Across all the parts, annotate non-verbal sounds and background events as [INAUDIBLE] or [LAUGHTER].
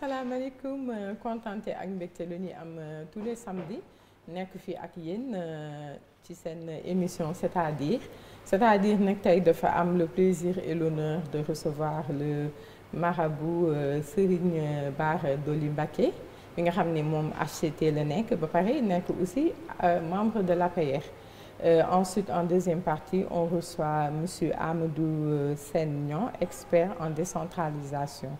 asalaamaaleykum euh, kontante ak mbégte la ñuy am euh, tous les samedis nekk fii ak yéen euh, ci seen émission c'est-à-dire c'est-à-dire nag tey dafa am le plaisir et l'honneur de recevoir le marabout Serigne Bara Doli Mbacké mi nga xam ne moom HCT la nekk ba pare nekk aussi membre de l'APR Euh, ensuite, en deuxième partie, on reçoit Monsieur Amadou Sennion, expert en décentralisation.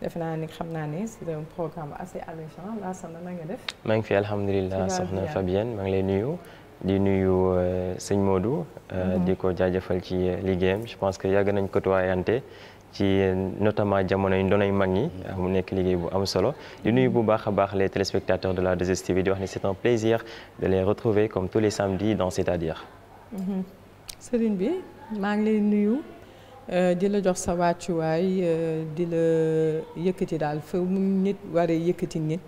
defe naa ni xam naa ni c'est un programme assez alléchant la soxna na nga def. maa ngi fi alhamdulilah soxna Fabienne maa ngi nuyu. di nuyu euh, sëñ Modou. Euh, mhm. di ko jaajëfal ci euh, liggéeyam je pense que yàgg nañ ko tuwaayante ci notamment jamono yi ndoonay mag ñi mu nekk liggéey bu am solo di nuyu bu baax a baax les téléspectateurs de la 2STV di wax ni c'est un plaisir de les retrouver comme tous les samedis dans C'est-à-dire. Mhm. sëriñ bi maa ngi nuyu. Euh, di la jox sa wàccuwaay euh, di la yëkkati daal fa mu nit waree yëkkati nit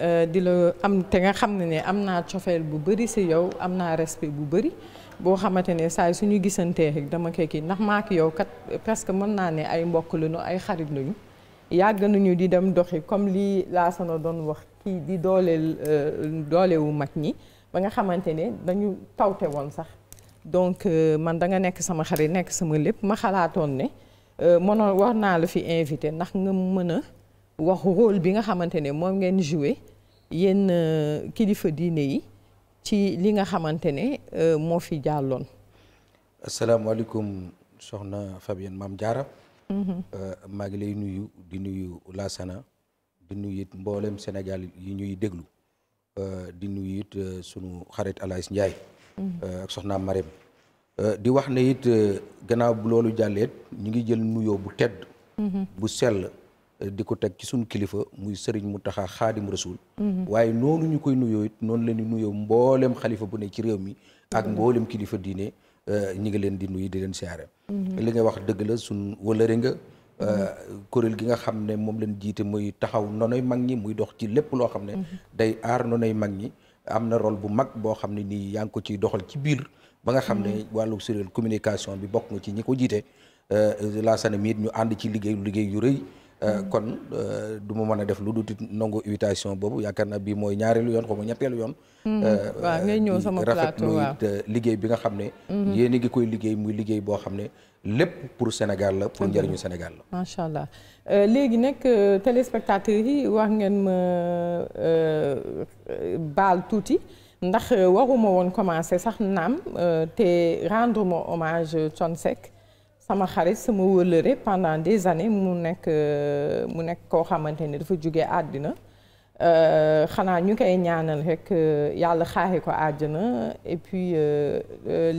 euh, di la am te nga xam ne ne am naa cofeel bu bëri si yow am naa respect bu bëri boo xamante ne saa yi suñu gisantee dama koy ndax maak yow kat presque mën naa ne ay mbokk lañu ay xarit lañu yàgg nañu di dem doxi comme lii laa sana doon wax kii di dooleel doolewu mag ñi ba nga xamante ne dañu tawte woon sax donc euh, man da nga nekk sama xarit nekk sama lépp ma xalaatoon ne euh, mënoon wax naa la fi invité ndax nga mën a wax rôle bi nga xamante ne moo ngeen joué yéen euh, kilifa diine yi ci li nga xamante ne moo fi jàlloon. asalaamaaleykum soxna Fabienne Mame Diarra. Mhm. maa ngi lay nuyu di nuyu Lassana di nuyu it mboolem Sénégal yi ñuy déglu di nuyu it sunu xarit Alaas Ndiaye. Mm. Euh, ak soxnaam Marème euh, di wax ne it euh, gannaaw bu loolu jàlleet ñu ngi jël nuyoo bu tedd mm-hmm. bu sell di ko teg ci suñu kilifa muy sëriñ Mountakha Xaadim Rasul mm-hmm. waaye noonu ñu koy nuyoo it noonu leen di nuyoo mbooleem xalifa bu ne ci réew mi ak mm-hmm. mbooleem kilifa diine ñi ngi leen di nuyu di leen siyaare li nga wax dëgg la suñ wëlëri nga kuréel gi nga xam ne moom leen jiite muy taxaw nonoy mag ñi muy dox ci lépp loo xam ne day aar nonoy mag ñi am na rôle bu mag boo xam ne nii yaa ko ciy doxal ci biir ba nga xam ne mm. wàllu suréel communication bi bokk nga ci ñi ko jiite euh, laasana miit ñu ànd ci liggéey liggéey yu rëy euh, mm. kon euh, du ma mën a def lu duti nangu ivitation boobu yaakaar naa bii mooy ñaareelu yoon xaw ma ñetteelu yoon mm. waaw ngay ñëw sama plateau rafetlu liggéey bi nga xam ne mm-hmm. yéen a ngi koy liggéey muy liggéey boo xam ne lépp pour Sénégal la pour njëriñu Sénégal la Euh, léegi nag euh, téléspectateurs yi wax ngeen ma euh, baal tuuti ndax waruma woon commencer sax naam te rendre ma hommage Thione sama xarit sama wëllëre pendant des années mu nekk mu nekk koo xamante ni dafa jóge àddina xanaa ñu koy ñaanal rek yàlla xaaxi ko àjjana et puis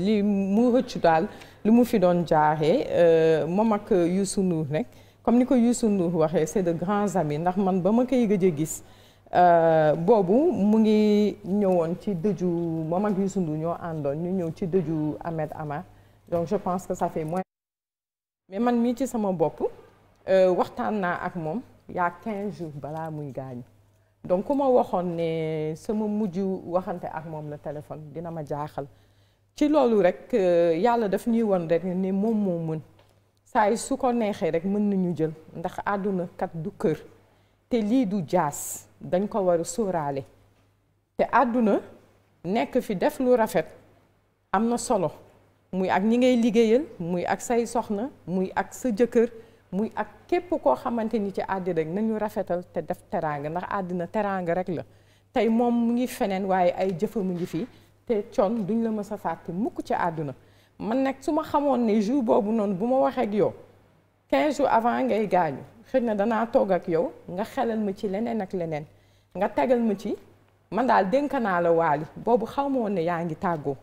li mu rëccu daal li mu fi doon jaaxee moom ak yu Ndour rek comme ni ko Youssou Ndour waxee c'est de grands amis ndax man ba ma kay gëj a gis euh, boobu mu ngi ñëwoon ci dëju ma mag Youssou Ndour ñoo àndoon ñu ñëw ci dëju Ahmed Amar donc je pense que ça fait moins mais man mii ci sama bopp euh, waxtaan naa ak moom yaa 15 jours balaa muy gaañu donc ku ma waxoon ne sama mujj waxante ak moom la téléphone dina ma jaaxal ci loolu rek euh, yàlla daf ñuy won rek ne moom moo mën saa su ko neexee rek mën nañu jël ndax àdduna kat du kër te lii du jaas dañ ko war a sóoraale te àdduna nekk fi def lu rafet am na solo muy ak ñi ngay liggéeyal muy ak say soxna muy ak sa jëkkër muy ak képp koo xamante ni ci àddina rek nañu rafetal te def teraanga ndax àddina teraanga rek la tey moom mu ngi feneen waaye ay jëfa mu fii te coon duñ la mës a fàtte mukk ci àdduna man nag su ma xamoon ne jour boobu noonu bu ma waxee ak yow 15 jours avant ngay gaañu xëy na danaa toog ak yow nga xelal ma ci leneen ak leneen nga tegal ma ci man daal dénk naa la waali boobu xaw ma woon ne yaa ngi tàggoo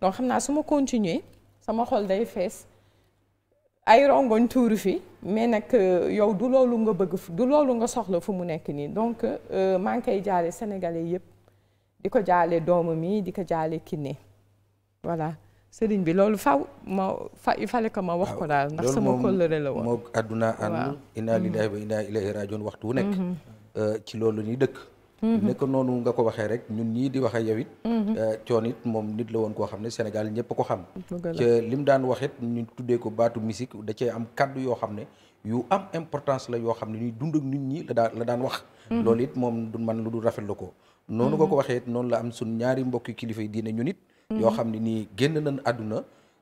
donc xam naa su ma continuer sama xol day fees ay rongoñ tuuru fi mais nag euh, yow du loolu nga bëgg du loolu nga soxla fu mu nekk nii donc euh, maa ngi koy jaale sénégalais yëpp di ko jaale doomam yi di ko jaale Kiné voilà. sëriñ bi loolu faw ma fa il fallait que ma wax ko daal ndax sama kóllëre la woon moo àdduna ànd inna mm-hmm. lillahi wa inna ilayhi rajiun waxtu wu nekk mm-hmm. euh, ci loolu ni dëkk mm-hmm. nekk noonu nga ko waxee rek ñun ñii di wax ak yow it euh, coon it moom nit la woon koo xam ne Sénégal ñëpp ko xam ci lim daan wax it tuddee ko baatu musique da cee am yoo xam ne yu am importance la yoo xam ne ñuy dund ak nit ñi la daan la daan wax loolu it moom du man lu dul rafetlu ko noonu nga ko waxee it noonu la am sun ñaari mbokki kilifa yi diine ñun it yoo xam ne nii génn nañ àdduna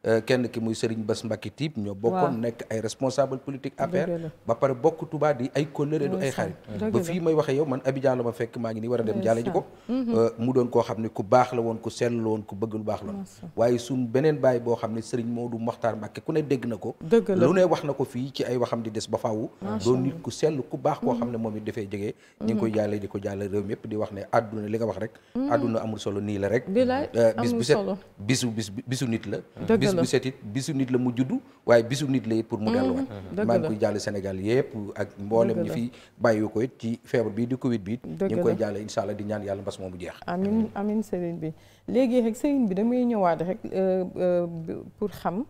Euh, kenn ki muy Serigne Bass Mbacké Typ ñoo bokkoon nekk ay responsable politique APR ba pare bokk Touba di ay kóllëre du ay xarit ba fii may waxee yow man Abidjan la ma fekk maa ngi nii war a dem jaale ko mhm. euh, doon koo xam ne ku baax la woon ku sell la woon ku bëgg lu la waaye suñ beneen bàyyi boo xam ne Serigne Modou Mokhtar Mbacké ku ne dégg na ko lu ne wax na ko fii ci ay waxam di des ba faaw doon nit ku sell ku baax koo mhm. xam ne moom it dafay jege ñu ngi mhm. koy jaale di ko jaale réew mi yëpp di wax ne àdduna li nga wax rek àdduna amul solo nii la rek euh, bis bu set bisu bis bisu nit la bis bu bisu nit la mu juddu waaye bisu nit la it pour mu delluwaat mhm. maa ngi koy jàll Sénégal yëpp ak mboolem ñi fi bàyyi ko it ci feebar bi di Covid bi ñu ngi koy jàll incha di ñaan yàlla mbas moomu jeex amin amin sëriñ bi léegi rek sëriñ bi damay ñëwaat rek euh, euh, pour xam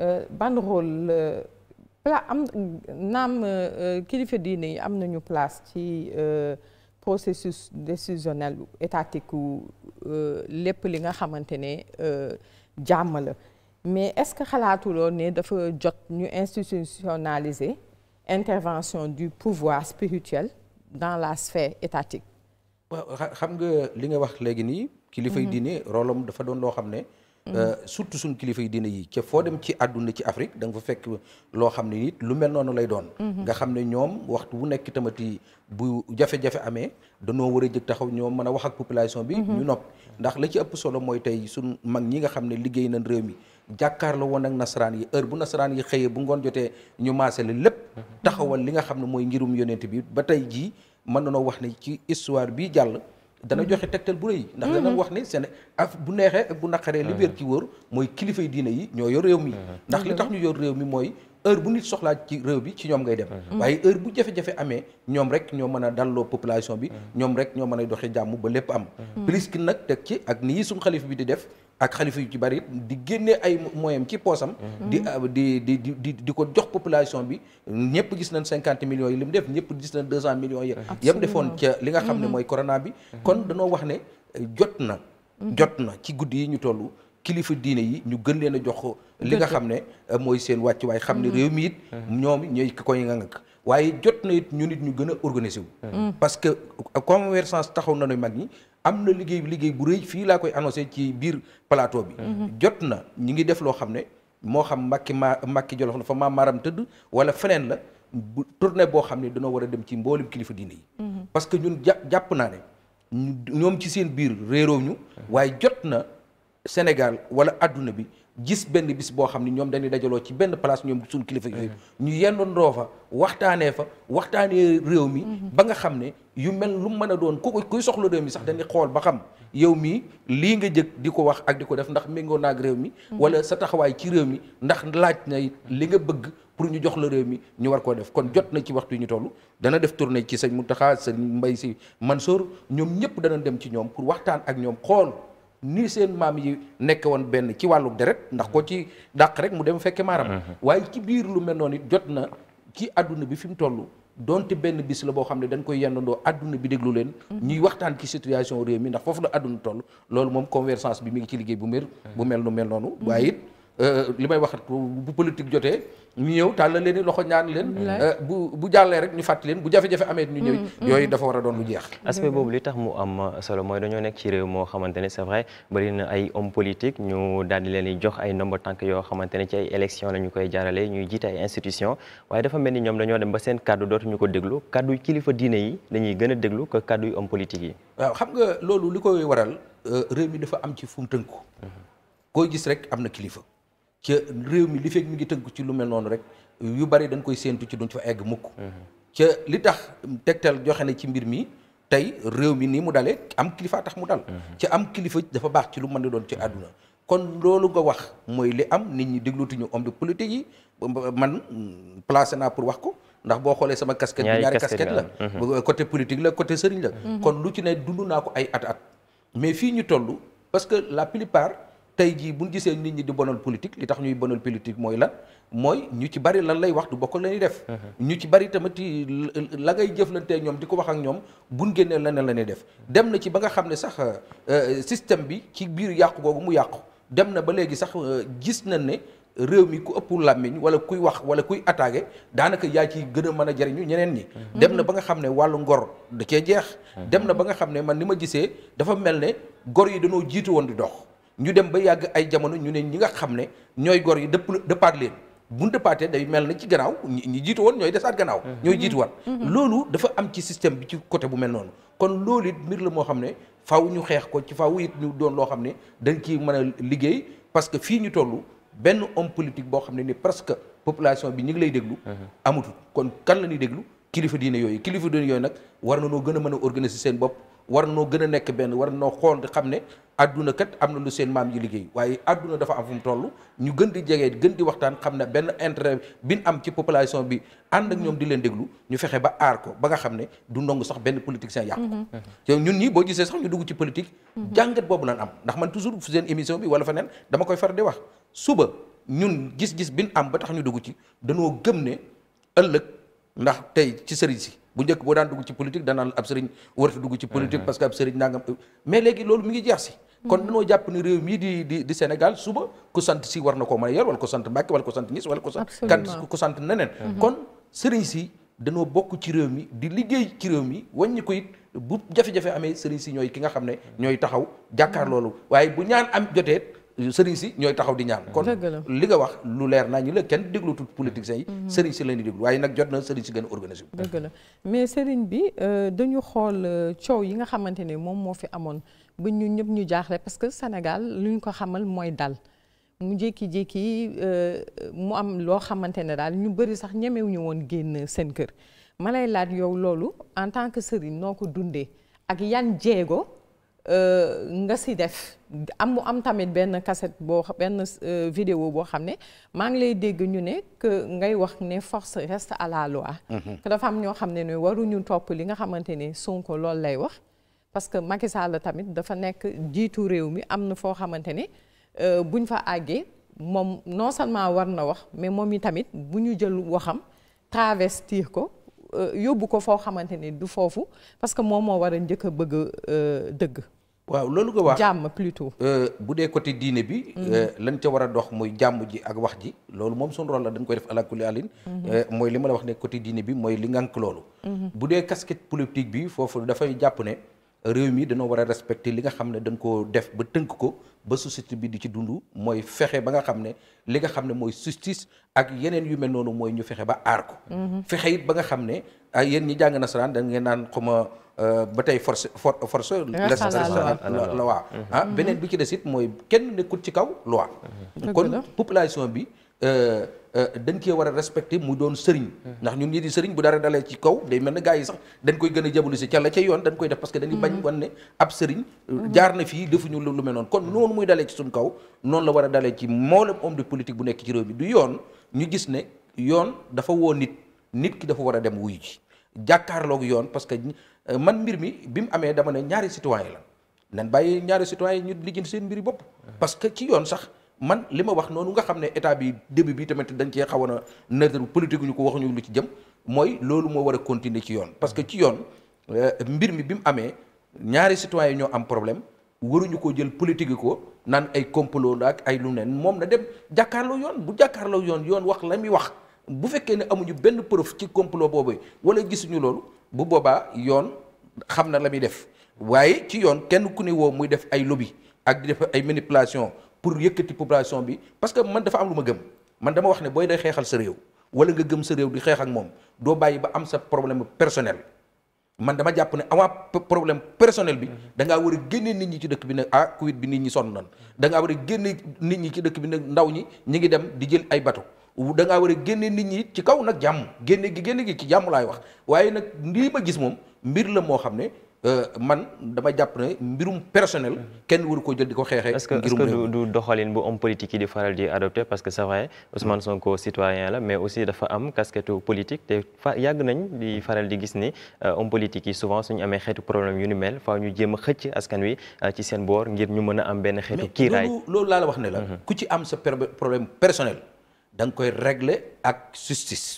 euh, ban rôle naam kilifa diine yi am nañu place ci processus décisionnel étatique lépp li nga xamante ne jàmm la mais est-ce que xalaatuloo ne dafa jot ñu institutionnaliser intervention du pouvoir spirituel dans la sphère étatique. xam nga li nga wax léegi nii. kilifay mhm. diine rôlam dafa doon loo xam ne. Mhm. Euh, surtout suñ kilifay diine yi ca foo dem ci àdduna ci Afrique da nga fa fekk loo xam ne it lu mel noonu lay doon. Mhm. nga xam ne ñoom waxtu bu nekk tamati bu jafe-jafe amee danoo war a jëg taxaw ñoom mën a wax ak population bi. ñu nopp ndax la ci ëpp solo mooy tey suñ mag ñi nga xam ne liggéey nañ réew mi. jàkkaarloo woon ak nasaraan yi heure bu nasaraan yi xëyee bu ngoon jotee ñu maase la lépp taxawal li nga xam ne mooy ngirum yonent bi ba tey jii mën nañoo wax ne ci histoire bii jàll dana joxe tegtal bu rëy ndax dana mhm. wax ne seen af bu neexee ak bu naqaree li wér ci wóor mooy kilifay diine yi ñoo yor réew mi mhm. ndax li tax ñu yor réew mi mooy heure bu nit soxlaa ci réew bi ci ñoom ngay dem mhm. waaye heure bu jafe-jafe amee ñoom rek ñoo mën a dalloo population bi ñoom rek ñoo mën a doxe jàmm ba lépp am plus nag teg ci ak ni yi suñ bi di def ak xalifa yu ci bari di génne ay moyens ci poosam. Mhm. Euh, di di di di di ko jox population bi ñëpp gis nañ cinquante millions yi li mu def ñëpp gis nañ deux cent millions yi. yam defoon ca li nga xam ne mhm. mooy bi. Mhm. kon danoo wax ne euh, jot na. jot na ci guddi yi ñu toll kilifa diine yi ñu gën leen a jox li nga xam ne euh, mooy seen wàcc waaye xam ne réew mi it. ñoom ñooy ki koy nga ngak waaye jot na it ñu nit ñu gën a organiser wu. parce na ne mag ñi. am na liggéey liggéey bu rëy fii laa koy annoncé ci biir plateau bi. Mhm. jot na ñi ngi def loo xam ne moo xam Mbàkke ma Mbàkke Jolof la fa maam Maram tëdd wala feneen la bu tournée boo xam ne dañoo war a dem ci mboolem kilifa diine yi. Mhm. parce que ñun jà jàpp naa ne ñoom ci seen biir réeroo ñu. Mhm. waaye jot na Sénégal wala àdduna bi. gis benn bis boo xam ni ñoom dañuy dajaloo ci benn place ñoom suñu kilifa yooyu mm-hmm. ñu yendandoo fa waxtaanee fa waxtaanee réew mi mm-hmm. ba nga xam ne yu mel lu mën a doon ku kuy soxla réew mi sax dañuy xool ba xam yow mii lii nga jëkk di ko wax ak di ko def ndax méngoo naag réew mi mm-hmm. wala sa taxawaay ci réew mi ndax laaj na li nga bëgg pour ñu jox la réew mi ñu war koo def kon jot na ci waxtu yi ñu toll dana def tournée ci sëñ Mountakha sëñ Mbaye Sy Mansour ñoom ñëpp dana dem ci ñoom pour waxtaan ak ñoom xool nii seen maam yi nekk woon benn ci wàllu deret ndax ko ci dàq rek mu dem fekke maaram mm-hmm. waaye ci biir lu mel noonu it jot na ci àdduna bi fi mu toll donte benn bis la boo xam ne dañ koy yendandoo àdduna bi déglu leen mm-hmm. ñuy waxtaan ci situation réew mi ndax foofu la àdduna toll loolu moom convergence bi mi ngi ci liggéey bu mér mm-hmm. bu mel nu mel noonu waaye it Euh, li may wax bu politique jotee ñu ñëw tàllal leen loxo ñaan leen. Euh, bu bu jàllee rek ñu fàttali leen bu jafe-jafe amee ñu ñëw. Mm-hmm. yooyu dafa war a doon lu jeex. Mm-hmm. aspect boobu li tax mu am solo mooy dañoo nekk ci réew moo xamante ne c'est vrai bari na ay ñu daal di leen di jox ay nombre tànk yoo xamante ne ci ay élections la ñu koy jaarale ñuy jiite ay institutions waaye dafa mel ni ñoom dañoo dem ba seen kàddu dootuñu ko déglu kàddu kilifa diine yi dañuy gën a déglu que kàddu yu hommes yi. waaw xam nga loolu li koy waral euh, réew mi dafa am ci fu mu tënku. Mm-hmm. gis rek am na kilifa ca réew mi li fekk mi ngi tënk ci lu mel noonu rek yu bari dañ koy séentu ci duñ fa egg mukk ca li tax tegtal joxe na ci mbir mi tey réew mi nii mu dalee am kilifa tax mu dal ca am kilifa dafa baax ci lu mën di doon ci àdduna kon loolu nga wax mooy li am nit ñi déglutuñu homme de politique yi man placé naa pour wax ko ndax boo xoolee sama casquette bi ñaari casquette la mhm. côté politique la côté sëriñ la mhm. kon lu ci ne dund naa ko at at mais fii ñu toll parce que la plupart tey jii bu ñu gisee nit ñi di bonal politique li tax ñuy bonal politique mooy lan mooy ñu ci bari lan lay waxtu du bokk la def. Uh-huh. ñu ci bari tamit la ngay jëflantee ñoom di ko wax ak ñoom buñ génnee leneen la ñuy def. dem na ci ba nga xam ne sax euh, système bi ci biir yàqu googu mu yàqu dem na ba léegi sax euh, gis na ne. réew mi ku ëpp làmmiñ wala kuy wax wala kuy attaqué daanaka yaa ci gën a mën a jariñu ñeneen ñi uh-huh. dem na ba nga xam ne wàllu ngor da cee jeex uh-huh. dem na ba nga xam ne man ni ma gisee dafa mel ne gor yi dañoo jiitu woon di dox ñu dem ba yàgg ay jamono ñu ne ñi nga xam ne ñooy gor yi dëpp dëppaat leen bu ñu dëppaatee day mel na ci gannaaw ñi jiitu woon ñooy desaat gannaaw. Mm-hmm. ñooy jiituwaat. Mm-hmm. Mm-hmm. loolu dafa am ci système bi ci côté bu mel noonu kon loolu it mbir la moo xam ne faw ñu xeex ko ci faw it ñu doon loo xam ne dañ ciy mën a liggéey parce que fii ñu toll benn homme politique boo xam ne ni presque population bi ñu lay déglu. amatul kon kan la ñuy déglu kilifa diine yooyu kilifa diine yooyu nag war na noo gën a mën a organiser seen bopp. war noo gën a nekk benn war noo xool di xam ne adduna kat am na lu seen maam yi liggéey waaye àdduna dafa am fu mu toll ñu gën di jege gën di waxtaan xam ne benn intérêt bi ñu am ci population bi ànd ak ñoom di leen déglu ñu fexe ba aar ko ba nga xam ne du ndongo sax benn politicien yàqu ko mhm. te ñun ñi boo gisee sax ñu dugg ci politique mhm. jàngat boobu lan am ndax man toujours seen émission bi wala feneen dama koy far di wax suba ñun gis-gis bi ñu am ba ñu dugg ci dañoo gëm ne ëllëg ndax tey ci sëriñ si bu njëkk boo daan dugg ci politique danaa ab sëriñ warta dugg ci politique parce que ab sëriñ nangam mais léegi loolu mi ngi jeex si kon dañoo jàpp ni réew mii di di di Sénégal suba ku sant si war na koo mën a yor wala ko sant Mbàkke wala ko sant Ñas wala ko sant kan ko sant neneen kon sëriñ si danoo bokk ci réew mi di liggéey ci réew mi wàññi ko it bu jafe-jafe amee sëriñ si ñooy ki nga xam ne ñooy taxaw jàkkaar loolu waaye bu ñaan am jotee sëriñ si ñooy taxaw di ñaan kon li nga wax lu leer naa ñu la kenn déglu tut politiciens yi mhm. sëriñ si leen déglu waaye nag jot na sëriñ si gën a organisé dëgg la mais sëriñ bi euh, dañu xool euh, coow yi nga xamante ne moom moo fi amoon ba ñu ñëpp ñu jaaxle parce que senegal lu ñu ko xamal mooy dal mu jékki-jékki euh, mu am loo xamante ne daal ñu bëri sax ñemewuñu woon génn seen kër ma lay laaj yow loolu en tant que sëriñ noo ko dundee ak yan jéego Euh, nga si def am mu am tamit benn kaset boo benn euh, vidéo boo xam ne maa ngi lay dégg ñu ne que ngay wax ne force reste à la mhm. dafa am ñoo xam ne ne waruñu topp li nga xamante ne Sonko loolu lay wax. parce que Macky tamit dafa nekk jiitu réew mi am na foo xamante ne euh, buñ fa àggee moom non seulement war na wax mais moom yi tamit bu ñu jël waxam travestir ko. Euh, yóbbu ko foo xamante ni du foofu parce que moom moo war a njëkk a bëgg euh, dëgg. waaw loolu nga wax jàmm plutôt. Euh, bu dee côté diine bi. Mm-hmm. lañ ca war a dox muy jàmm ji ak wax ji loolu moom suñu rôle la dañ koy def ala kulli alin. Mm-hmm. mooy li ma la wax ne côté diine bi mooy li ngànk loolu. Mm-hmm. bu dee casquette politique bi foofu dafay jàpp ne réew mi dañoo war a respecter li nga xam ne dañ ko def ba tënk ko. ba société bi di ci dund mooy fexe ba nga xam ne li nga xam ne mooy justice ak yeneen yu mel noonu mooy ñu fexe ba aar ko. Mhm. fexe it ba nga xam ne ah, yéen ñi jàng nasaraan da ngeen naan xuma euh, ba tey force force. la loi mhm. ah, beneen bi ci des it mooy kenn nekkul ci kaw loi kon population bi. Euh, Euh, dañ koy war a respecté mu doon sëriñ ndax ñun ñi di sëriñ bu dara dalee ci kaw day mel ne gars yi sax dañ koy gën a jabalu si ca la ca yoon dañ koy def parce que dañuy bañ mm-hmm. wan ne ab sëriñ euh, mm-hmm. jaar na fii defuñu lu mel noonu kon noonu muy dalee ci suñ kaw noonu la war a dalee ci mboolem homme de politique bu nekk ci réew mi du yoon ñu gis ne yoon dafa woon nit nit ki dafa war a dem wuy ji jàkkaarloog yoon parce que euh, man mbir mi bi mu amee dama ne ñaari citoyen la nan bàyyi ñaari citoyen ñu lijjanti seen mbiri bopp mm-hmm. parce que ci yoon sax man li ma wax noonu nga xam ne état bi début bi tamit dañ cee xawoon a nëtër politique ñu ko waxuñu lu ci jëm mooy loolu moo war a continuer ci yoon parce que ci yoon euh, mbir mi bi mu amee ñaari citoyen yi ñoo am problème waruñu ko jël politique ko naan ay complot la ak ay lu neen moom na dem jàkkaarloo yoon bu jàkkaarloo yoon yoon wax la muy wax bu fekkee ne amuñu benn preuve ci complot boobu wala gisuñu loolu bu boobaa yoon xam na la muy def waaye ci yoon kenn ku ne woo muy def ay lobby ak def ay manipulation pour yëkkati population bi parce que man dafa am lu ma gëm man dama wax ne booy day xeexal sa réew wala nga gëm sa réew di xeex ak moom doo bàyyi ba am sa problème personnel man dama jàpp ne am avant problème personnel bi mhm. da ngaa war a génne nit ñi ci dëkk bi ne ah Covid bi nit ñi sonn nan da a génne nit ñi ci dëkk bi nag ndaw ñi ñi ngi dem di jël ay bateau da ngaa war a génne nit ñi ci kaw nag jàmm génne gi génne gi ci jàmm laay wax waaye nag lii ma gis moom mbir la moo xam ne Euh, man dama jàpp ne mbirum personnel kenn waru ko jël di ko xeexee. parce que est-ce que du doxalin bu homme politique yi di faral di adopté parce que c'est vrai Ousmane mm-hmm. Sonko citoyen la mais aussi dafa am casquette politique te fa yàgg nañ di faral di gis ni euh, homme politique yi souvent ñu amee xeetu problème yu ni mel faaw ñu jéem a xëcc askan wi euh, ci seen boor ngir ñu mën a am benn xeetu kiiraay. loolu laa la wax ne la. Mm-hmm. ku ci am sa problème personnel da nga koy régler ak justice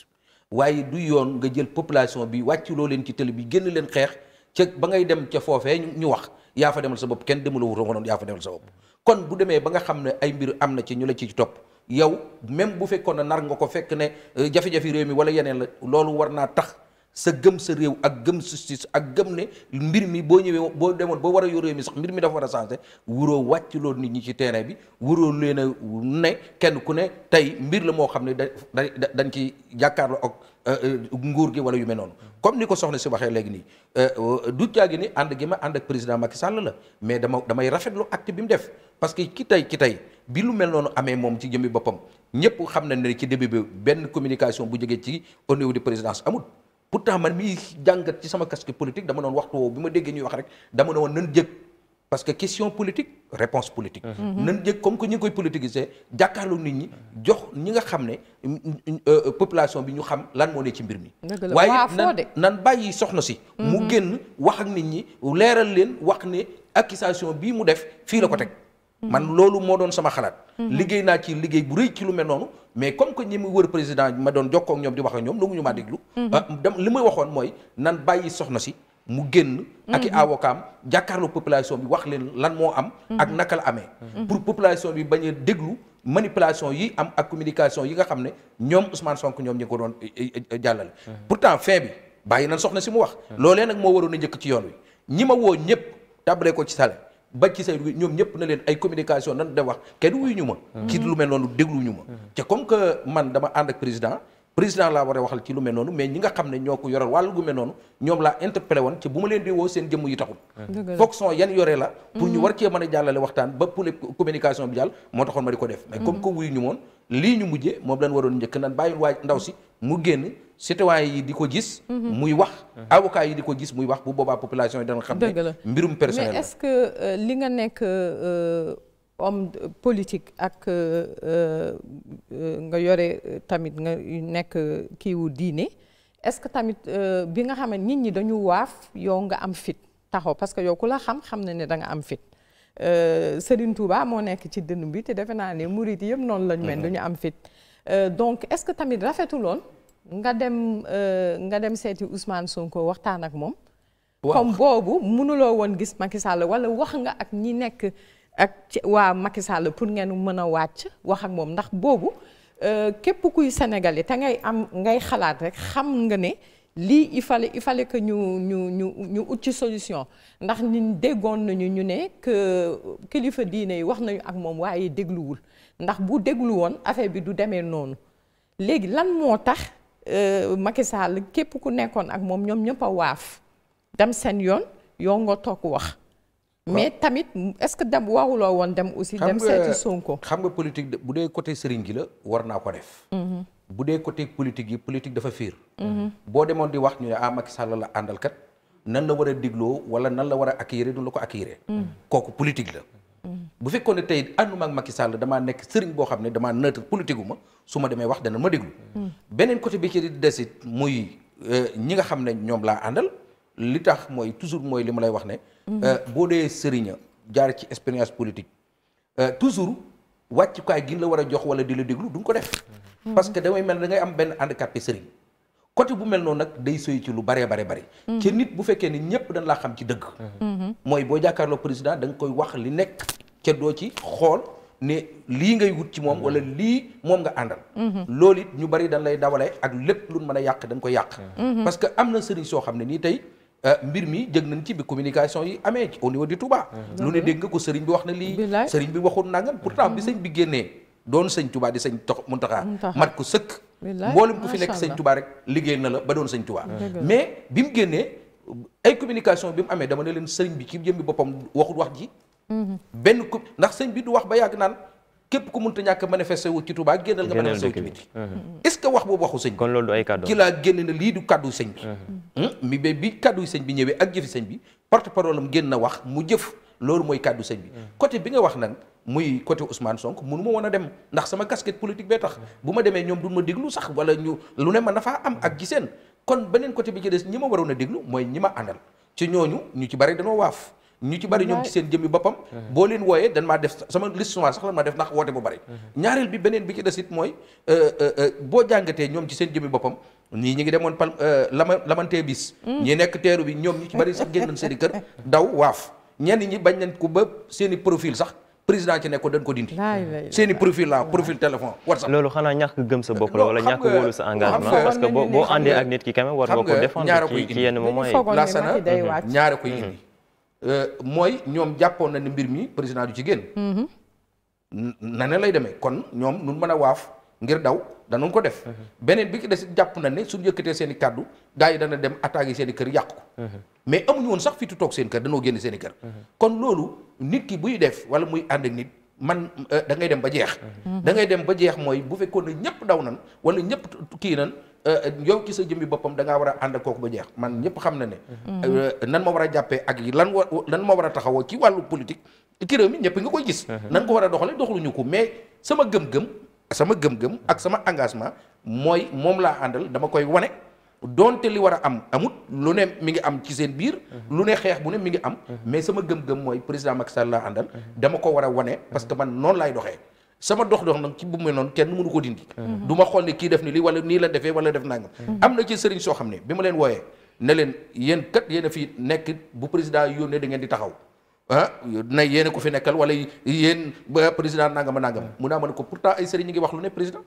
waaye du yoon nga jël population bi wàcc loo leen ci télé bi génn leen xeex. ca ba ngay dem ca foofee ñu wax yaa fa demal sa bopp kenn demula wuta ko noonu yaa fa demal sa bopp kon bu demee ba nga xam ne ay mbir am na ci ñu la ci topp yow même bu fekkoon na nar nga ko fekk ne euh, jafe-jafe réew mi wala yeneen la loolu war naa tax sa gëm sa réew ak gëm justice ak gëm ne mbir mi boo ñëwee boo demoon boo war a yor réew mi sax mbir mi dafa war a changé wuroo wàcc loolu nit ñi ci terrain bi wuroo leen a ne kenn ku ne tey mbir la moo xam ne da dañ ci jàkkaarloo Euh, euh, nguur gi wala yu mel noonu comme ni ko soxna si waxee léegi nii euh, du caagi ni ànd gi ma ànd ak président Macky sàll la mais dama damay rafetlu act bi mu def parce que ki tey ki tey bi lu mel noonu amee moom ci jëmmi boppam ñëpp xam na ne ci début bi benn communication bu jógee ci au niveau de présidence amul pourtant man mii jàngat ci sama casque politique dama doon waxtu woowu bi ma déggee ñuy wax rek dama ne woon nan jëkk parce que question politique réponse politique mhm. mhm. nan jëg comme que ñu ngi koy politiser jàkkaarloo nit ñi jox ñi nga xam ne euh, euh, population bi ñu xam lan moo ne ci mbir mi waaye nan nan bàyyi soxna si mu mhm. génn wax ak nit ñi leeral leen wax ne accusation bii mu def fii la ko teg man loolu moo doon sama xalaat liggéey naa ci liggéey bu rëy ci lu mel noonu mais comme que ñi muy wër président ma doon jokkoo ak ñoom di wax ak ñoom nangu ñu maa déglu ah, dem li may waxoon mooy nan bàyyi soxna si mu génn ak i mhm. avocat am jàkkaarloo population bi wax leen lan moo am mhm. ak naka la amee mhm. pour population bi bañ a déglu manipulation yi am ak communication yi nga xam ne ñoom Ousmane Sonko ñoom ñi ko doon eh, eh, eh, jàllale pourtant fin bi bàyyi nañ soxna si mu wax loolee nag moo waroon a njëkk ci yoon wi ñi ma woo ñëpp tabalee ko ci sale ba ci say ñoom ñëpp na leen ay communication nan da wax kenn wuyu ñu ma ci lu mel noonu déglu ñu ma te comme que man dama ànd président laa war a waxal ci lu mel noonu mais ñi nga xam ne ñoo ko yoral wàllu gu mel noonu ñoom laa interpellé woon ci bu ma leen di woo seen jëmm yi taxul fonction yan yore la pour ñu mm-hmm. war cee mën jàllale waxtaan ba pour communication bi jàll moo taxoon ma di ko def mais comme mm-hmm. que wuyu ñu moon lii ñu mujjee moom lañ waroon njëkk nan bàyyi waaj ndaw si mu génn citoyen yi di ko gis mm-hmm. muy wax avocat yi di ko gis muy wax bu boobaa population yi xam ne mbirum personnel mais est-ce que euh, li nga euh, homme politique ak euh, euh, nga yore euh, tamit nga nekk kiiwu diine est-ce que tamit bi nga xam nit ñi dañu waaf yow nga am fit taxaw parce que yow ku la xam xam na ne da nga am fit Serigne Touba moo nekk ci dënn bi te defe naa ne murit yëpp noonu lañ mel mhm. dañu am fit donc est-ce que tamit rafetuloon nga dem nga dem seeti Ousmane Sonko waxtaan ak moom comme boobu mënuloo woon gis Macky Sall wala wax nga ak ñi nekk ak ci waa Macky Sall pour ngeen mën a wàcc wax ak moom ndax boobu euh, képp kuy sénégalais te ngay am ngay xalaat rek xam nga ne lii il fallait il ñu ñu ñu ñu ut ci solution ndax ni déggoon nañu ñu ne que kilifa diine yi wax nañu ak moom waaye dégluwul ndax bu déglu woon affaire bi du demee noonu léegi lan moo tax euh, Macky Sall képp ku nekkoon ak moom ñoom ñëpp a waaf dem seen yoon yow nga toog wax. mais tamit est-ce que dem waruloo woon dem aussi. dem seeti Sonko xam nga politique bu dee côté sëriñ gi la war naa ko def. Mm-hmm. bu dee côté politique yi politique dafa fiir mm-hmm. boo demoon di wax ñu ne ah Macky Sall la àndal kat la war a digloo wala nan la war a acquérir mm-hmm. ne tey ànduma ak Macky Sall damaa nekk sëriñ boo xam ne damaa neutre politique gu ma su ma demee wax dana ma déglu. beneen côté bi ci desit muy euh, ñi nga xam ne ñoom laa àndal. li tax mooy toujours mooy li ma lay wax ne. Mhm. Euh, boo dee sëriña jaar ci expérience politique euh, toujours wàccukaay gi la war a jox wala di la déglu duñ ko def. Mhm. parce que damay mel da ngay am benn handicapé sëriñ côté bu mel noonu nag day sëy ci lu baree bare bare. ci mhm. nit bu fekkee ne ñëpp dañ laa xam ci dëgg. mooy boo jàkkaarloo président danga koy wax li nekk ca doo ci xool. ne lii ngay wut ci moom wala lii moom nga àndal loolu it ñu bari dañ lay dawale ak lépp lu mën a yàq dañ ko yàq parce que am na sëriñ soo xam ne nii tey Euh, mbir mi jëg nañ ci bi communication yi amee ci au niveau du mmh. lu ne dégg nga ko sëriñ bi wax na lii. sëriñ bi waxul nangam pourtant bi mmh. sëñ bi génnee doon sëñ tubaa di sëñ tox Muntaxa mat ko sëkk. mboolem ku fi nekk sëñ tubaa rek liggéey na la ba doon sëñ Touba. mais bi mu génnee ay communication bi mu amee dama ne leen sëriñ bi ci jëm bi boppam waxul wax ji. Mmh. benn ko ndax sëñ bi du wax ba yàgg naan. képp ku mënta ñàkk manifester wu ci Touba génnal nga manifester wu ci biti est-ce que wax boobu waxu sëñ bi kon loolu du ay kàddu ki laa génn na lii du kàddu sëñ bi mi ba bi kàddu sëñ bi ñëwee ak jëfi sëñ bi porte-parole am génn na wax mu jëf loolu mooy kàddu sëñ bi côté bi nga wax nag muy côté Ousmane Sonko mënu ma woon a dem ndax sama casquette politique bee tax bu ma demee ñoom duñ ma déglu sax wala ñu lu ne ma na faa am ak giseen kon beneen côté bi ci des ñi ma waroon a déglu mooy ñi ma àndal ci ñooñu ñu ci bari dañoo waaf ñu ci bari ñoom ci seen jëmmi boppam boo leen wooyee dan maa def sama liste sax la ma def ndax woote bu bari ñaareel bi beneen bi ci des it mooy euh, euh, euh, boo jàngatee ñoom ci seen jëmmi boppam ñii ñu ngi demoon pal lama lamantee bis ñi nekk teeru bi ñoom ñu ci bari sax génn nañ seen i kër daw waaf ñenn ñi bañ nañ ko ba seen i profil sax i profil la profil téléphone whatsapp loolu xanaa ñàkk gëm sa bopp la wala ñàkk wóolu sa engagement parce que boo àndee ki yenn moment yi la sana ñaare koy indi mhm. Euh, mooy ñoom jàppoon na ne mbir mi président du ci génn. Mhm. na ne lay demee kon ñoom nun mën a waaf ngir daw danañ ko def. Mhm. beneen bi ki des jàpp na ne suñu yëkkatee seen i kàddu gars yi dana dem attaqué seen i kër yàq ko. Mhm. mais amuñu woon sax fi tu toog seen kër danoo génn seen i kër. kon loolu nit ki buy def wala muy ànd ak nit. man euh, da dem ba jeex da ngay dem ba jeex mooy bu fekkoon ne ñëpp daw nan wala ñëpp kii nan Euh, yow ci sa jëmbi boppam da war a ànd ak kooku ba jeex man ñëpp xam na ne. Euh, nan ma war a jàppee ak lan wa lan ma war a taxawoo ci wàllu politique ci réew mi ñëpp nga koy gis. Uh-huh. nan ko war a doxalee doxaluñu ko mais sama gëm-gëm sama gëm-gëm ak sama engagement mooy moom laa àndal dama koy wane. donte li war a am amut lu ne mi ngi am ci seen biir. Uh-huh. lu ne xeex bu ne mi ngi am. Uh-huh. mais sama gëm-gëm mooy président Macky Sall laa àndal. dama ko war a wane parce que man noonu laay doxee. sama dox dox nag ci bu mu noonu kenn mënu ko dindi mhm. du ma xool ne kii def ni lii wala nii la defee wala def nangam mhm. am na ci sëriñ soo xam ne bi ma leen wooyee ne leen yéen kat yéen a nekk bu président yónnee da ngeen di taxaw ah na yéen a ko fi nekkal wala yéen ba président nangam a nangam mhm. mu naa ma ne ko pourtant ay sëriñ ñi ngi wax lu ne président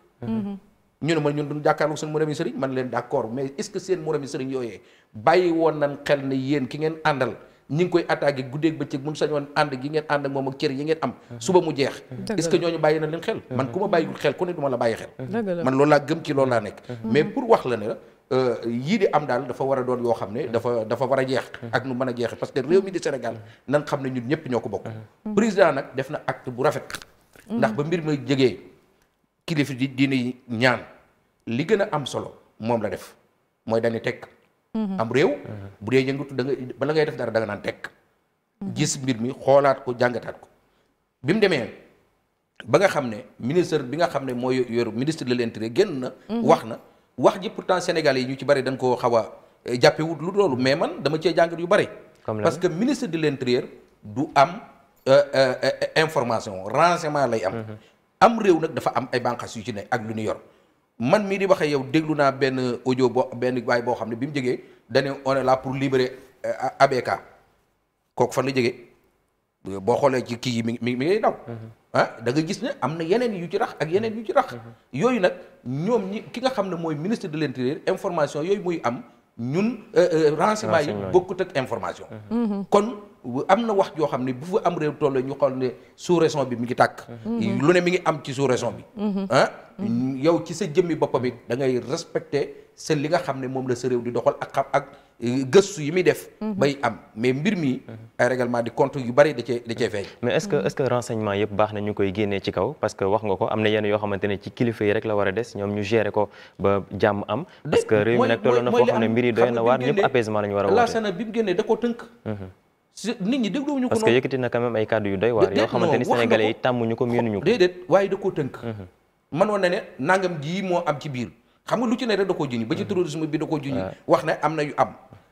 ñu ne ma ñun duñ jàkkaarloo suñu moroomi sëriñ man leen d'accord mais est-ce que seen moroomi sëriñ yooyee bàyyi woon nañ xel ne yéen ki ngeen àndal ñi ngi koy attaqué guddeeg bëccëg mun sañoon ànd gi ngeen ànd ak moom ak cër yi ngeen am suba mu jeex est-ce que ñooñu bàyyi na leen xel man ku ma bàyyi xel ku ne du ma la bàyyi xel man loolu laa gëm ci loolu laa nekk mais pour wax la ne euh, yii di am daal dafa war a doon yoo xam ne dafa dafa war a jeex ak nu mën a jeexe parce que réew mi di Sénégal nan xam ne ñun ñëpp ñoo ko bokk président nag def na acte bu rafet ndax ba mbir ma jegee kilifa di diini ñaan li gën a am solo moom la def mooy dañu teg Mm-hmm. am réew. Mm-hmm. bu dee yëngatu da nga bala ngay def dara da nga naan teg mm-hmm. gis mbir mi xoolaat ko jàngataat ko bi mu demee ba nga xam ne ministre bi nga xam ne mooy yor ministre de l'intérieur génn na. wax na wax ji pourtant yi ñu ci bari dañ koo xaw a eh, jàppewut lu loolu mais man dama cee jàngat yu bari. parce que ministre de l'intérieur du am euh, euh, euh, information renseignement lay am. am réew nag dafa am ay bànqaas yu ci ne ak lu ñu yor. man mii di wax yow déglu naa benn ojo boo benn waay boo xam ne bi mu jegee dane on est là pour libérer euh, ABK kooku fan la jege boo xoolee ci kii yi mi mi mi ngay daw mm-hmm. ah da nga gis ne am na yeneen yu ci rax ak yeneen yu ci rax mm-hmm. yooyu nag ñoom ñi ki nga xam ne mooy ministre de l'intérieur information yooyu muy am ñun euh, euh, renseignement yi bokkut ak information mm-hmm. am na wax joo xam ne bu fa am réew toll ñu xool ne sous-région bi mi ngi tàkk. Mhm. lu ne mi ngi am ci sous-région bi. Mhm. ah mhm. yow ci sa jëmmi boppam it da ngay respecté li nga xam ne moom la sa réew di doxal ak xam eh, yi muy def. bay am mais mbir mi. ay règlement de compte yu bari da cee da cee feeñ. mais est-ce que est-ce que renseignement yëpp baax na ñu koy génnee ci kaw parce que wax nga ko am na yenn yoo xamante ne ci kilifa yi rek la war a des ñoom ñu gérer ko ba jàmm am. a woote. nit ñi dégluwuñu ko parce ko miinuñu mhm. moo am ci biir xam nga lu ci ne da koo juñu ba ci mhm. am na yu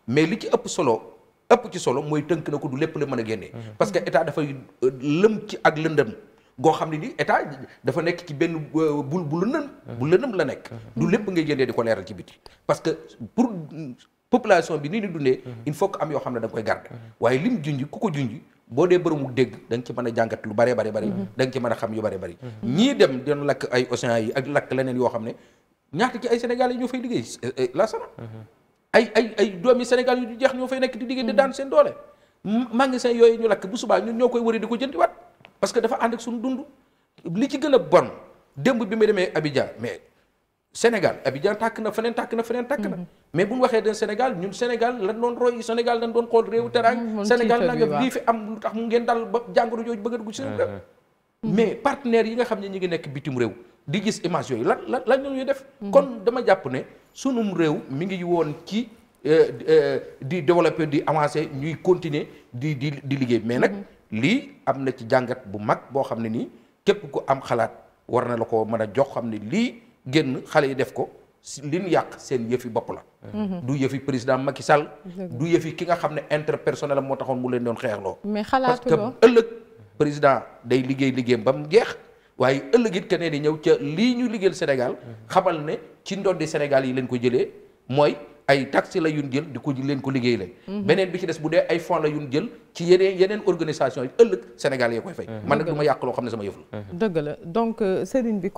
mais li ci ëpp solo ëpp ci solo mooy tënk na ko du lépp la mën a mhm. parce que état dafay euh, lëm ci ak lëndëm goo xam ne ni état dafa nekk ci benn euh, bul bu lëndëm bu lëndëm la nekk du lépp ngay génnee di ko leeral ci biti parce que pour population bi ni ñu dundee mhm. il faut que am yoo xam ne da koy garder waaye lim junj ku ko junj boo dee bërëmu dégg da ci mën a jàngat lu bare bare bare mhm. da ci mën a xam yu bare bare mhm. ñii dem doon lakk ay océans yoo xam ne ñaata ci ay sénégalais ñoo fay liggéey eh, eh, la sana ay ay ay doomi sénégal yu jeex ñoo fay nekk di liggéey di daan seen doole magasin yooyu ñu lakk bu subaa ñun ñoo koy wëri di ko jëndiwaat parce que dafa ànd ak suñu dund li ci gën a bon démb bi ma demee Abidjan mais Sénégal Abidjan tàkk na feneen tàkk na feneen tàkk na. Mhm. mais bu ñu waxee de Sénégal ñun Sénégal lan doon roy Sénégal lan doon xool réewu teraanga. Mhm, Sénégal nag lii fi am lu tax mu ngeen dal ba jàngoro jooju bëgg a mhm. mais partenaires yi nga xam ne ñu ngi nekk bitim réew di gis image yooyu lan lan lan ñuy def. kon dama jàpp ne sunum réew mi ngi woon ci euh, euh, di développer di avancer ñuy continuer di di di liggéey mais nag lii am na ci jàngat bu mag boo xam ne nii képp ku am xalaat war na la ko mën a jox xam ne lii. génn xale yi def ko liñ yàq seen yëfi bopp la mhm. du yëfi président Macky Sall du yëfi ki nga xam ne interpersonnel am moo taxoon mu leen doon xeexloo mais président day liggéey liggéeyam ba mu jeex waaye ëllëg it keneen di ñëw ca lii ñu liggéeyal Sénégal mhm. xamal ne ci ndoddi Sénégal yi leen ko jëlee mooy ay taxi la yun jël di ko leen ko liggéey leen mhm. beneen bi ci des bu dee ay fonds la yun jël ci yeneen yeneen organisation yi ëllëg Sénégal yee koy fay man nag du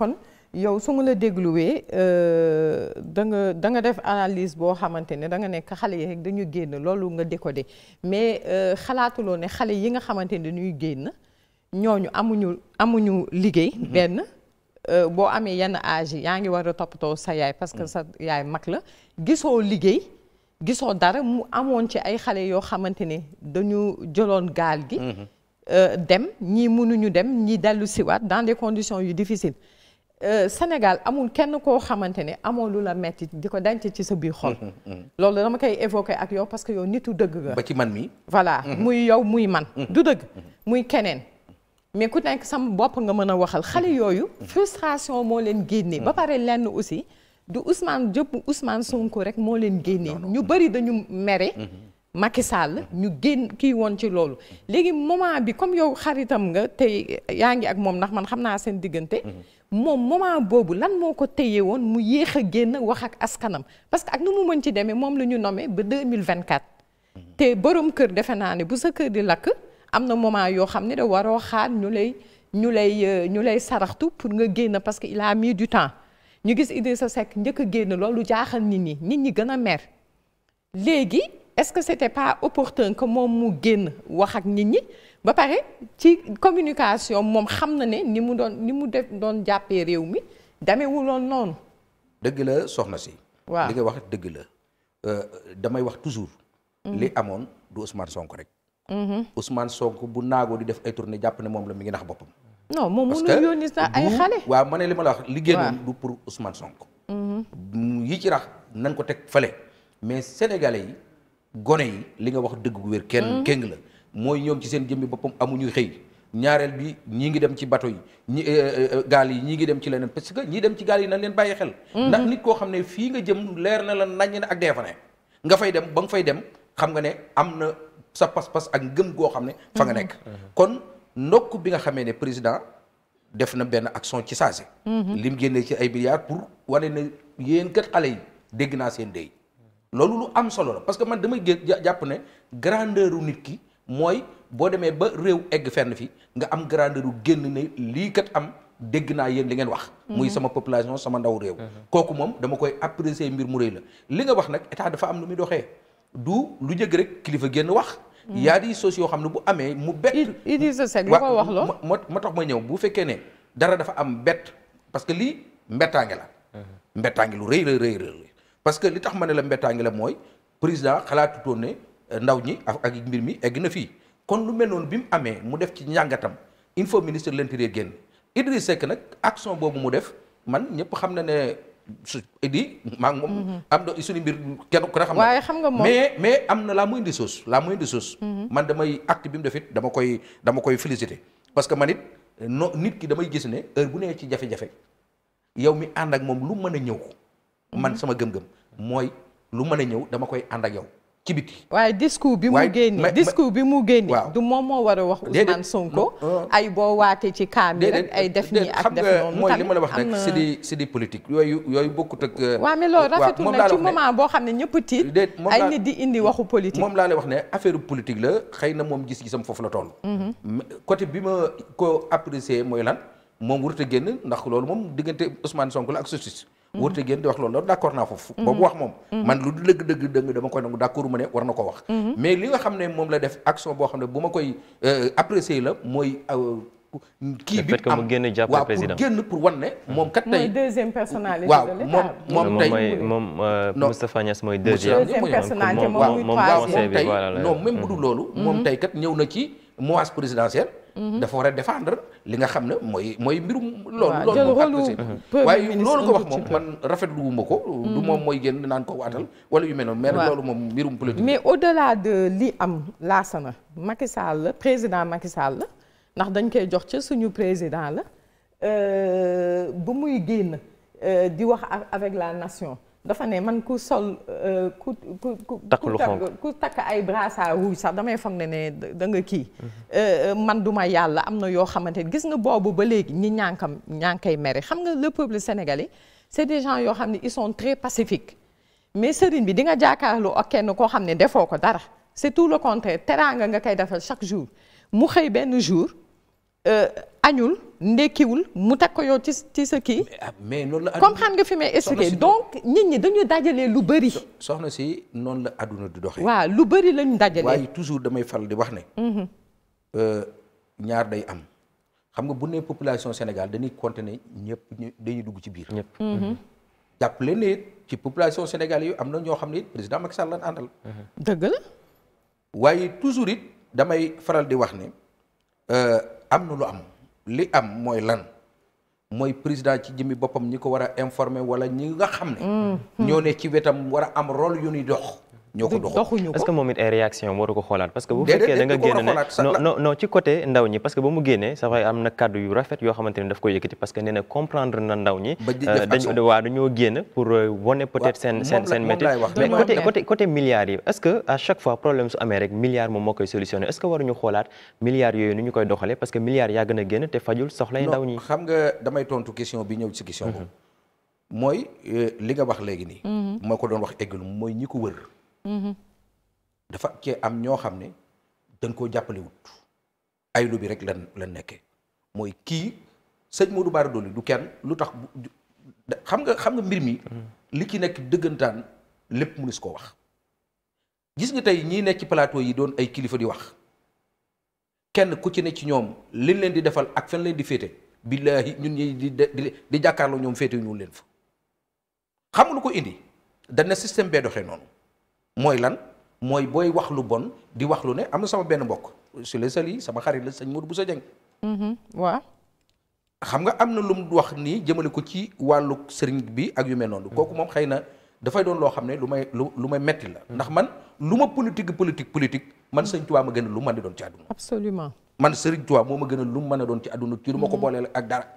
yow su ma la dégluwee euh, da danga da def analyse boo xamante ne da nga nekk xale yi rek dañu génn loolu nga de mais euh, xalaatuloo ne xale yi nga xamante ne dañuy génn ñooñu amuñu amuñu liggéey mm-hmm. benn euh, boo amee yenn âge yaa ngi war a toppatoo sa yaay parce que mm. sa yaay mag la gisoo liggéey gisoo dara mu amoon ci ay xale yoo xamante ne dañu jëloon gaal gi mm-hmm. dem ñii mënuñu dem ñii dellu siwaat dans des conditions yu difficiles Euh, Sénégal amul kenn koo xamante ne amoo lu la metti di ko denc ci sa biir xol. Mm-hmm, mm-hmm. loolu dama koy évoquer ak yow parce que yow nitu dëgg nga. ba ci man mi. voilà mm-hmm. muy yow muy man. du dëgg muy keneen. mais ku nekk sam bopp nga mën a waxal xale yooyu. frustration moo leen génnee. ba pare lenn aussi du Ousmane jëpp Ousmane Sonko rek moo leen génnee. ñu bëri dañu mere. Macky Sall ñu génn kii woon ci loolu. léegi moment bi comme yow xaritam nga tey yaa ngi ak moom ndax man xam naa seen diggante. moom moment boobu lan moo ko téye woon mu yéex a génn wax ak askanam parce que ak nu mu mën ci demee moom la ñu nommé ba 2024. te borom kër defe naa ne bu sa kër di lakk am na moment yoo xam ne da waroo xaar ñu lay ñu lay euh, ñu lay saraxtu pour nga génn parce que il a mis du temps ñu gis sa Seck njëkk a génn loolu jaaxal nit ñi nit ñi gën a mer léegi est-ce que c'était pas opportun ko moom mu génn wax ak nit ñi. ba pare ci communication moom xam na ne ni mu doon ni mu def doon jàppee réew mi demewuloon noonu. dëgg la soxna si. waaw li nga wax dëgg la euh, damay wax toujours. Mhm. li amoon du Ousmane sonk rek. Mhm. Ousmane Sonko bu naagoo di def ay tournée jàpp ne moom la mi ngi nax boppam. non moom mënul yónni sax ay xale. waa ma ne li ma la wax. li génnoon du pour Ousmane sonk mhm. yi ci rax nan ko teg fale mais sénégalais yi gone yi li nga wax dëgg gu wér. kenn kéng la. mooy ñoom ci seen jëmmi boppam amuñu xëy ñaareel bi ñii ngi dem ci bateau yi ñi euh, euh, euh, gaal yi ñii ngi dem ci leneen parce que ñii dem ci gaal yi nañ leen bàyyi xel mm-hmm. ndax nit koo xam ne fii nga jëm leer na la naññ ne ak dee fa ne nga fay dem ba fay dem xam nga ne am na sa pas ak ngëm goo xam ne fa nga mm-hmm. nekk mm-hmm. kon ndokk bi nga xamee ne président def na benn action ci saasi lim génnee ci ay milliards pour wane ne yéen kat xale yi dégg naa seen déy loolu lu am solo la parce que man damay jàpp ne grandeur u nit ki mooy boo demee ba réew egg fenn fi nga am grandeur u génn ne lii kat am dégg naa yéen li ngeen wax. muy mhm. sama population sama ndaw réew. Mhm. kooku moom dama koy apprécier mbir mu rëy la li nga wax nag état dafa am lu muy doxee du lu jëgg rek kilifa génn wax. yaa di sos yoo xam ne bu amee mu bett. Idrissa Seck li ko wax loo moo tax ma ñëw bu fekkee ne dara dafa am bett parce que lii mbettaange la. Mhm. mbettaange lu rëy rëy rëy parce que li tax ma ne la mbettaange la mooy président xalaatutoon ne. ndaw ñi ak mbir mi egg na fii kon lu mel noonu bi mu amee mu def ci njàngatam il faut ministre de l'intérieur génn Idriss Seck nag action boobu mu def man ñëpp xam na ne su idi maa ngi moom. Mhm. am na suñu mbir kenn xam. waaye xam nga mais mais am na laa muy indi sauce laa muy indi sauce. Mhm. man damay acte bi mu def it dama koy dama koy féliciter parce que man it no nit ki damay gis ne heure bu nee ci jafe-jafe yow mi ànd ak moom lu mën a ñëw. man mhm. sama gëm-gëm mooy lu mën a ñëw dama koy ànd ak yow. ci biti. waaye discours bi mu génne discours bi mu génne. du moom moo war a wax Ousmane Sonko. ay boo waatee ci kaam bi rek ay def nii ak def noonu. mooy li ma la wax rek c'est ak. Euh, waaw mais loolu boo xam ne ñëpp tiit. ay nit di indi waxu politique. moom laa lay wax ne affaire politique la xëy na moom gis-gisam foofu la toll. Mhm. côté bi ma ko apprécier mooy lan moom warut a génn ndax loolu moom diggante Ousmane Sonko la ak justice. Mmh. wërta génn di wax loolu loolu d' accord naa foofu boobu mmh. wax moom mmh. man lu dëgg dëgg dama koy nangu d' ne war na ko wax mais li nga xam ne moom la def action boo xam ne bu ma koy euh, apprécier la mooy euh, kii bi am waaw pour génn pour wan ne moom kat tey deuxième personnalité waaw moom moom tey moom euh, Moustapha Niass mooy deuxième personnalité moom moom conseil bi voilà non même bu dul loolu moom tey kat ñëw na ci moise présidentielle. dafa war a défendre li nga xam ne mooy mooy mbirum. loolu loolu moom waaye loolu ko wax moom mm-hmm. man rafetlu ko. moom mooy génn naan ko waatal wala yu mel noonu. mais loolu moom mbirum politique. mais au delà de lii am laasana Macky Sall la président Macky Sall la ndax dañ koy jox ca suñu président la euh, ba muy génn euh, di wax avec la nation. dafa ne man ku sol euh, ku ku ku takk ay brassard rouge sax damay foog ne ne da nga kii euh, man duma yàlla am na yoo xamante ne gis nga boobu ba léegi ñi ñànkam ñànkay mere xam nga le peuple sénégalais c'est des gens yoo xam ne ils sont très pacifiques mais sëriñ bi di nga jaakaarlu ak kenn koo xam ne defoo ko dara c'est tout le contraire teraanga nga koy defal chaque jour mu xëy benn jour euh, añul ndekkiwul mu teg ko yow ci ci sa kii. mais ah, loolu la comprendre nga fi may expliquer donc nit ñi dañu dajalee lu bëri. soxna si noonu la àdduna di doxee. waaw lu bëri lañu dajalee. waaye toujours damay faral di wax ne. Mhm. Euh, ñaar day am. xam nga bu ne population Sénégal dañuy compter ne ñëpp dañuy dugg ci biir. ñëpp. Mhm. Mhm. jàpp leen ne ci population na ñoo xam ne it président Macky Sall lañ àndal. dëgg damay faral di wax ne euh, am na lu am. li am mooy lan mooy président ci jëmmi boppam ñi ko war a informer wala ñi nga xam ne. Mm-hmm. ñoo ne ci wetam war a am rôle yu ñuy dox. ñoo ko est-ce que moom it ay réaction waru ko xoolaat parce que bu fekkee da génn ne non ci côté ndaw ñi parce que ba mu génnee sax am na kàddu yu rafet yoo xamante ne daf ko yëkkati parce que nee comprendre na ndaw ñi euh, waa dañoo génn pour euh, wane peut seen seen mais côté milliards yi est-ce que à chaque fois problème su amee rek milliards moom moo koy solutionné est-ce que waruñu xoolaat milliards yooyu ni ñu koy doxalee parce que milliards yaa gën Mm-hmm. dafa ci am ñoo xam ne dañ koo jàppalewut ay lu rek lan lan nekkee mooy kii sëñ Modou Bara Dolly du kenn lu tax xam nga xam nga mbir mi mm-hmm. li ci nekk dëggantaan lépp mënees koo wax gis nga tey ñii nekk ci plateau yi doon ay kilifa di wax kenn ku ci ne ci ñoom li leen di defal ak fen leen di féete billaahi ñun ñi di di jàkkaarloo ñoom féete ñu leen fa xam nga lu ko indi dana système bee doxe noonu mooy lan mooy booy wax lu bon di wax lu ne am na sama benn mbokk su le sali sama xarit la sëñ Modou Bousso Dieng mm-hmm. waaw xam nga am na lu mu wax nii jëmale ko ci wàllu sëriñ bi ak yu mel noonu kooku moom xëy na dafay doon loo xam ne lu may lu lu may metti la ndax man lu ma politique politique politique man sëñ Tuubaa ma gën a lu man di doon ci àdduna absolument man sëriñ Tuubaa moo ma gën a lu mu a doon ci àdduna ci lu ma ko mm-hmm. booleel ak dara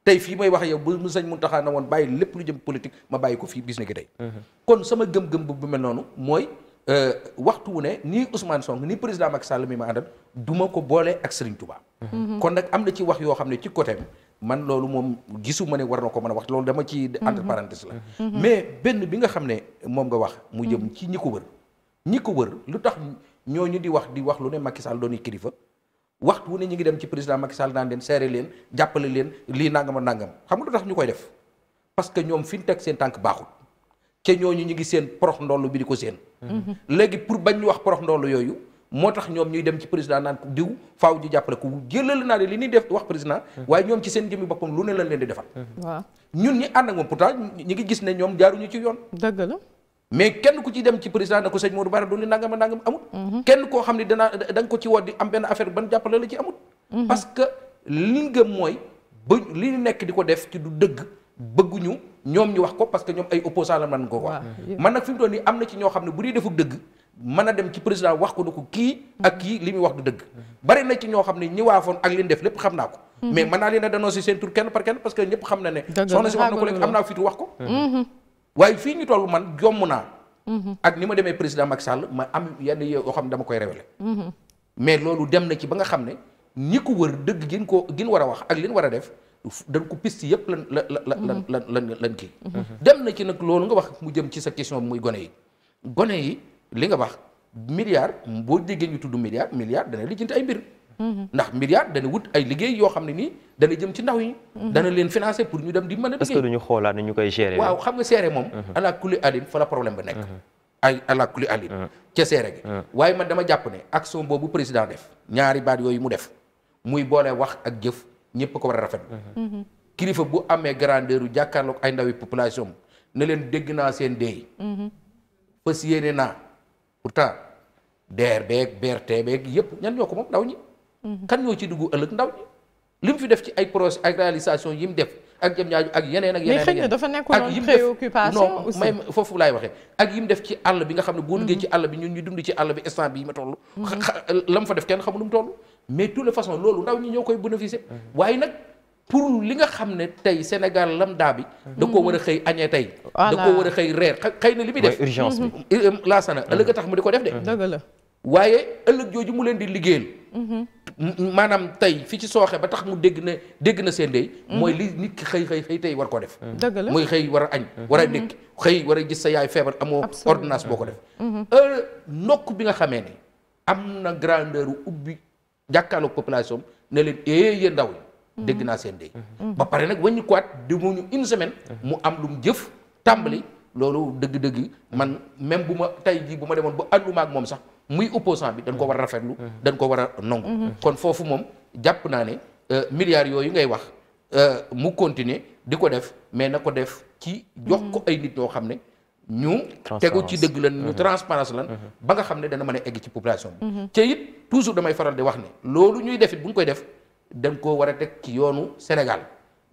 tey fii may wax yow bu mu sëñ Muntaxa na woon bàyyi lépp lu jëm politique ma bàyyi ko fii bis ni ki mm-hmm. kon sama gëm-gëm bu mel noonu mooy euh, waxtu wu ne nii Ousmane Sonko nii président Macky Sall mi ma àndal du ma ko boole ak Serigne mm-hmm. kon nag am na ci wax yoo xam ne ci côté man loolu moom gisu ma ne war na ko mën a wax loolu dama ci mm-hmm. entre parenthèses la mais benn bi nga xam ne moom nga wax mu jëm ci ñi ko wër ñi ko wër lu tax ñoo ñu di wax di wax lu ne Macky Sall doon kilifa waxtu wu ne ñu ngi dem ci président Macky Sall naan leen seere leen jàppale leen lii nangam a nangam xam nga lu tax ñu koy def parce que ñoom fi ñu teg seen tànk baaxul ca ñooñu ñu ngi seen porox ndollu bi di ko seen. Mhm. léegi pour bañ ñu wax porox ndollu yooyu moo tax ñoom ñuy dem ci président naan diw faaw ji jàppale ko jëlal naa ne li ñuy def wax président. Mhm. waaye ñoom ci seen jëmmi boppam lu ne lañ leen di defal. Mhm. ñun ñi ànd ak moom pourtant ñi ngi gis ne ñoom jaaruñu ci yoon. dëgg la. mais kenn ku ci dem ci président ne ko sëñ ne danaa da nga ko ci woo mhm. que mooy ba li nekk di ko def ci du dëgg bëgguñu ñu wax ko parce que ñoom ay opposants la man ko wax. am na ci ñoo xam ne bu dee a ko ne ko kii kii li muy wax du dëgg mhm. bari na ci ñoo xam ne ñi waafoon ak li ñu def lépp xam naa ko mhm. mais mën naa leen a dénoncer seen tur kenn par kenn parce que ñëpp xam na ne soxna si wax na ko léegi am naa fitu wax ko waaye fii ñu toll man jomm naa. Mhm. ak ni ma demee président Macky Sall ma am yenn yoo xam ne dama koy révélé. Mhm. mais loolu dem na ci ba nga xam ne ñi ko wër dëgg gin ko gin war a wax ak li ñu war a def dañ ko pist yëpp lan la la lan mhm. lan lan kii. dem na ci nag loolu nga wax mu jëm ci sa question muy gone yi gone yi li nga wax milliard boo déggee ñu tudd milliard milliard dana lijjanti ay mbir. Mhm. ndax milliard dana wut ay liggéey yoo xam ne nii dana jëm ci ndaw yi. Mhm. dana leen financer pour ñu dem di mën a liggéey. est-ce que duñu xoolaat ni ñu koy gérer. waaw xam nga seere moom. Mhm. ala kulli alim fa la problème ba nekk. ay ala kulli alim. ca seere gi. waaye man dama jàpp ne action boobu président def ñaari baat yooyu mu def muy boole wax ak jëf ñëpp ko war a rafet. kilifa bu amee grandeur yu jàkkaarloog ay ndawi population ne leen dégg naa seen dee. fas yéene naa pourtant DRD beeg Mhm. kan ñoo ci dugg ëllëg ndaw ñi li mu fi def ci ay projet ak réalisation yi mu def ak jëm ñaaju ak yeneen ak yeneen ak yeneen dafa nekkoon préoccupation aussi non may foofu laay waxee ak yi mu def ci àll bi nga xam ne boo liggéey mhm. ci àll bi ñun ñu dund ci àll bi instant bi ma toll mhm. la mu fa def kenn xamul lu mu toll mais de toute façon loolu ndaw ñi ñoo koy bénéficier waaye nag pour li nga xam ne tey Sénégal lambda bi. da koo war a xëy añee tey. da koo war a xëy reer xëy na li muy def urgence bi. laasana ëllëg a tax mu di ko def de. dëgg la waaye ëllëg jooju mu leen di liggéeyal. maanaam tey fi ci sooxee ba tax mu dégg na dégg na seen dey mhm. mooy li nit ki xëy xëy xëy tey war koo def mooy mhm. xëy war a añ mhm. war a nekk xëy war a gis sa yaay feebar amoo ordonnance boo ko def euh, ndokk bi nga xamee ni am na grandeur ubbi jàkkaarloog population ne leen ee eh, yéen ndaw yi dégg naa seen dey ba pare nag ko waññi kuwaat demuñu une semaine mu am lu mu jëf tàmbali loolu dëgg-dëgg man même bu ma tey jii bu ma demoon ba ànduma ak moom sax muy opposant bi dañ ko mm-hmm. war a rafetlu mm-hmm. dañ ko war a nongu mm-hmm. kon foofu moom jàpp naa ne euh, milliards yooyu ngay wax euh, mu continuer di ko def mais na ko def ci jox ko ay nit ñoo xam ne ñu tegu ci dëgg la ñu transparence lan ba nga xam ne dana mën a egg ci population bi te it toujours damay faral di wax ne loolu ñuy def it bu ñu koy def dañ koo war a teg ci yoonu Sénégal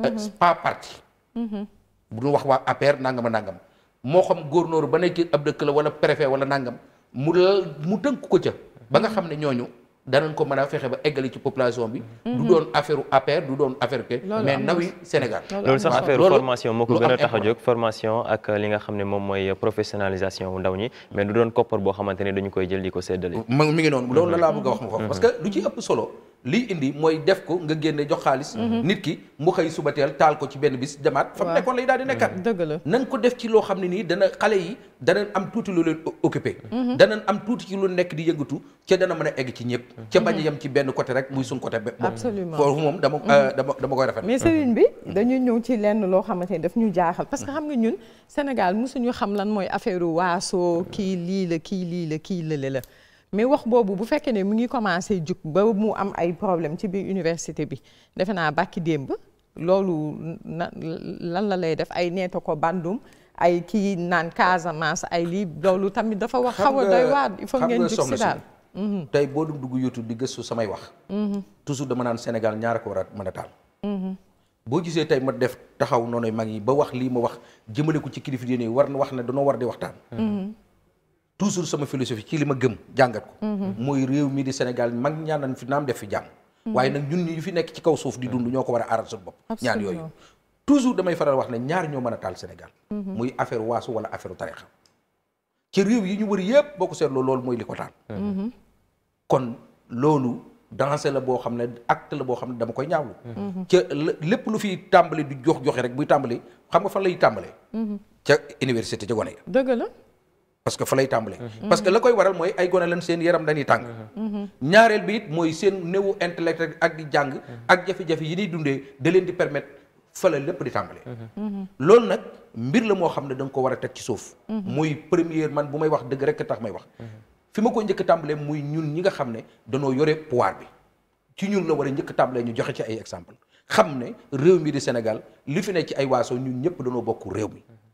euh, pas parti bu ñu wax waa APR nangam a nangam moo xam góornóoru ba nekk ab dëkk la wala préfet wala nangam mu mu tënk ko ca ba nga xam ne ñooñu danañ ko mën a fexe ba eggali ci population bi. du mhm. doon affaire APR du doon affaire ke mais nawi Sénégal. loolu sax affaire formation moo ko gën a tax a jóg formation ak li nga xam ne moom mooy professionnalisation ndaw ñi mais du doon koppar boo xamante ne dañu koy jël di ko séddale. mi ngi noonu loolu la laa bëgg a wax ma foofu mhm. parce lu ci ëpp solo. liy indi mooy def ko nga génne jox xaalis mhm. nit ki mu xëy suba teel taal ko ci benn bis demaat fa mu nekkoon lay daal di nekkaat mhm. dëgg la na ko def ci loo xam ne nii dana xale yi danañ am tuuti lu leen occupé mhm. danañ am tuuti ci lu nekk di yëngatu ca dana mën a egg ci ñëpp ca bañ a yem ci benn côté rek muy suñ côté bopp absolument foofu moom dama euh, dama dama koy rafet mais Serigne bi dañuy ñëw ci lenn loo xamante ni daf ñu jaaxal parce que xam nga ñun Sénégal mosuñu xam lan mooy affaire waasoo kii lii la kii lii la kii lële la mais wax boobu bu fekkee ne mu ngi commencé jug ba mu am ay problème ci biir université bi defe naa bàkki démb loolu na lan la lay def ay neeta ko bandum ay kii naan Casamance ay lii loolu tamit dafa wax xaw a doy waar il faut ngeen jug si daal tey mhm. boo dum dugg YouTube di gëstu samay wax mhm. toujours dama naan Sénégal ñaara ko war a mën a taal mhm. boo gisee tey ma def taxaw noonu mag yi ba wax lii ma wax jëmale ko ci kilifa diine yi war na wax ne danoo war di waxtaan toujours sama philosophie ci li ma gëm jàngat ko. mooy réew mi di Sénégal mag ñaan nañ fi naam def fi jàmm. waaye nag ñun yu fi nekk ci kaw suuf di dund ñoo ko war a aaral suñu bopp. ñaan yooyu toujours damay faral wax ne ñaar ñoo mën a taal Sénégal. muy affaire waasu wala affaire tarixa ci réew yi ñu wër yëpp boo ko seetloo loolu mooy li ko taal. kon loolu danse la boo xam ne acte la boo xam ne dama koy ñaawlu. ca lépp lu fiy tàmbali du jox joxe rek buy tàmbali xam nga fan lay tàmbalee. Mhm. ca université ca gone. dëgg parce que fa lay tàmbalee. Mhm. parce que la koy waral mooy ay gone lan seen yaram dañuy tàng. Mhm. ñaareel bi it mooy seen néewu intellect ak di jàng. Mhm. ak jafe-jafe yi ñuy dundee da leen di permettre fa la lépp di tàmbalee. loolu nag mbir la moo xam ne da ko war a teg ci suuf. muy première man bu may wax dëgg rek tax may wax. fi ma ko njëkk a tàmbalee muy ñun ñi nga xam ne danoo yore pouvoir bi ci ñun la war a njëkk a tàmbalee ñu joxe ci ay exemple xam ne réew mi di Sénégal li ne ci ay waaso ñun ñëpp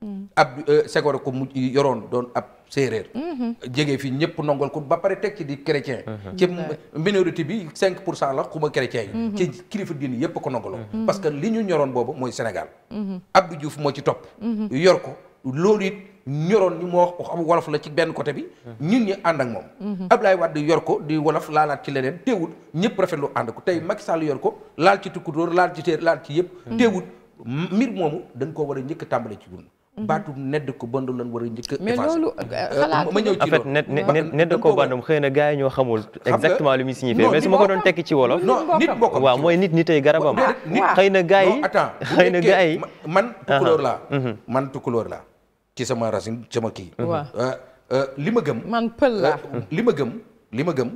Mm. ab euh, Senghor ko mu yoroon doon ab séeréer mm-hmm. jege fi ñëpp nongol ko ba pare teg ci di chrétien mm-hmm. ci minorité bi cinq pour cent la xuma chrétien yi mm-hmm. ci kilifa diini yëpp ko nongaloon parce que li ñu ñoroon boobu mooy Sénégal Abdou Diouf moo ci topp yor ko loolu it ñoroon ñu moo wax wolof la ci benn côté bi ñun ñi ànd ak moom Abdoulaye Wade yor ko di wolof laalaat ci leneen teewut ñëpp rafetlu ànd ko tey Macky Sall yor ko laal ci tukkutóor laal ci téer laal ko war a njëkk tàmbale Mm-hmm. baatum nedd ko euh, euh, ma ñëw ci loolu en fait nedd ko bandum xëy na gars yi ñoo xamul exactement lu muy signifie mais su ma ko doon tekki ci wolof non nit bokk waaw mooy nit nitay garabam xëy na gars man tukulóor laa mhm. man tukulóor laa ci sama racine sama kii euh, li ma gëm man pël la li ma gëm li ma gëm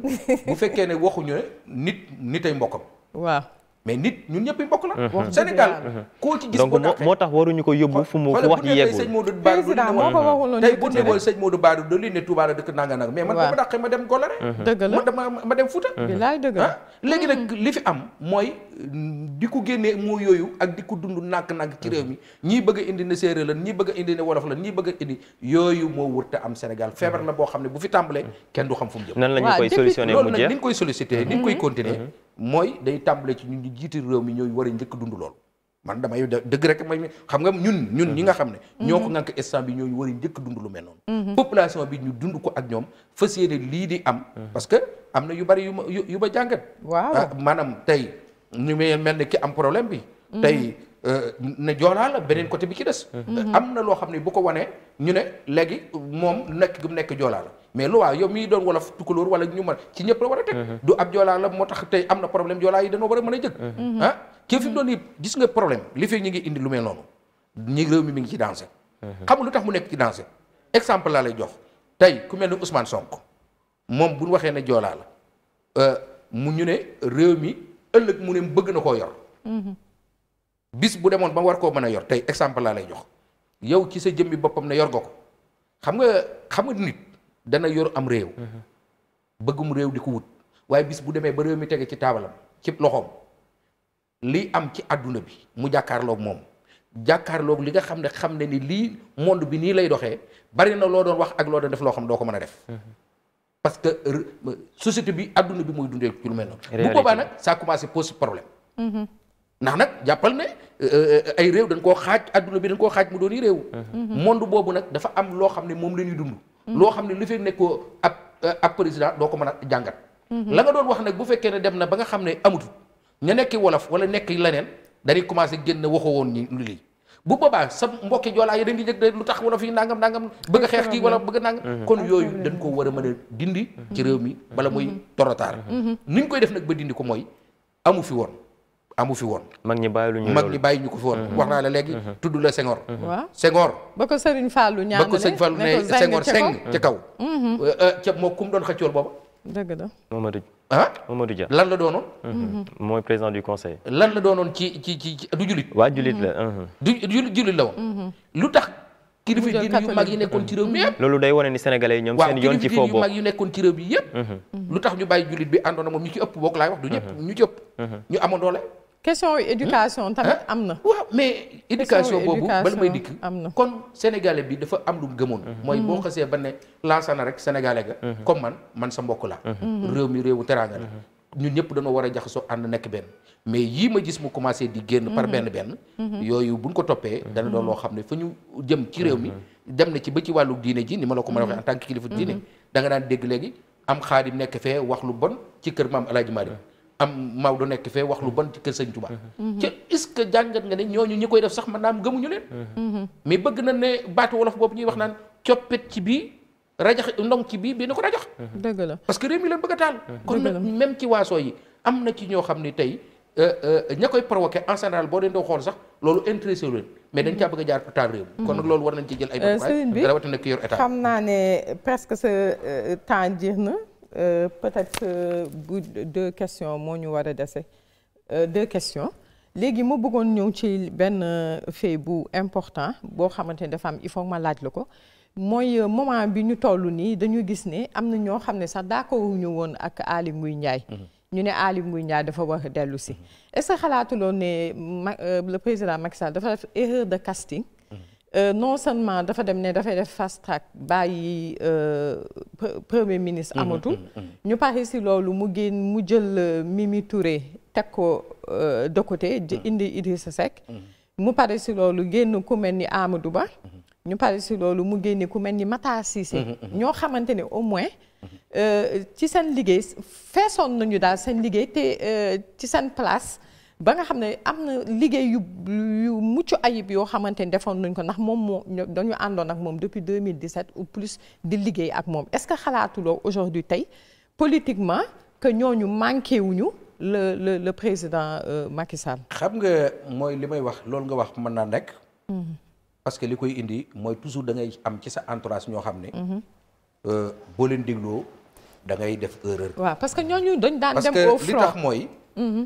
bu fekkee ne waxuñu nit nitay mbokkam waaw mais nit ñun ñëpp ñu bokk la. Uh-huh. Sénégal koo ci gis. bu donc moo tax waruñu ko yóbbu fu mu wax yeegul président moo ko waxul noonu. tey bu ñu nee sëñ Modou Badou Doli ne Touba la dëkk nanga nag uh-huh. ma ma dem Golare. dëgg la man ah, léegi nag mm. li fi am mooy di ko génnee moo yooyu ak di ko dund nàkk-nàkk ci réew mi mm-hmm. ñii bëgg a indi ne séeréer lan ñii bëgg indi ne wolof la ñii bëgg indi yooyu moo wër te am Sénégal mm-hmm. feebar la boo xam ne bu fi tàmbalee kenn du xam fu mu jëm. nan la koy solutionné mu ni ñu koy sollicité mooy day tàmbale ci ñu ñu jiite réew mi ñooy war a njëkk dund lool man damay dëgg rek may xam nga ñun ñun ñi nga xam ne mhm. ñoo ko ngànk mhm. instant bi ñooy war a njëkk dund lu mel noonu mhm. population bi ñu dund ko ak ñoom fas yéene lii di am parce que am na yu bari yu ma yu ma jàngat waaw ah, maanaam tey ñu mel ne ki am problème bi tey euh, ne joolaa la beneen côté bi ci des am na loo xam ne bu ko wanee ñu ne léegi moom nekk gum nekk joolaa la mais loi yow mi doon wolof tukulóor wala ñu mën ci ñëpp la war a teg mhm. du ab joolaa la moo tax tey am na problème joolaa yi dañoo war a mën a jëg mhm. mhm. ah kii fi gis nga problème li fi ñu ngi indi lu mel noonu ñi réew ngi ci danger xam lu tax mu nekk ci exemple laa jox tey ku mel ni Ousmane Sonko moom bu ñu waxee ne joolaa la euh, mu ñu ne réew mi ëllëg mu ne bëgg na koo yor bis bu demoon ba war koo mën a yor tey exemple laa lay jox yow ci sa jëmmi boppam ne yor nga ko xam nga xam nga nit dana yor am réew. Mhm. bëggum réew di ko wut waaye bis bu demee ba réew mi tege ci taabalam ci loxoom li am ci àdduna bi mu jàkkaarloog moom jàkkaarloog li nga xam ne xam ne ni lii monde bi nii lay doxee bari na loo doon wax ak loo doon def loo xam doo ko mën a def. Mhm. parce que euh, société bi àdduna bi mooy dundee ci lu mel noonu. bu boobaa nag ça commencé pose problème. Mhm. ndax nag jàppal ne euh, euh, ay réew dañ koo xaaj àdduna bi dañ koo xaaj mu doon i réew. monde boobu nag dafa am loo xam ne moom la ñuy dund. loo xam ne lu fi nekkoo ab euh, ab président doo ko mën a jàngat. Mhm. la nga doon wax nag bu fekkee ne dem na ba nga xam ne amatul ña nekki wolof wala nekk leneen dañuy commencé génn waxoo woon ñi lii bu boobaa sa mbokki joolaa yi dañuy jëg de lu tax wolof yi nangam nangam bëgg a xeex kii wala bëgg a nangam. Mhm. kon yooyu dañ koo war a mën a dindi. ci mhm. réew mi bala muy torotaar. ni koy def nag ba dindi ko mooy amu fi woon. amu fi woon. mag ñi bàyyi lu ñu mag ñi bàyyi ñu ko fi woon. Mm-hmm. wax naa la léegi mm-hmm. tudd la Senghor. Mm-hmm. waaw Senghor. ba ko Sëriñ Fallou ñaanale ba ko Sëriñ Fallou kaw. Euh, euh, moo ku doon xëccool booba. dëgg la Mamadou. ah lan la doonoon. mooy président du conseil. lan la doonoon ci ci ci du julit. waa julit la. du julit la woon. lu tax. kilifa diine yu mag yi nekkoon ci réew loolu day wane ni sénégalais yi ñoom seen ci foofu. waaw kilifa diine yu mag yi nekkoon ci réew mi yëpp. lu tax ñu bàyyi julit bi àndoon ñu ci ëpp boog laay wax. du ñu ci ñu amoon doole. question éducation tamit am na. waaw mais éducation boobu bala may dikk kon sénégalais bi dafa am lu gëmoon. Mhm. mooy boo mhm. xasee ba ne laa laasana rek sénégalais ga. Mhm. comme man man sa mbokk la réew mi réewu teraanga la. ñun ñëpp dañoo war a jaxasoo ànd nekk benn mais yii ma gis mu commencé di génn par benn benn yooyu buñ ko toppee dana doon loo xam ne fa ñu jëm ci réew mi dem na ci ba ci wàllu diine ji ni ma la ko mën a waxee en tant que da nga daan dégg léegi am xaadim nekk fee wax lu bon ci kër maam alaaji Maalik am Maodo nekk fee wax lu ban ci kër Sëñ Tuubaa mhm. Mhm. ca est-ce que jàngat nga ne ñooñu ñi koy def sax man naam gëmuñu leen mhm. mais bëgg na ne baatu wolof boobu ñuy wax naan coppet ci bii rajax ndong ci bii bii na ko rajax dëgg la parce que réew mi leen bëgg a taal kon nag même ci waaso yi am na ci ñoo xam ni tey euh, euh, ña koy provoqué en général boo leen doo xool sax loolu intéressé leen mais dañ caa bëgg a jaar pour taal réew mi kon nag loolu war nañ ci jël ay euh, rawatina ki yor état xam naa ne presque sa temps jeex na Euh, peut-être euh, bu deux questions moo ñu war a dese euh, deux questions léegi ma bëggoon ñëw ci benn fait bu important boo xamante ne dafa am il faut ma laaj la ko mooy moment bi ñu toll nii dañu gis ne am na ñoo xam ne sax d'accord ñu woon ak Aly Ngouille Ndiaye mhm. ñu ne Aly Ngouille Ndiaye dafa war a dellu si mhm. est-ce que xalaatuloon ne le président Macky Sall dafa def de casting Euh, non seulement dafa dem ne dafay def fast track bàyyi euh, premier ministre mm-hmm, amatul mm-hmm. ñu pare si loolu mu génn mu jël euh, mi mi Touré teg ko de côté mm-hmm. indi Idrissa Seck mu pare si loolu génn ku mel ni Amadou Ba ñu pare si loolu mu génne ku mel ni Matar Cissé ñoo xamante ne au moins ci seen liggéey feesoon nañu daal seen liggéey te ci seen place ba nga xam ne am na liggéey yu yu mucc ayib yoo xamante ne defoon nañ ko ndax moom moo dañu àndoon ak moom depuis 2017 ou plus di liggéey ak moom est-ce que xalaatuloo aujourd'hui tey politiquement que ñooñu manqué wuñu la le le président euh, Macky xam nga mooy li may wax loolu nga wax mën naa nekk. Mm-hmm. parce que li koy indi mooy toujours da ngay am ci sa entourage ñoo xam ne. Mm-hmm. Euh, boo leen dégloo da ngay def erreur. waaw parce que ñooñu dañ daan dem au front mooy. Mm-hmm.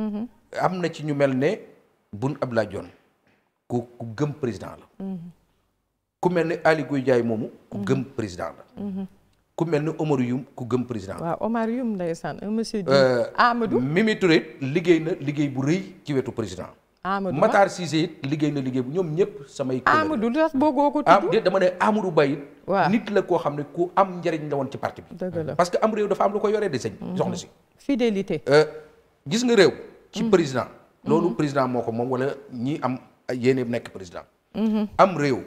Mm-hmm. am na ci ñu mel ne Boun Abdallah Dionne ku ku gëm président la mm-hmm. ku mel ni Aly Ngouille Ndiaye moomu ku mm-hmm. gëm président la ku mel ni Omar Youm ku gëm président la waaw Omar Youm ndeysaan euh, monsieur euh, Amadou Mimi Touré liggéey na liggéey bu rëy ci wetu président Amadou Matar Cissé it liggéey na liggéey bu ñoom ñëpp samay. Amadou ndax bëggoo ko ah, tudd dama ne Amadou Ba it. waaw nit la koo xam ne ku am njëriñ la woon ci parti bi. dëgg parce que am réew dafa am lu ko yoree de sëñ. soxna si fidélité. Euh, gis nga réew. ci mhm. président. loolu mhm. président moo ko moom wala ñi am yéene nekk président. Mhm. am réew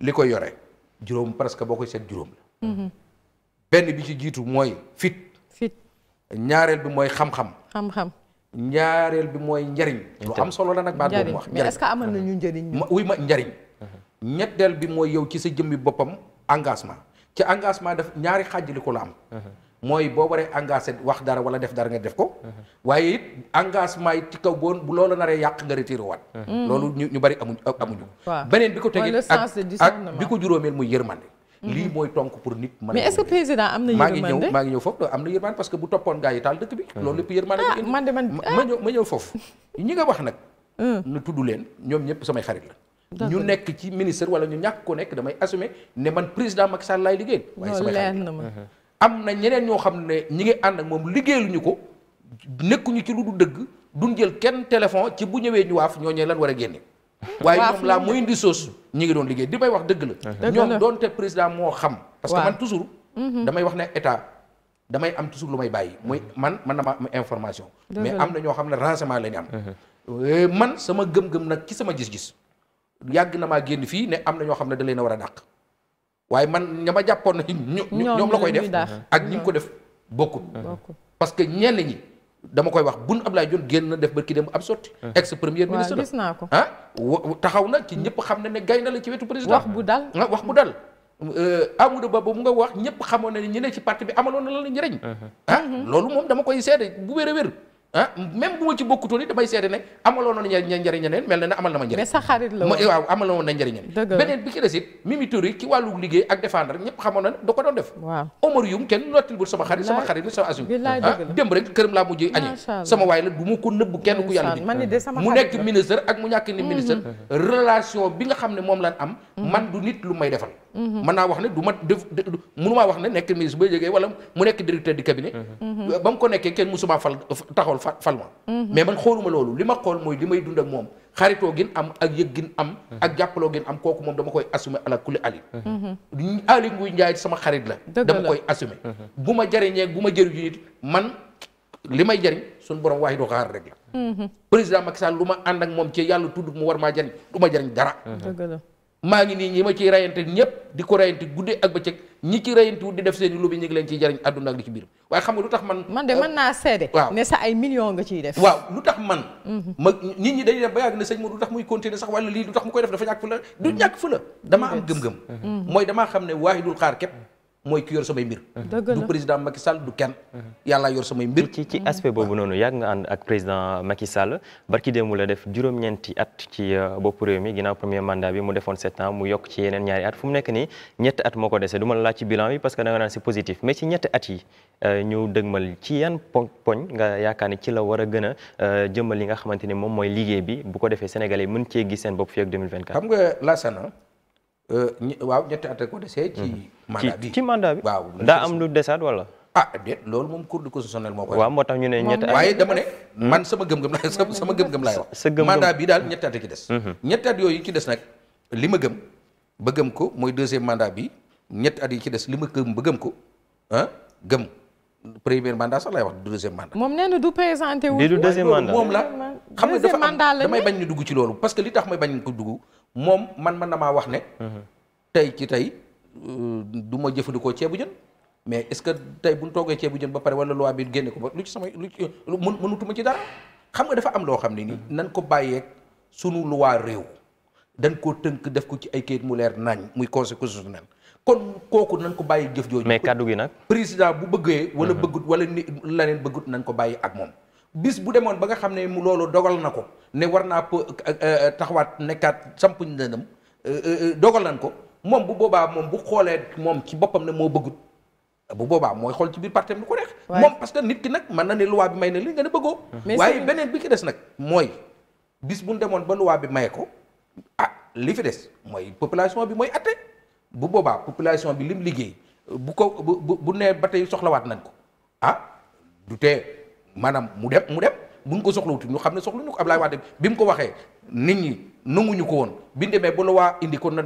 li koy yore juróom presque boo koy seet juróom la. benn bi ci jiitu mooy fit. fit ñaareel bi mooy xam-xam. ñaareel bi mooy njariñ. lu am solo la nag baat boobu wax. njariñ mais que amal nañu njariñ. ma oui ma njariñ. ñetteel bi mooy yow ci sa jëmmi boppam engagement ci engagement def ñaari xaaj li ko la am. mooy boo waree engagé wax dara wala def dara nga def ko. waaye it engagement yi ci kaw boon bu loolu naree yàq nga retiré waat. Mm-hmm. loolu ñu ñu bari amuñu amuñu. beneen bi ko tegee ak ak bi ko juróomeel muy yërmande. Mm-hmm. lii mooy tonk pour nit. maa ngi ñëw maa ngi ñëw foofu am parce que bu toppoon gaa yi taal dëkk bi. Mm-hmm. loolu lépp yërmande ah man ah. ma ñëw foofu. ñi nga wax nag. nu mm. tudd leen ñoom ñëpp samay xarit la. ñu nekk ci ministre wala ñu ñàkk ko nekk damay assumer ne man président Macky Sall laay liggéey. waaye samay xarit la am na ñeneen ñoo xam ne ñi ngi ànd ak moom liggéey liggéeyluñu ko nekkuñu ci lu du dëgg duñ jël kenn téléphone ci bu ñëwee ñu waaf ñoo ñee lan war a génne [LAUGHS] waaye ñoom laa muy indi soos ñi ngi doon liggéey di may wax dëgg la ñoom doonte président moo xam parce que man toujours mhm. damay wax ne état damay am toujours lu may bàyyi mooy man man ma am information mais am na ñoo xam ne rensement lañu ñu am mhm. euh, man sama gëm-gëm nag ci sama gis-gis yàgg na maa génn fii ne am na ñoo xam ne da leen a war a dàq waaye man ña ma jàppoon ñoom la koy def ak ñi ko def bokkut parce que ñenn ñi dama koy wax bu bun Ablaye Dione génn na def ba ki dem ab sotti. ex premier ministre la naa ko ah taxaw na ci ñëpp xam na ne gaynde la ci wetu président wax bu dal ah, wax bu dal euh, Amadou Ba boobu nga wax ñëpp xamoon na ne ñi ne ci parti bi amaloon na la njëriñ ah loolu moom dama koy seede bu wér a wér ah bu ma ci bokkutoon it damay seede ne amaloon na njëriñ ñeneen mel na ne amal na ma njëriñ. mais sa xarit la woon waaw amaloon na njëriñ ñeneen. beneen bi ci des it Mimi Touré ci wàllu liggéey ak défendre ñëpp xamoon na da ko doon def. waaw Omar kenn nottil bul sama xarit sama xarit ah, la sama assur. ah mhm. relation bi nga xam ne moom lañ am. Mhm. man du nit lu may defal. Mhm. mën naa wax ne du ma def mënumaa wax ne nekk ministre ba jógee wala mu nekk directeur fa fal ma mais man xooluma loolu li ma xool mooy li may dund ak moom xaritoo gin am ak yëg gin am ak jàppaloo gin am kooku moom dama koy assumer ala kulli ali ali nguy njaay sama xarit la dama koy assumer bu ma jariñee bu ma jëriñu nit man li may jariñ suñu borom waaye doo xaar rek mhm. président Macky Sall lu ma ànd ak moom ci yàlla tudd mu war maa jariñ du ma jariñ dara maa ngi nii ñi ma ciy rayante ñëpp di ko rayante gudde ak bëccëg ñi ci rayantu di def seen i lobby ñu ngi leen ciy jariñ àdduna ak li ci biir waaye xam lu tax man. man de mën naa seede. waaw nga ciy def. waaw lu tax man. Mhm. ma nit ñi dañ def ba yàgg ne sëñ Modou lu tax muy continuer sax wala lii lu tax mu koy def dafa ñàkk fu la du mhm. ñàkk fu la damaa am gëm-gëm. Mhm. mooy damaa xam ne waaye waahidul xaar képp. mooy ki yor samay mbir. du président Macky Sall du kenn. yàlla yor samay mbir. ci ci aspect boobu noonu yàgg nga ànd ak président Macky Sall barki démb la def juróom-ñeenti at ci euh, bopp réew mi ginnaaw premier mandat bi mu defoon sept mu yokk ci yeneen ñaari at fu mu nekk nii ñetti at moo ko dese du ma la laaj ci bilan bi parce que da nga naan c'est positif mais ci ñetti at yi euh, ñu dëgmal ci yan poñ poñ nga yaakaar ni ci la war a gën a euh, jëmmal li nga xamante ni moom mooy liggéey bi bu ko defee Sénégalais mën cee gis seen bopp fii ak 2024. xam nga Lassana waaw ñetti at ko dese ci mhm. mandat bi ci mandat bi waaw daa am lu desaat wala. ah déet loolu moom cour du constitutionnel moo koy. waaw moo tax ñu ne ñetti at waaye dama ne man sama gëm-gëm laay gëm laay wax. sa gëm-gëm bi daal ñetti at a ci des. Mhm. ñetti at yooyu ci des nag li ma gëm ba ko mooy deuxième mandat bi ñetti at yi ci des li ma gëm ba gëm ko ah gëm premier mandat sax lay wax deuxième mandat. moom nee na du présenté wu. du deuxième mandat moom la. xam nga dafa am damay bañ ñu dugg ci loolu parce que li tax may bañ ko dugg moom man man na maa wax ne. Mhm. tey ci tey. Euh, du ma jëfandikoo ceebu jën mais est-ce que tey bu ñu toogee ceebu jën ba pare wala loi bi génne ko ba lu ci sama lu ci mën mënutuma ci dara xam nga dafa am loo xam ne nii nañ ko bàyyeeg sunu luwaa réew dañ ko tënk def ko ci ay kayit mu leer nañ muy conseil constitutionnel kon kooku nañ ko bàyyi jëf jooju. mais kàddu gi nag. président bu bëggee. wala mhm. bëggut wala ni leneen bëggut nañ ko bàyyi ak moom. bis bu demoon ba nga xam ne mu loolu dogal na ko ne war naa euh, euh, taxawaat nekkaat sampuñ dënam dogal nan ko. moom bu boobaa moom bu xoolee moom ci boppam ne moo bëggut bu boobaa mooy xool ci biir partem lu ko neex moom parce que nit ki nag mën na ne loi bi may na li nga ne bëggoo mm-hmm. waaye beneen bi ki des nag mooy bis bu ñu demoon ba loi bi maye ah li fi des mooy population bi mooy atte bu boobaa population bi lim liggéey bu ko bu bu nee ba tey soxlawaat nañ ko ah du te maanaam mu dem mu dem buñ ko soxla soxlawuti ñu xam ne soxluñu ko Ablaye Wade bi mu ko waxee nit ñi nanguñu ko woon bi mu demee ba waa indi ko na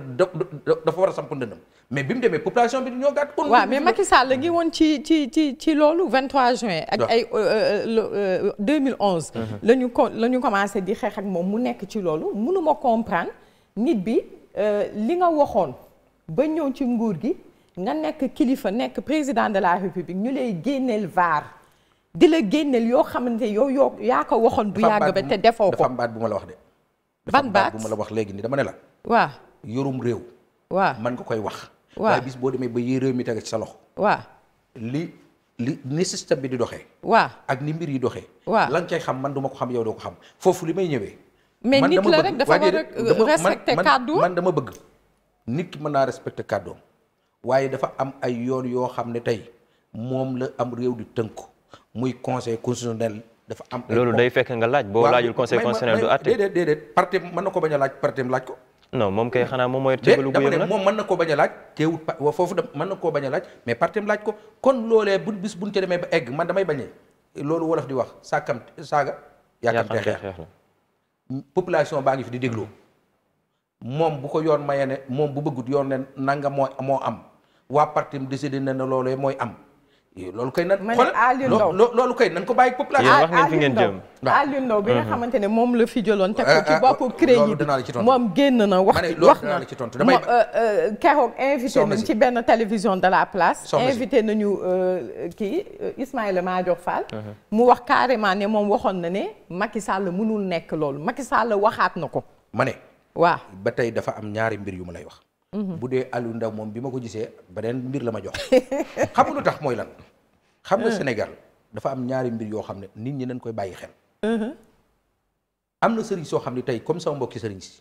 dafa war a samp ndëndam mais bi mu demee population bi ñoo gàtt kon waaw mais Macky Sall ngi woon ci ci ci ci loolu 23 juin ak ay 2011 euh, euh, euh, mm-hmm. la ñu ko la ñu commencé di xeex ak moom mu nekk ci loolu mënuma comprendre nit bi li nga waxoon ba ñëw ci nguur gi nga nekk kilifa nekk président de la république ñu lay génneel vaar di la génneel yoo xamante yow yoo yaa ko waxoon bu yàgg ba te defoo ko baat bu ma la wax de ban baat bu ma la wax léegi ni dama ne la. waaw yorum réew. waaw man nga koy wax. waa waaye bis boo demee ba yéen réew mi tege sa loxo. waa li li ni système bi di doxee. waaw ak ni mbir yi doxee. waaw lan kay xam man du ma ko xam yow doo ko xam foofu li may ñëwee. mais nit la rek dafa war a euh, respecter kàddu man dama bëgg nit ki mën naa respecter kàddoom waaye dafa am ay yoon yoo xam ne tey moom la am réew di tënk muy conseil constitutionnel. dafa am loolu day fekk nga laaj boo laajul conseil constitutionnel du àtte déedéet déedéet parti mën na ko bañ a laaj parti laaj ko non moom kay xanaa moom mooy cëgalu bu yëngu nag moom mën na koo bañ a laaj teewut foofu da mën na koo bañ a laaj mais parti laaj ko kon loolee bu bis buñ ca demee ba egg man damay bañee loolu wolof di wax sàkkam saaga yaakamtee xeex population baa ngi fi di déglu moom bu ko yoon mayee ne moom bu bëggut yoon ne nanga moo moo am waa parti décidé na ne loolee mooy am loolu kay nan. xoolal Aliou Ndao loolu kay nan ko bàyyi population. yéen wax ngeen fi ah, bi nga mhm. xamante ne moom la fi jëloon. teg ko eh, ci eh, boppu CREI bi moom génn na wax wax na ma euh, euh, keroog invité nañ ci benn télévision de la place. invité nañu euh, kii Ismaïla Madior Fall. Mhm. mu wax carrément ne moom waxoon na ne Macky Sall mënul nekk loolu Macky Sall waxaat na ko. ma ne. waa ba tey dafa am ñaari mbir yu ma lay wax. Mhm. bu dee Aliou Ndao moom bi ma ko gisee beneen mbir la ma jox [LAUGHS] xam nga lu tax mooy lan. xam nga Sénégal dafa am ñaari mbir yoo xam ne nit ñi dañ koy bàyyi xel. am na sëriñ soo xam ne tey comme sama mbokki sëriñ si.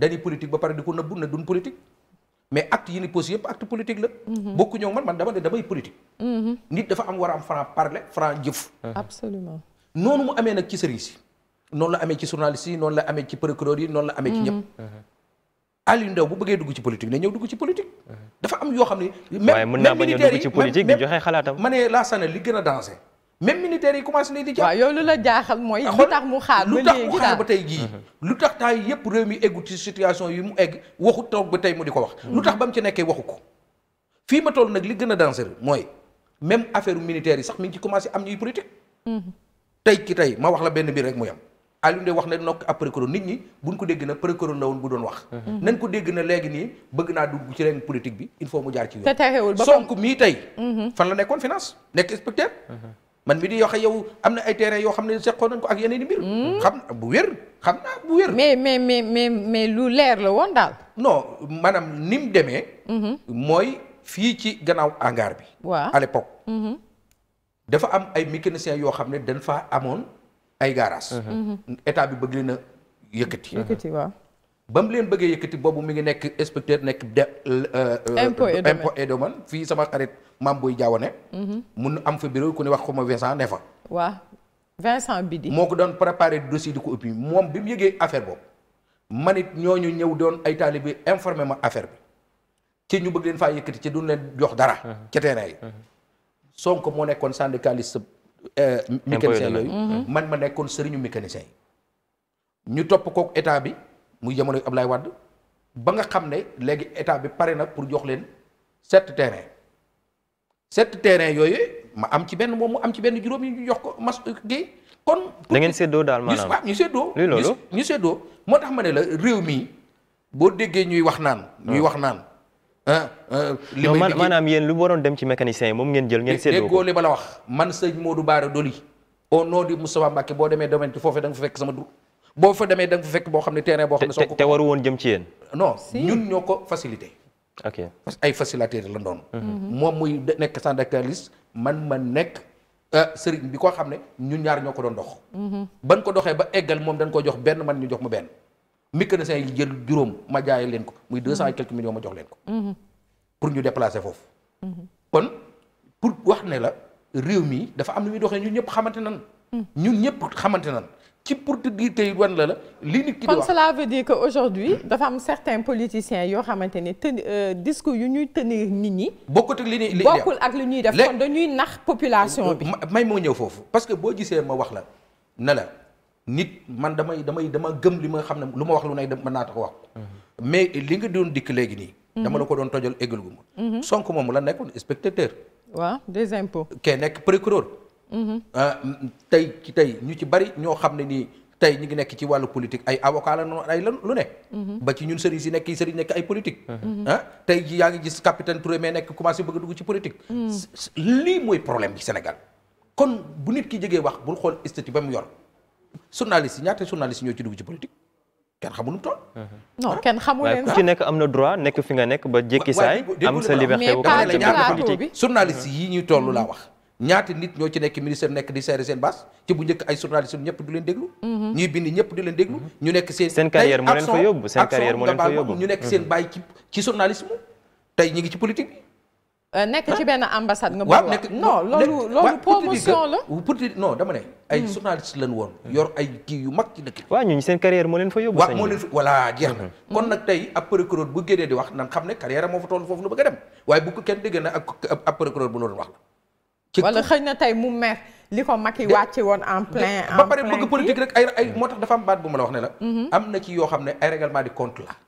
dañuy politique ba pare di ko nëbbu na duñ politique. mais acte yi ni posé yëpp acte politique la. bokku ñëw man man dama ne damay politique. nit dafa am war a am franc parler franc jëf. absolument noonu mu amee nag ci sëriñ si. noonu la amee ci journaliste yi noonu la amee ci procureur yi noon la amee ci ñëpp. Aliou Ndao bu bëggee dugg ci politique ne ñëw dugg ci politique. dafa am yoo xam ne. waaye mën naa bañ a dugg ci politique di joxe xalaatam. ma ne Lassana li gën a dansé. même militaires yi commencé nañ di. waaw yow lu la jaaxal mooy. Ah, lu tax mu xaar ba léegi daal tax mu xaar ba tey jii. lu tax taay yëpp réew mi eggu ci situation yi mu egg waxu toog ba tey mu di ko wax. lu tax ba mu ci nekkee waxu ko. fii ma toll nag li gën a dansé mooy même affaire militaire yi sax mi ngi ci commencé am ñuy politique. tey ki tey ma wax la benn mbir rek mu yam Aliou Ndeye wax na nokk après corona nit ñi buñ ko dégg na après corona woon bu doon wax mhm. nañ ko dégg na léegi nii bëgg naa dugg ci reen politique bi il faut mu jaar ci yoon Sonko mii tey mhm. fan la nekkoon finance nekk inspecteur mhm. man mi di wax yow am na ay terrain yoo xam ne seqoon nañ ko ak yeneen i mbir xam bu wér xam naa bu wér mais mais mais mais mais lu leer la woon daal non maanaam ni mu demee mooy fii ci gannaaw hangar bi waa à l'époque dafa am ay mécaniciens yoo xam ne dañ faa amoon ay garage état bi bëgg leen a yëkkati. yëkkati waaw. ba mu leen bëggee yëkkati boobu mi ngi nekk inspecteur nekk de. Euh, euh, impôt et domaine fii sama xarit maam buy jaawane. mun am fa bureau ku ne wax ko ma Vincent ne fa. waaw Vincent Bidi. moo ko doon préparé dossier di ko ëpp moom bi mu yëgee affaire boobu man it ñooñu ñëw doon ay taalibe informé ma affaire bi ci ñu bëgg leen faa yëkkati ci duñ leen jox dara. ci terrain yi. Sonko moo nekkoon syndicaliste Euh, mécanicien yooyu mm-hmm. man ma nekkoon sëriñu mécanicien yi ñu topp kook état bi muy jamono ab Ablaye wadd ba nga xam ne léegi état bi pare na pour jox leen set terrain set terrain yooyu ma am ci benn moom mu am ci benn juróom yi ñu jox ko mas gi euh, kon da ngeen séddoo daal maanaam waaw ñu séddoo ñu séddoo moo tax ma ne la réew mii boo déggee ñuy wax naan ñuy ah. wax naan li may maanaam yéen lu waroon dem ci mécanicien yi moom ngeen jël ngeen seetloo déggoo li ma la wax man sëñ Modou Bara du Moustapha Mbacké boo demee domaine ci foofee fekk sama dur boo fa demee da nga fekk boo xam ne terrain boo xam ne soo ko te waru woon jëm ci yéen non ñun ñoo ko facilité ok parce que ay facilitateur la doon mhm. Mhm. moom muy nekk syndicaliste man ma nekk euh, sëriñ bi koo xam ne ñun ñaar ñoo ko doon dox mhm. ban ko doxee ba eggal moom dañ koo jox benn man ñu jox ma benn mécanicien yi jël juróom ma jaay leen ko muy deux cent et quelques millions ma jox leen ko. pour ñu déplacer foofu. kon pour wax ne la réew mii dafa am lu muy doxee ñun ñëpp xamante na ñun ñëpp xamante na ci pour te tey wan la la li nit ki di wax kon cela dire que aujourd'hui dafa am certains politiciens yoo xamante ni te euh, discours yu ñuy tenir nit ñi. bokkut ak li ñuy li bokkul ak li ñuy def kon dañuy nax population bi. may moo ñëw foofu parce que boo gisee ma wax la ne la. nit man damay damay dama gëm li ma xam ne lu ma wax lu ne ma naa tax wax ko mais li nga doon dikk léegi nii dama la ko doon tojal égal gu ma Sonko moom la nekkoon spectateur waaw des impôts kee nekk procureur ah, tey ci tey ñu ci bari ñoo xam ne nii tey ñu ngi nekk ci wàllu politique ay avocat la noonu ay lu ne ba ci ñun sëriñ si nekk sëriñ nekk ay politique ah tey ji yaa ngi gis capitaine Touré mais nekk commencé bëgg dugg ci politique hmm. lii mooy problème bi Sénégal kon bu nit ki jógee wax bul xool statut ba mu yor journaliste yi ñaata journaliste ñoo ci dugg ci politique kenn xamul ah. nekk am na droit nekk fi nga nekk ba jékki sa liberté wu yi ñuy toll laa wax. ñaata nit ñoo ci nekk ministère nekk di seere seen base ci bu njëkk ay journaliste ñëpp du leen déglu ñuy bind ñëpp du leen déglu ñu nekk seen seen carrière moo leen fa yóbbu ñu nekk seen bàyyi ci ci journalisme tey ñu ngi ci politique bi Euh, nekk ci benn ambassade nga. waaw nekk non loolu loolu promotion la. pour te non dama ne. ay hmm. journaliste lañ woon. yor ay kii yu mag ci dëkk bi. waaw ñooñu seen carrière moo leen fa yóbbu. waaw jeex na. Hmm. kon nag tey ab procureur bu génnee di wax nan xam ne carrière moo fa toll foofu la bëgg a dem waaye bu ko kenn déggee na ab procureur bu loolu wax la. ci wala na tey mu mer li ko Macky wàcce woon en plein en plein ba pare bëgg politique rek ay ay hmm. moo am na ci yoo xam ne ay règlement de compte la.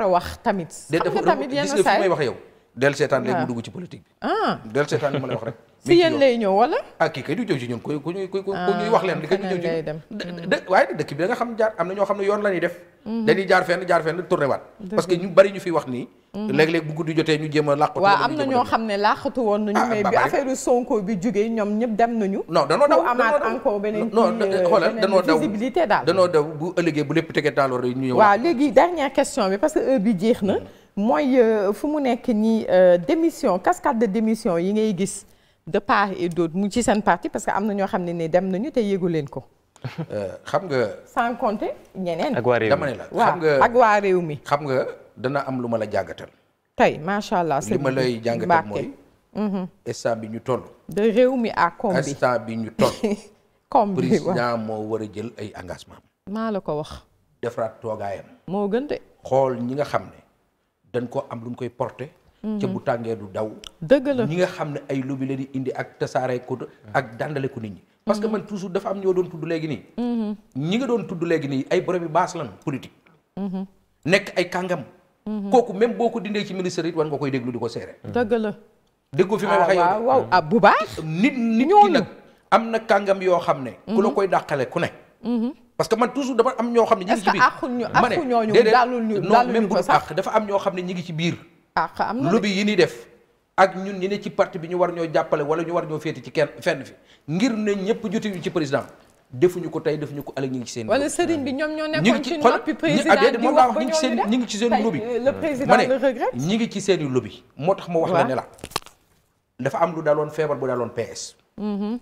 a wax tamit. xam nga tamit yow del seetaan léegi mu ah. dugg ci politique bi. Ah. del seetaan li ma lay wax rek. [LAUGHS] si yéen lay ñëw wala. Ah, kii kay du ci leen. li kay du mm. bi da xam jaar am na ñoo xam ne yoon la ñuy def. Mm-hmm. dañuy jaar fenn jaar fenn que ñu bari ñu fi wax nii. Mm-hmm. léeg jotee ñu jéem a làqatu. waaw am na ñoo xam ne làqatu woon nañu. mais bi affaire sonko bi jógee ñoom ñëpp dem nañu. non danoo daw amaat encore beneen. non xoolal danoo daw danoo daw bu ëllëgee bu lépp tegee taaloo rek ñu ñëw. waaw léegi dernière question bi parce que heure bi jeex na mm-hmm. mooy euh, fu mu nekk nii euh, démission cascade de démission yi ngay gis de part et d'autre mu ci seen parti parce que am na ñoo xam ne ne dem nañu te yéegu leen ko. Euh, xam nga. sans compter ñeneen. dama ne la xam nga ak waa réew mi. xam nga dana am lu ma la jàngatal. tey macha allah li ma lay jàngatal mooy. Mhm. instant bi ñu toll. de réew mi à bi ñu toll. [LAUGHS] combi président moo war a jël ay engagement maa la ko wax. defaraat toogaayam. moo gën de. xool ñi nga xam ne. dañ koo am lu ñu koy porté mm-hmm. ca bu tàngee du daw dëgg la ñi nga xam ne ay lobby la di indi ak tasaare ko mm-hmm. ak dandale ko nit ñi parce que mm-hmm. man toujours dafa am ñoo doon tudd léegi nii ñi nga doon tudd léegi nii ay borom yi baas lan politique nekk ay kàngam kooku même boo ko dindee ci ministère it war nga koy déglu di ko seere dëgg la dégg fi may waxee ah, waaw waaw ah bu baax nit nit ki nag am na kàngam yoo xam ne ku la koy dàqale ku ne parce que man toujours dama am ñoo xam ne. ñi ngi ci biir est ñu ñoo xam ne ñi ngi ci biir. am lobby yi ni def. ak ñun ñi ne ci parti bi ñu war ñoo jàppale wala ñu war ñoo féete ci kenn fenn fi ngir ne ñëpp jotuñu ci président ñu ko tey defuñu ko ëllëg ñu ngi ci seen. wala sëriñ bi ñoom ñoo ñu ngi ci seen lobby. Euh, le président le regrette ñi ngi ci seen lobby. moo tax ma wax la ne la dafa am lu daloon feebar bu daloon PS. Mm-hmm.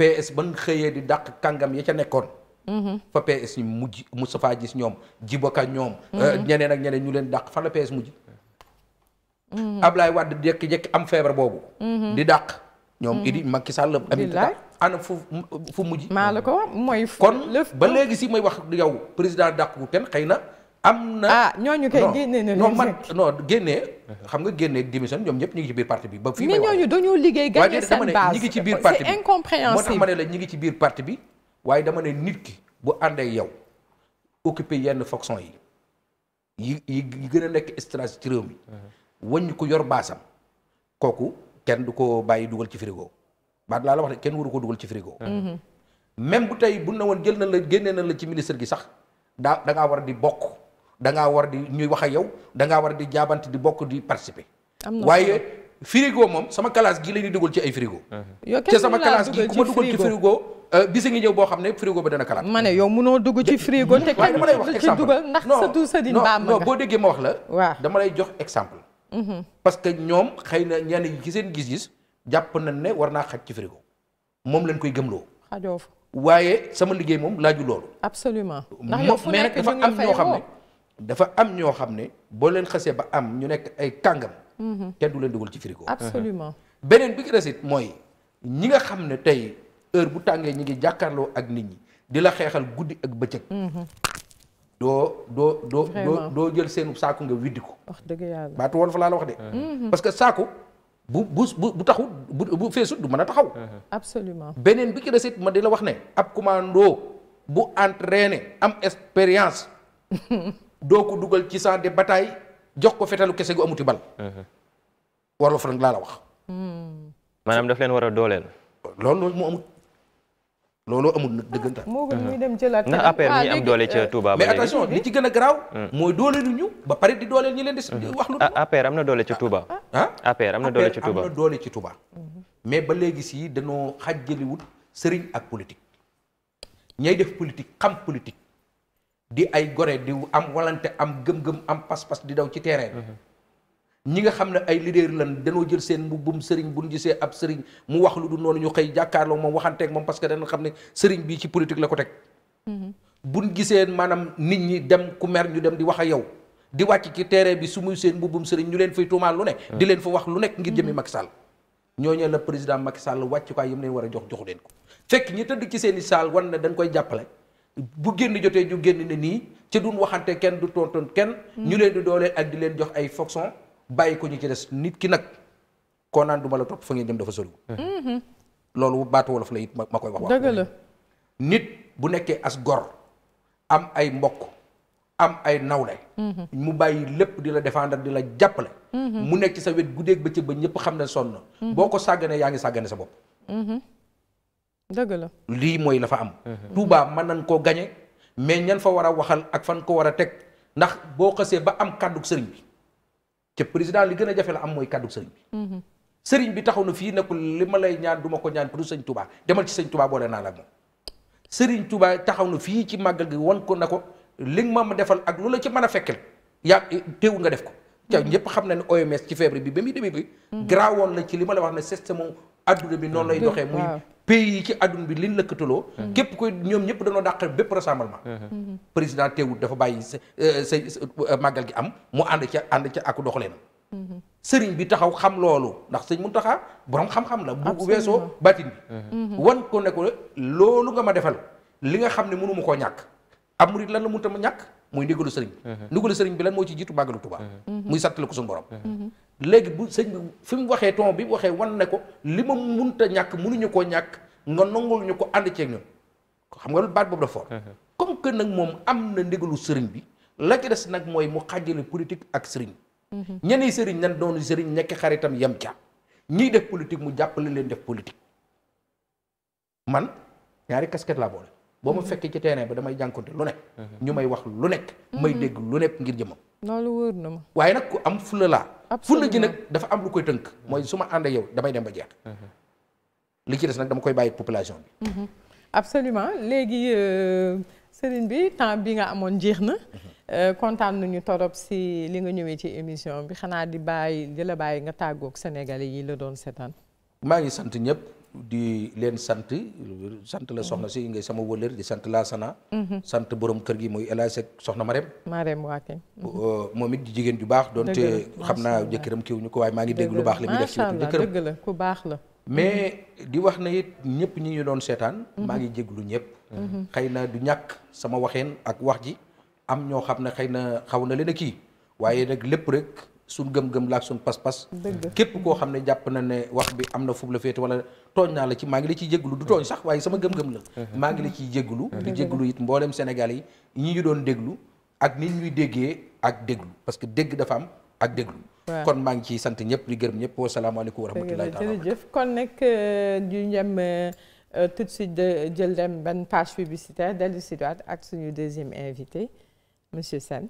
PS ban xëyee di daq kàngam ya ca nekkoon Mm-hmm. fa PS ñu mujj Moustapha Gis ñoom Djibaka ñoom. Eh, mm-hmm. ñeneen ak ñeneen ñu leen dàq fan la PS mujj. Mm-hmm. Ablaye Wade jékki-jékki am feebar boobu. di dàq. ñoom Idi Macky Sall Aminata ana fu fu mujj. maa la ko mooy. kon ba léegi si may wax yow président dàq bu kenn xëy na. am na ah ñooñu kay génne na non man non génne xam nga génne démission ñoom ñëpp ñu ngi ci biir parti bi ba fii mais ñooñu dañoo liggéey gagné seen base ñi ngi moo tax ma ne la ñi ngi ci biir parti bi waaye dama ne nit ki bu àndee yow occupé yenn fonction yi yi yi gën a nekk stratégie ci réew mi wàññi ko yor baasam kooku kenn du ko bàyyi dugal ci frigo baat laa la wax ne kenn waru ko dugal ci frigo mm-hmm. Mm-hmm. même bu tey bu na woon jël na la génnee na la ci ministre gi sax daa da ngaa war di bokk dangaa ngaa war di ñuy wax ak yow da ngaa war di jaabante di bokk di participer waaye frigo moom sama classe gi la ñuy dugal ci ay frigo. yow kenn sama classe gi ku ma dugal ci frigo. bis euh, ngi ñëw boo xam ne frigo ba dana kalaat. ma ne yow munoo dugg ci frigo. te kenn du ndax sa boo déggee ma wax la. dama lay jox exemple. Mhm. parce que ñoom xëy na ñenn ñi ci seen gis-gis jàpp nañ ne war naa xaj ci frigo moom lañ koy loo xajoo fa waaye sama liggéey moom laaju loolu. absolument ndax yow fu nekk dafa am ñoo xam ne dafa am ñoo xam ne boo leen xasee ba am ñu nekk ay kàngam Mhm. kenn du leen dugal ci frigo. absolument mhm. beneen bi ki resit mooy ñi nga xam ne tey heure bu tàngee ñi ngi jàkkaarloo ak nit ñi di la xeexal guddi ak bëccëg. Mhm. doo doo doo doo doo jël seenu saaku nga widdi ko. wax dëgg fa laa la wax de. parce que saaku bu bu bu taxut bu bu feesut du mën a taxaw. absolument beneen bi ki des ma di la wax ne ab commando bu entraîné am expérience. [LAUGHS] doo ko dugal ci champ de bataille. jox ko fetalu kese gu amuti bal. Mhm. warloo fa la wax. Hmm. maanaam daf leen war a dooleel. loolu loolu moo amut looloo amul nag dëggantaan. moo gën muy mhm. dem jëlaat ndax affaire ah, ñi am doole ca euh, Touba. mais attention li ci gën a garaaw. Mhm. mooy dooleelu ñu ba pare di dooleel ñi leen di. wax lu ah, affaire am na doole ca Touba. ah, ah? am na doole ci Touba am doole ci tuba mais ba léegi si danoo xàjjaliwut sëriñ ak politique ñay def politique xam politique. di ay gore di am walante am gëm-gëm am pas-pas di daw ci terrain mhm. ñi nga xam ne ay leader lan dañoo jël seen mbubbum sëriñ bu ñu gisee ab sëriñ mu wax lu du noonu ñu xëy jàkkaarloo moom waxanteek moom parce que dañu xam ne sëriñ bi ci politique la ko teg mhm. bu ñu gisee maanaam nit ñi dem ku mer ñu dem di wax a yow di wàcc ci terrain bi su muy seen mbubbum sëriñ ñu leen fay tuumaal lu ne mhm. di leen fa wax lu nekk ngir jëmi Macky Sall ñooñu la président Macky Sall wàccukaay yi mu leen war a jox joxu leen ko fekk ñi ci seen i saal wan ne dañ koy jàppale bu génn jotee ju génn ne nii ci duñ waxante kenn du tonton kenn. Mm. ñu leen di dooleel ak di leen jox ay fonction bàyyi ko ñu ci des nit ki nag koo naan du ma la topp fa ngeen jëm dafa soriwul. Mm-hmm. loolu baatu wolof la it ma koy wax. dëgg la nit bu nekkee as gor am ay mbokk am ay nawle. Mm-hmm. mu bàyyi lépp di la défendre di la jàppale. Mm-hmm. mu nekk sa wet guddeeg bëccëg ba ñëpp xam ne sonn. boo ko sàgganee yaa ngi sàggane sa bopp. dëgg la lii mooy la fa am. Touba mën nañ koo gañe mais ñan fa war a waxal ak fan ko war a teg ndax boo xasee ba am kàddu sëriñ bi ca li gën a la am mooy kàddu sëriñ bi. Mhm. sëriñ bi taxaw na fii nekkul li ma lay ñaan du ma ko ñaan pour sëñ Touba demal ci sëñ Touba boole naa la moom. sëriñ Touba taxaw na fii ci màggal gi wan ko na ko li nga ma defal ak lu la ci mën a fekkel yaa teewul nga def ko. ca mhm. ñëpp xam na ne OMS ci feebar bi ba muy demee bi. Mhm. graawoon la ci li ma la wax ne système adduna bi noonu pays yi ci adduna bi li lëkkataloo. Hmm. Hmm. képp koy ñoom ñëpp dañoo dàq bépp rassemblement. Hmm. président teewul dafa bàyyi sa euh, sa euh, màggal gi am mu ànd ca ànd ca ak doxaleen. sëriñ bi taxaw xam loolu ndax sëñ Muntaxa boroom xam-xam la. bu weesoo batin bi. wan ko ne ko loolu nga ma defal li nga xam ne mënu koo ñàkk am murit lan la mënut a ma ñàkk muy ndigalu sëriñ. ndigalu sëriñ bi lan moo ci jiitu màggalu Tuubaa. muy sàttale ko suñu borom. léegi bu sëñ bi fi mu waxee ton bi waxee wan ne ko li ma munta ñàkk mënuñu koo ñàkk nga nongul ñu ko ànd ceeg ñun xam nga lu baat boobu da fort uh-huh. comme que nag moom am na ndigalu sëriñ bi la ci des nag mooy mu xàjjale politique ak sëriñ uh-huh. ñeneen sëriñ nan doon sëriñ nekk xaritam yem ca ñii def politique mu jàppale leen def politique man ñaari casquette laa boole boo ma uh-huh. fekkee ci terrain ba damay jànkonte lu nekk ñu may wax lu nekk may dégg lu nekk ngir jëmam loolu wóor na ma. waaye nag ku am fulla laa. fulla ji nag dafa am lu koy tënk. mooy su ma àndee yow damay dem ba jeex. li ci des nag dama koy bàyyi population bi. Mhm. absolument léegi euh, sëriñ bi temps bi nga amoon jeex na. Euh, kontaan nañu torop si li nga ñëwee ci émission bi xanaa di bàyyi di la bàyyi nga tàggoog Sénégalais yi la doon seetaan. maa ngi sant ñëpp. di leen sant sant la soxna si ngay sama wëllër di sant laasana mhm. sant borom kër gi muy El Hadj Seck soxna Marème Marème Waake mhm. euh, moom it di jigéen ju baax donte xam naa jëkkëram kiw ñu ko waaye maa ngi dégg lu baax li muy def ci wetu jëkkëram dëgg la ku baax la mais mhm. di wax na it ñëpp ñi ñu doon seetaan maa ngi jéglu ñëpp xëy na du ñàkk sama waxeen ak wax ji am ñoo xam ne xëy na xaw na leen a kii waaye nag lépp rek suñ gëm-gëm la ak suñ pas-pas képp koo xam ne jàpp na ne wax bi am na fu mu la féete wala tooñ naa la ci maa ngi la ciy jégalu du tooñ sax waaye sama gëm-gëm la maa ngi la ciy jégalu di jégalu it mboolem Sénégal yi ñi ñu doon déglu ak nit ñuy déggee ak déglu parce que dégg dafa am ak déglu kon maa ngi ciy sant ñëpp di gërëm ñëpp wasalaamaaleykum wa rahmatullahi taala jërëjëf kon nag euh, ñu ñem euh, euh, tout de jël dem benn page publicitaire dellu ak suñu deuxième invité monsieur Sène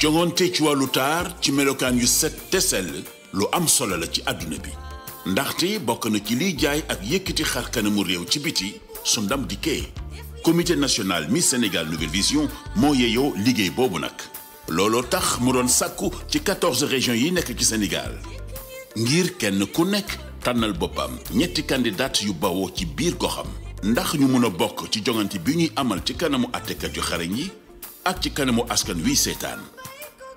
jongante ci wàllu taar ci melokaan yu set te sell lu am solo la ci àdduna bi ndaxte bokk na ci liy jaay ak yëkkati xar kanamu réew ci biti su ndam dikkee comité national Miss Sénégal Nouvelle Vision moo yeyoo liggéey boobu nag looloo tax mu doon sàkku ci quatorze régions yi nekk ci Sénégal ngir kenn ku nekk tànnal boppam ñetti candidat yu bawoo ci biir goxam ndax ñu mun a bokk ci jongante bi ñuy amal ci kanamu àttekat yu xarañ yi ak ci kanamu askan wi seetaan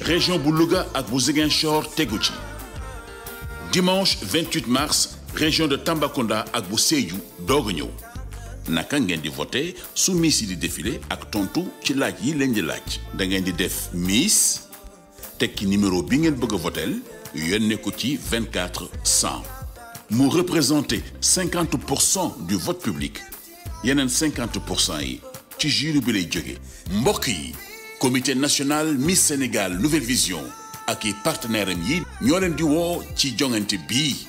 région bu Louga ak bu Ziguinchor tegu ci dimanche 28 mars région de Tambacounda ak bu Sédhiou doog a ñëw naka ngeen di voté su miss yi di défilé ak tontu ci laaj yi leen di laaj da ngeen di def miss tekki numéro bi ngeen bëgg a voteel yónnee ko ci 24 100 mu représenté 50 pour cent du vote public yeneen 50 pour cent yi ci jury bi lay jóge mbokk yi comité national Miss Sénégal Nouvelle Vision ak i partenaire am yi ñoo leen di woo ci jongante bii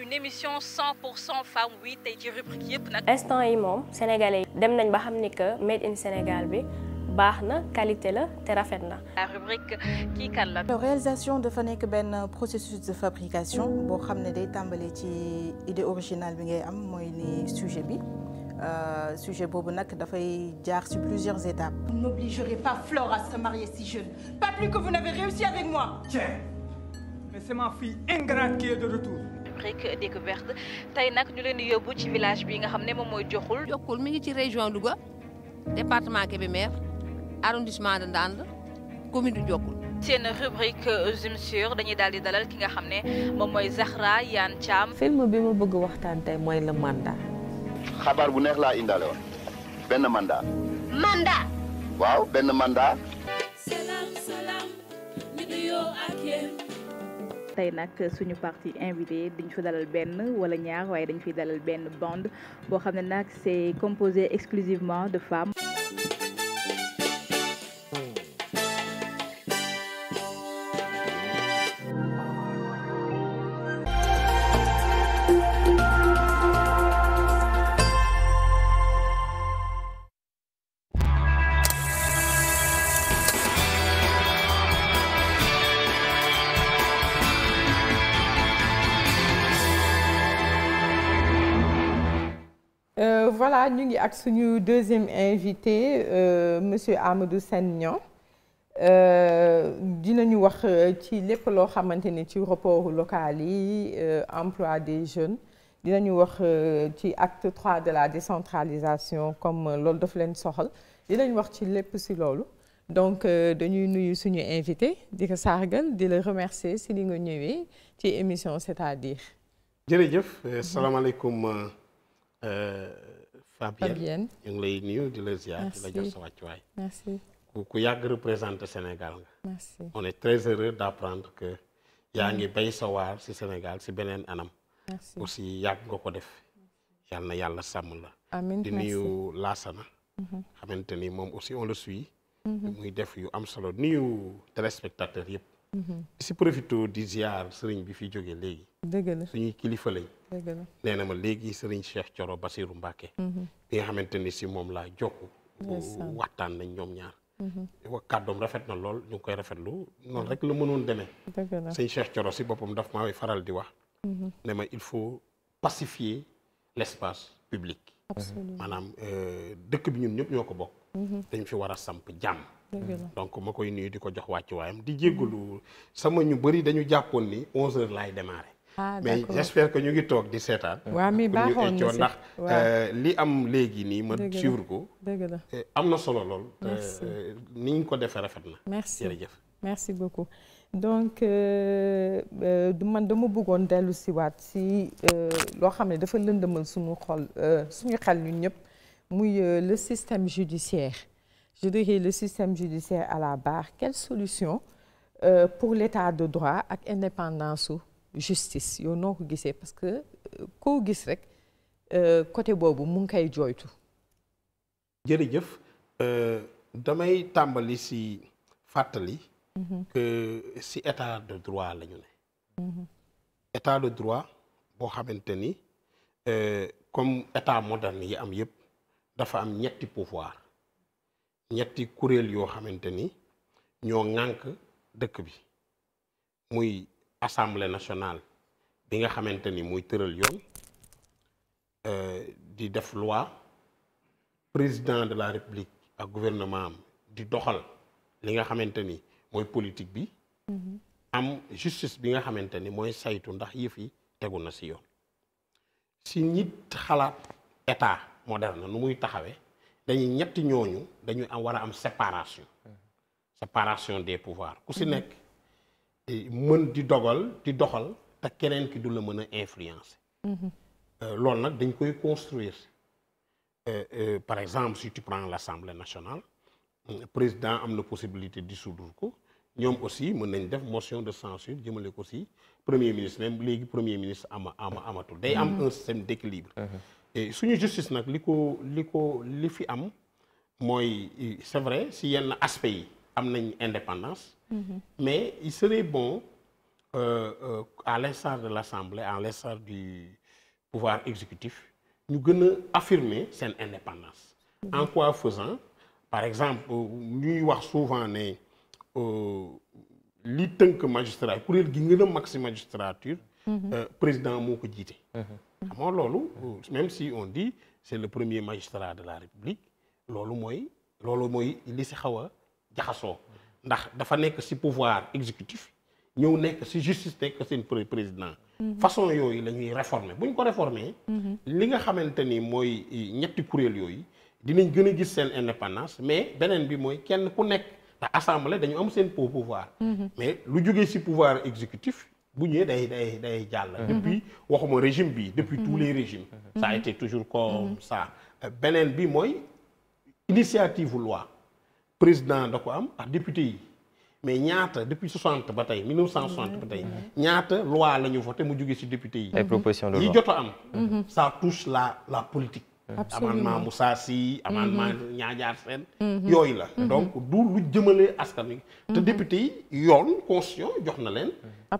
une émission 100% femmes oui tey ci rubrique yëpp nag. instant yi moom sénégalais yi dem nañ ba xam ni que made in Sénégal bi. baax na qualité la te rafet na. la rubrique kii kan la. Euh, réalisation dafa nekk benn processus de fabrication boo xam ne day tàmbali ci idée originale bi ngay am mooy ni sujet bi euh, sujet boobu nag dafay jaar sur plusieurs étapes. vous n'obligerez pas Flore se marier si jeune pas plus que vous n'avez réussi avec moi. tiens mais c'est ma fille ingrate qui est de retour. rubrique découverte tey nag ñu leen di yóbbu ci village bi nga xam ne moom mooy Diokhul. Diokhul mi ngi ci région Louga département Kébémer. arrondissement de commune du Diokoul seen rubrique Zoom dañuy daal di dalal ki nga xam ne moom mooy Zahra Iyane Thiam. film bi ma bëgg waxtaan tey mooy le mandat. xabaar bu neex laa indaale benn mandat. mandat. waaw benn mandat. tey nag suñu parti invité dañ fa dalal benn wala ñaar waaye dañ fiy dalal benn bande boo xam ne nag c'est composé exclusivement de femmes. voilà ñu ngi ak suñu deuxième invité euh, monsieur Amadou Sène Niang euh, dinañu wax euh, ci lépp loo xamante ni ci rapport locale yi euh, emploi des jeunes dinañu wax ci acte 3 de la décentralisation comme loolu daf leen soxal dinañu wax ci lépp si loolu donc dañuy nuyu suñu invité di ko sargal di la remercier si li nga ñëwee ci émission c'est-à-dire jërëjëf salaamaaleykum Fabienne ñu ngi lay nuyu di la ziar di la jox sa wàccuwaay merci ku ku yàgg représenté Sénégal nga merci on est très heureux que yaa ngi mm. bay sa si Sénégal si beneen anam aussi yàgg nga ko def yal yàlla sàmm la amiin di nuyu Lassana mm-hmm. xamante ni moom aussi on le suit mm-hmm. muy def yu am solo nuyu téléspectateurs yëpp mm-hmm. si profito di ziar sëriñ bi fi jóge léegi dëgg la kilifa lañ nee na ma léegi sëriñ Cheikh Thioro Basirou Mbacke. Mhm. bi nga xamante ni si moom laa jokku. waxtaan nañ ñoom ñaar. Mhm. wa kàddoom rafet na lool ñu ngi koy rafetlu noonu rek la mënoon deme sëñ Cheikh coro si boppam daf maa faral di wax. Mhm. ne ma il faut pacifier l' espace public. maanaam euh, dëkk bi ñun ñëpp ñoo ko bokk. dañ fi war a samp jàmm. donc ma koy nuyu di ko jox wàcc waayam di jéggalu sama ñu bëri dañu jàppoon ni 11 laay démarré. ah mais j'espère que ñu ngi toog di seetaan. waa mi baaxoon na si ndax euh, li am léegi nii ma suivre ko. dëgg la am na solo lool. merci euh, ni ñu ko defee rafet na. merci jërëjëf merci beaucoup. donc euh, man dama bëggoon dellu si waat si loo xam ne dafa lëndëmal suñu xol suñu xel ñun ñëpp muy le système judiciaire je dirais le système judiciaire à la baax quelle solution pour l'état de droit ak indépendance su justice yow noo ko gisee parce que euh, koo gis rek euh, côté boobu mu ngi koy jooytu. jërëjëf euh, damay tàmbali si fàttali. Mhm. si état de droit la ne. Mhm. état de droit boo xamante ni comme état moderne yi am yëpp dafa am ñetti pouvoir ñetti kuréel yoo xamante ni ñoo ŋànk dëkk bi muy. assemblée nationale bi nga xamante ni muy tëral yoon euh, di def loi président de la république ak gouvernement am di doxal li nga xamante ni mooy politique bi mm-hmm. am justice bi nga xamante ni mooy saytu ndax yëf yi tegu na si yoon si ñit xalaat état moderne nu muy taxawee dañuy ñetti ñooñu dañuy am war a am séparation mm-hmm. séparation des pouvoirs ku si mm-hmm. nekk mën di dogal di doxal te keneen ki du la mën a influencer. Mhm. Euh, loolu nag dañ koy construire euh, euh, par exemple si tu prends l'Assemblée nationale président am na possibilité di sudul ko ñoom aussi mën nañ def motion de censure jëmale ko si premier ministre même léegi premier ministre ama am amatul day am mhm. un système d'équilibre mhm. suñu justice nag li ko li ko li fi am mooy c'est vrai si yenn aspects yi am nañ indépendance Mm-hmm. mais il serait bon euh, euh, à l'instar de l'Assemblée à l'instar du pouvoir exécutif ñu gën a affirmer seen indépendance mm-hmm. en quoi faisant par exemple euh, ñuy wax souvent ne euh, li tënk magistrat kuréel gi nga a mag si magistrature mm-hmm. euh, président moo ko jiite moo loolu même si on di c'est le premier magistrat de la République loolu mooy loolu mooy li si xaw a jaxasoo ndax dafa nekk ci pouvoir exécutif ñëw nekk ci justice nekk seen président mhm. façon yooyu lañuy ñuy réformer bu ñu ko réformer mhm. li nga xamante ni mooy eh, ñetti kuréel yooyu dinañ gën a gis seen indépendance mais beneen bi mooy kenn ku nekk ndax assemblée dañu am seen po pouvoir mhm. mais lu jógee ci pouvoir exécutif bu ñëwee day day day jàll depuis waxuma régime bi depuis tous les régimes ça a été toujours comme ça euh, beneen bi mooy initiative loi président da ko am ak député yi mais ñaata depuis 60 ba tey 1960 ba tey ñaata loi la ñu te mu jógee ci député yi. ay propositions de loi yi jot a am. Mhm. ça touche la la politique. amendement Moussa amandement amendement ñaajaar mhm. seen mhm. yooyu la donc du lu jëmale askan wi te député yi yoon constitution jox na leen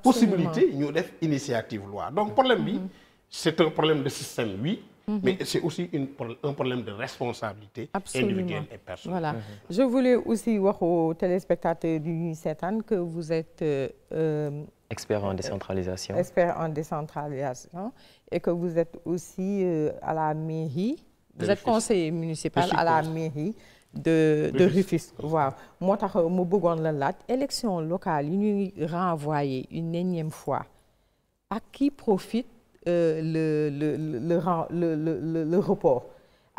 possibilité ñu def initiative loi donc problème bi c'est un problème de système oui Mhm. mais c'est aussi une un problème de responsabilité Absolument. individuelle et personnelle voilà mhm. je voulais aussi wax aux téléspectateurs du ñuy seetaan que vous êtes euh, euh, expert en décentralisation expert en décentralisation et que vous êtes aussi euh, à la mairie vous êtes conseiller municipal à la mairie de de Rufisque waaw moo tax mu bëggoon la laaj élection locale yi ñuy renvoyer une énième fois à qui profite Euh, le le le le le le report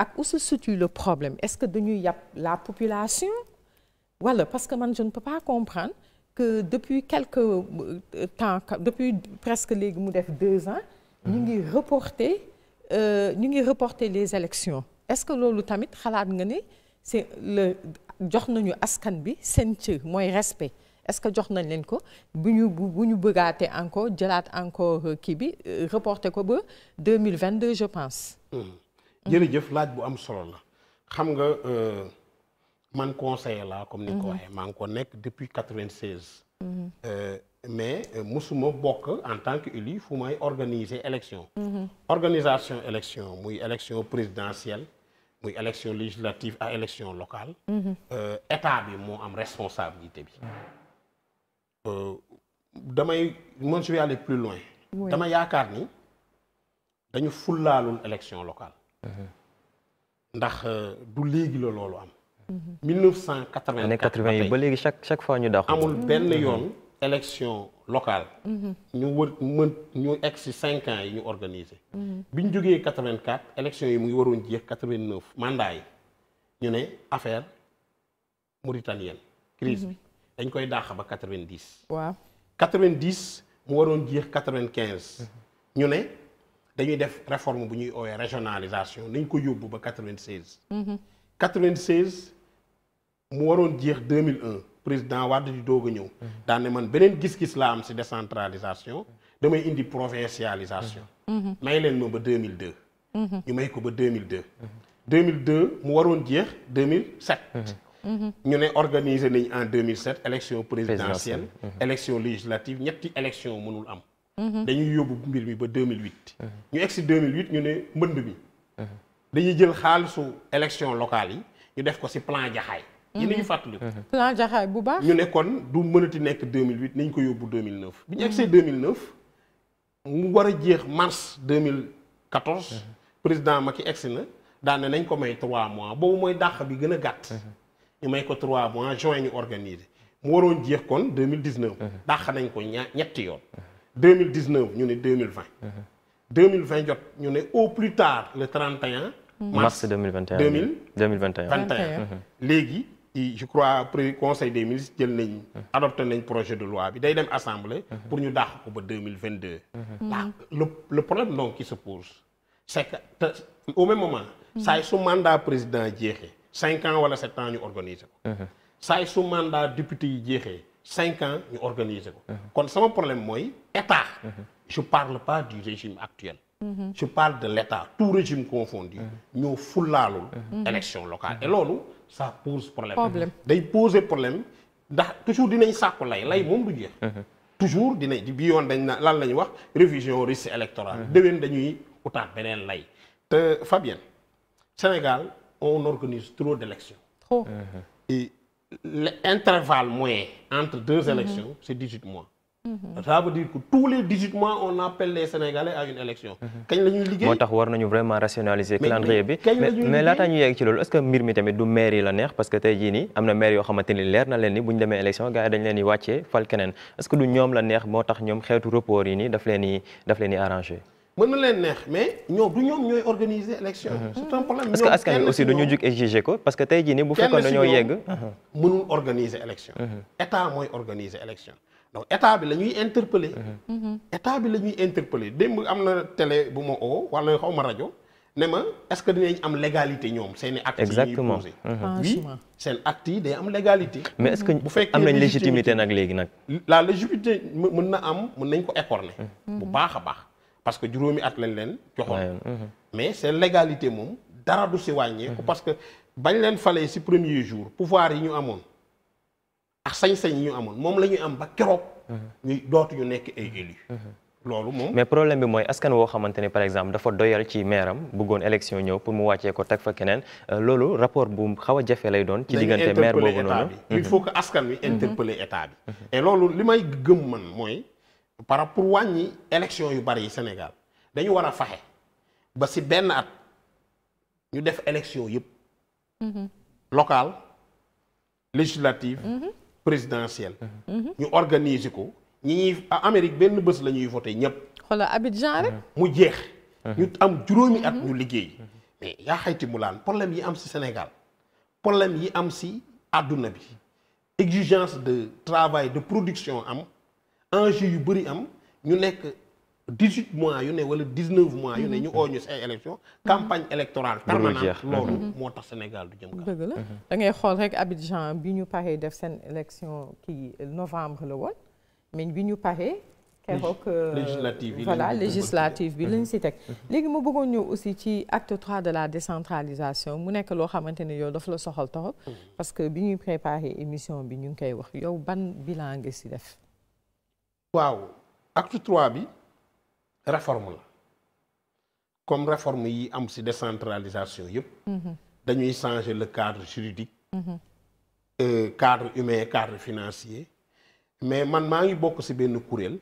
ak où se situe le problème est-ce que dañuy yàpp la population wala parce que man je ne peux pas comprendre que depuis quelque euh, temps depuis presque léegi mu def deux ans. ñu ngi mhm. reporter euh, ñu ngi reporter les élections est-ce que loolu tamit xalaat nga ni c'est le nañu askan bi seen cër mooy respect. est-ce que jox nañ leen ko bu ñu bu ñu bëggaatee encore jëlaat encore euh, kii bi euh, reporté ko ba deux mille vingt deux je pense. Hmm. jërëjëf laaj bu am solo la xam nga euh, man conseiller laa comme ni ko mhm. waxee maa ngi ko nekk depuis quatre vingt seize. Mhm. mais musuma bokk en tant que élu fu may organiser élection. Mhm. organisation élection muy élection présidentielle. muy élection législative à élection locale. état bi moo am responsabilité bi. Euh, damay mën su aller plus loin. dama yaakaar ni dañu fullaalul élection locale. Mhm. ndax euh, du léegi la loolu am. 1980. Mhm. année 80 yi ba léegi chaque chaque fois ñu dox amul mhm. benn yoon élection locale. ñu wër mën ñu egg si cinq ans yi ñu organiser. bi ñu jógee 84 élection yi mu ngi waroon jeex 89 mandat yi ñu ne affaire mauritanienne dañ koy dàq ba quatre-vingt-dix. waaw quatre mu waroon jeex quatre-vingt-quinze. ñu ne dañuy def réforme bu ñuy oowee régionalisation nañ ko yóbbu ba quatre-vingt-seize. Mhm. quatre vingt mu waroon jeex deux mille un président Wade di doog a ñëw. Mhm. daan man beneen gis-gis laa am ci décentralisation. Mhm. damay indi provincialisation. may leen ma ba deux mille deux. ñu may ko ba deux mille deux. deux mille deux mu waroon jeex deux mille Mm-hmm. ñu ne organiser nañ en 2007 élection présidentielle mm-hmm. élection législative ñetti élection mënul am mm-hmm. dañuy yóbbu mbir mi ba 2008 ñu egsi 2008 ñu ne mbënd mi dañuy jël xaalisu élection locale yi ñu def ko si plan jaxaay yi nañu fàttali ko plan jaxaay bu baax ñu ne kon du mënati nekk 2008 nañ ko yóbbu 2009 bi ñu egsee 2009 mu war a jeex mars 2014 président Macky egsi na daan nañ ko may 3 mois boobu mooy dàq bi gën a gàtt ñu may ko trois mois juin ñu organiser mu waroon jeex kon 2019. Mhm. dàq nañ ko ña ñetti yoon. 2019 ñu ne deux mille mhm. mille 2020 jot ñu ne au plus tard le 31. Mhm. mars 2021 2021 2021. léegi je crois pré conseil des ministres jël nañ. adopté nañ projet de loi bi day dem assemblée. pour ñu dàq ko ba deux mille ndax le le problème donc qui se pose c' est que au même moment. saa su mandat président jeexee. cinq ans wala sept ans ñu organiser ko. Mhm. saay su mandat député yi jeexee cinq ans ñu organiser ko. Mhm. kon sama problème mooy état. Mhm. je parle pas du régime actuel. je parle de l' état tout régime confondu. ñoo fullaalul. élection locale et loolu sa pose problème. day poser problème ndax toujours dinañ sàkku lay lay moom du jeex. toujours dinañ bi yoon dañ na lan la ñuy wax révision risque électorale déwén dañuy utaat beneen lay. te Fabienne Sénégal. on organise trop d'élections. Trop. Uh-huh. Et l'intervalle moyen mm-hmm. mm-hmm. mm-hmm. moo tax war nañu vraiment rationaliser calendrier bi mais laataa ñu yegg ci loolu est-ce que mbir mi tamit du maire la neex parce que tey jii nii am na maire yoo xamante ni leer na leen ni bu ñu demee élection gars yi dañ leen di wàccee fal keneen est-ce que du ñoom la neex moo tax ñoom xeetu report yi nii daf leen di daf leen di arrangé mën na leen neex mais ñoom du ñoom ñooy organiser élection. Mhm. c'est un problème que aussi du ñu jug exiger ko parce que tey jii nii bu fekkoon dañoo yegg. Mhm. mënul organiser élection. Mhm. état mooy organiser élection. donc état bi la ñuy interpeller. état bi la ñuy interpeller démb am na télé bu ma oo wala xaw ma rajo ne ma est-ce que dinañ am légalité ñoom seen i actes yi ñuy posé. seen actes yi am légalité. mais est-ce que am nañ légitimité nag léegi nag. la légitimité mun na am mun nañ ko écorner. bu baax a baax. parce que juróomi at lañ leen joxoon mhm. mais seen légalité moom dara du si wàññeeku mhm. parce que bañ leen falee si premier jour pouvoir yi ñu amoon ak sañ-sañ yi ñu amoon moom la ñuy am ba keroog ñu mhm. dootu ñu nekk ay élu loolu moom mais problème bi mooy askan woo xamante ne par exemple dafa doyal ci maire am bëggoon élection ñëw pour mu wàccee ko teg fa keneen euh, loolu rapport bu xaw a jafe lay doon. ci diggante maire boobu noonu il faut que askan wi interpeller état bi. loolu li may gëm man mooy. par rapport wàññi élection yu bari yi Sénégal dañu war a faxe ba si benn at ñu def élection yëpp. Mm-hmm. locale législative. Mm-hmm. présidentielle. Mm-hmm. ñu organiser ko ñi ñuy Amérique benn bés la ñuy voté ñëpp. xoolal Abidjan rek. mu jeex. ñu am juróomi at ñu liggéey. mais yaa xayti mu laan problème yi am si Sénégal problème yi am si àdduna bi exigence de travail de production am. enjeu yu bëri am ñu nekk dix huit mois yu ne wala dix neuf mois yu ne ñu mhm. oo ñu si élection campagne électorale permanente mhm. loolu mhm. moo tax Sénégal du jëm kanam dëgg la da ngay xool rek Abidjan bi ñu paree def seen élection kii novembre la bi ñu paree keroog euh, législative voilà législative bi lañ si teg léegi ma bëggoon ñëw aussi ci acte trois de la décentralisation mu nekk loo xamante ne yow daf la soxal torop parce que bi ñuy préparer émission bi ñu ngi koy wax yow ban bilan nga si def waaw acte trois bi réforme la comme réforme yi am ci décentralisation yëpp. Mhm. dañuy changer le cadre juridique. Mhm. Euh, cadre humain cadre financier. mais man maa ngi bokk ci benn kuréel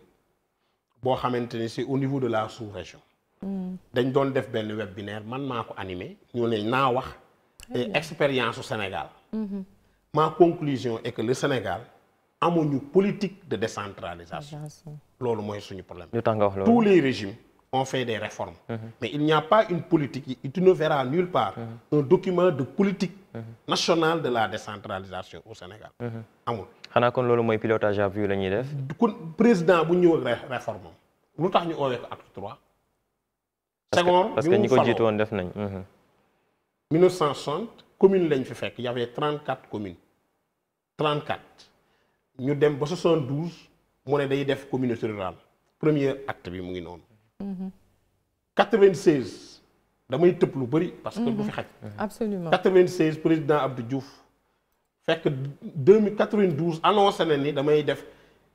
boo xamante ni c'est au niveau de la sous-région. Mhm. dañ doon def benn webinaire man maa ko animé ñu ne naa wax. Ah expérience au Sénégal. Mm -hmm. conclusion est que Sénégal. amuñu politique de décentralisation. loolu mooy suñu problème. lu tax nga les régimes ont fait des réformes. Mm-hmm. une politique et tu ne verras nulle part. Mm-hmm. politique. Mm-hmm. nationale de la décentralisation au Sénégal. amul xanaa kon loolu mooy pilotage à vue la ñuy def. kon président bu ñëw ak réforme am lu tax ñu oowee ko acte trois. Senghor parce que ñi ko jiitu woon def nañ. 1960 commune lañ fi fekk y avait 34 communes 34. ñu dem ba 72 mu ne day def communauté rural premier acte bi mu ngi noonu. 96 mhm. damay tëb lu bëri. parce que du mhm. fi xaj. absolument 96 président Abdou Diouf fekk 2092 annoncé na ni damay def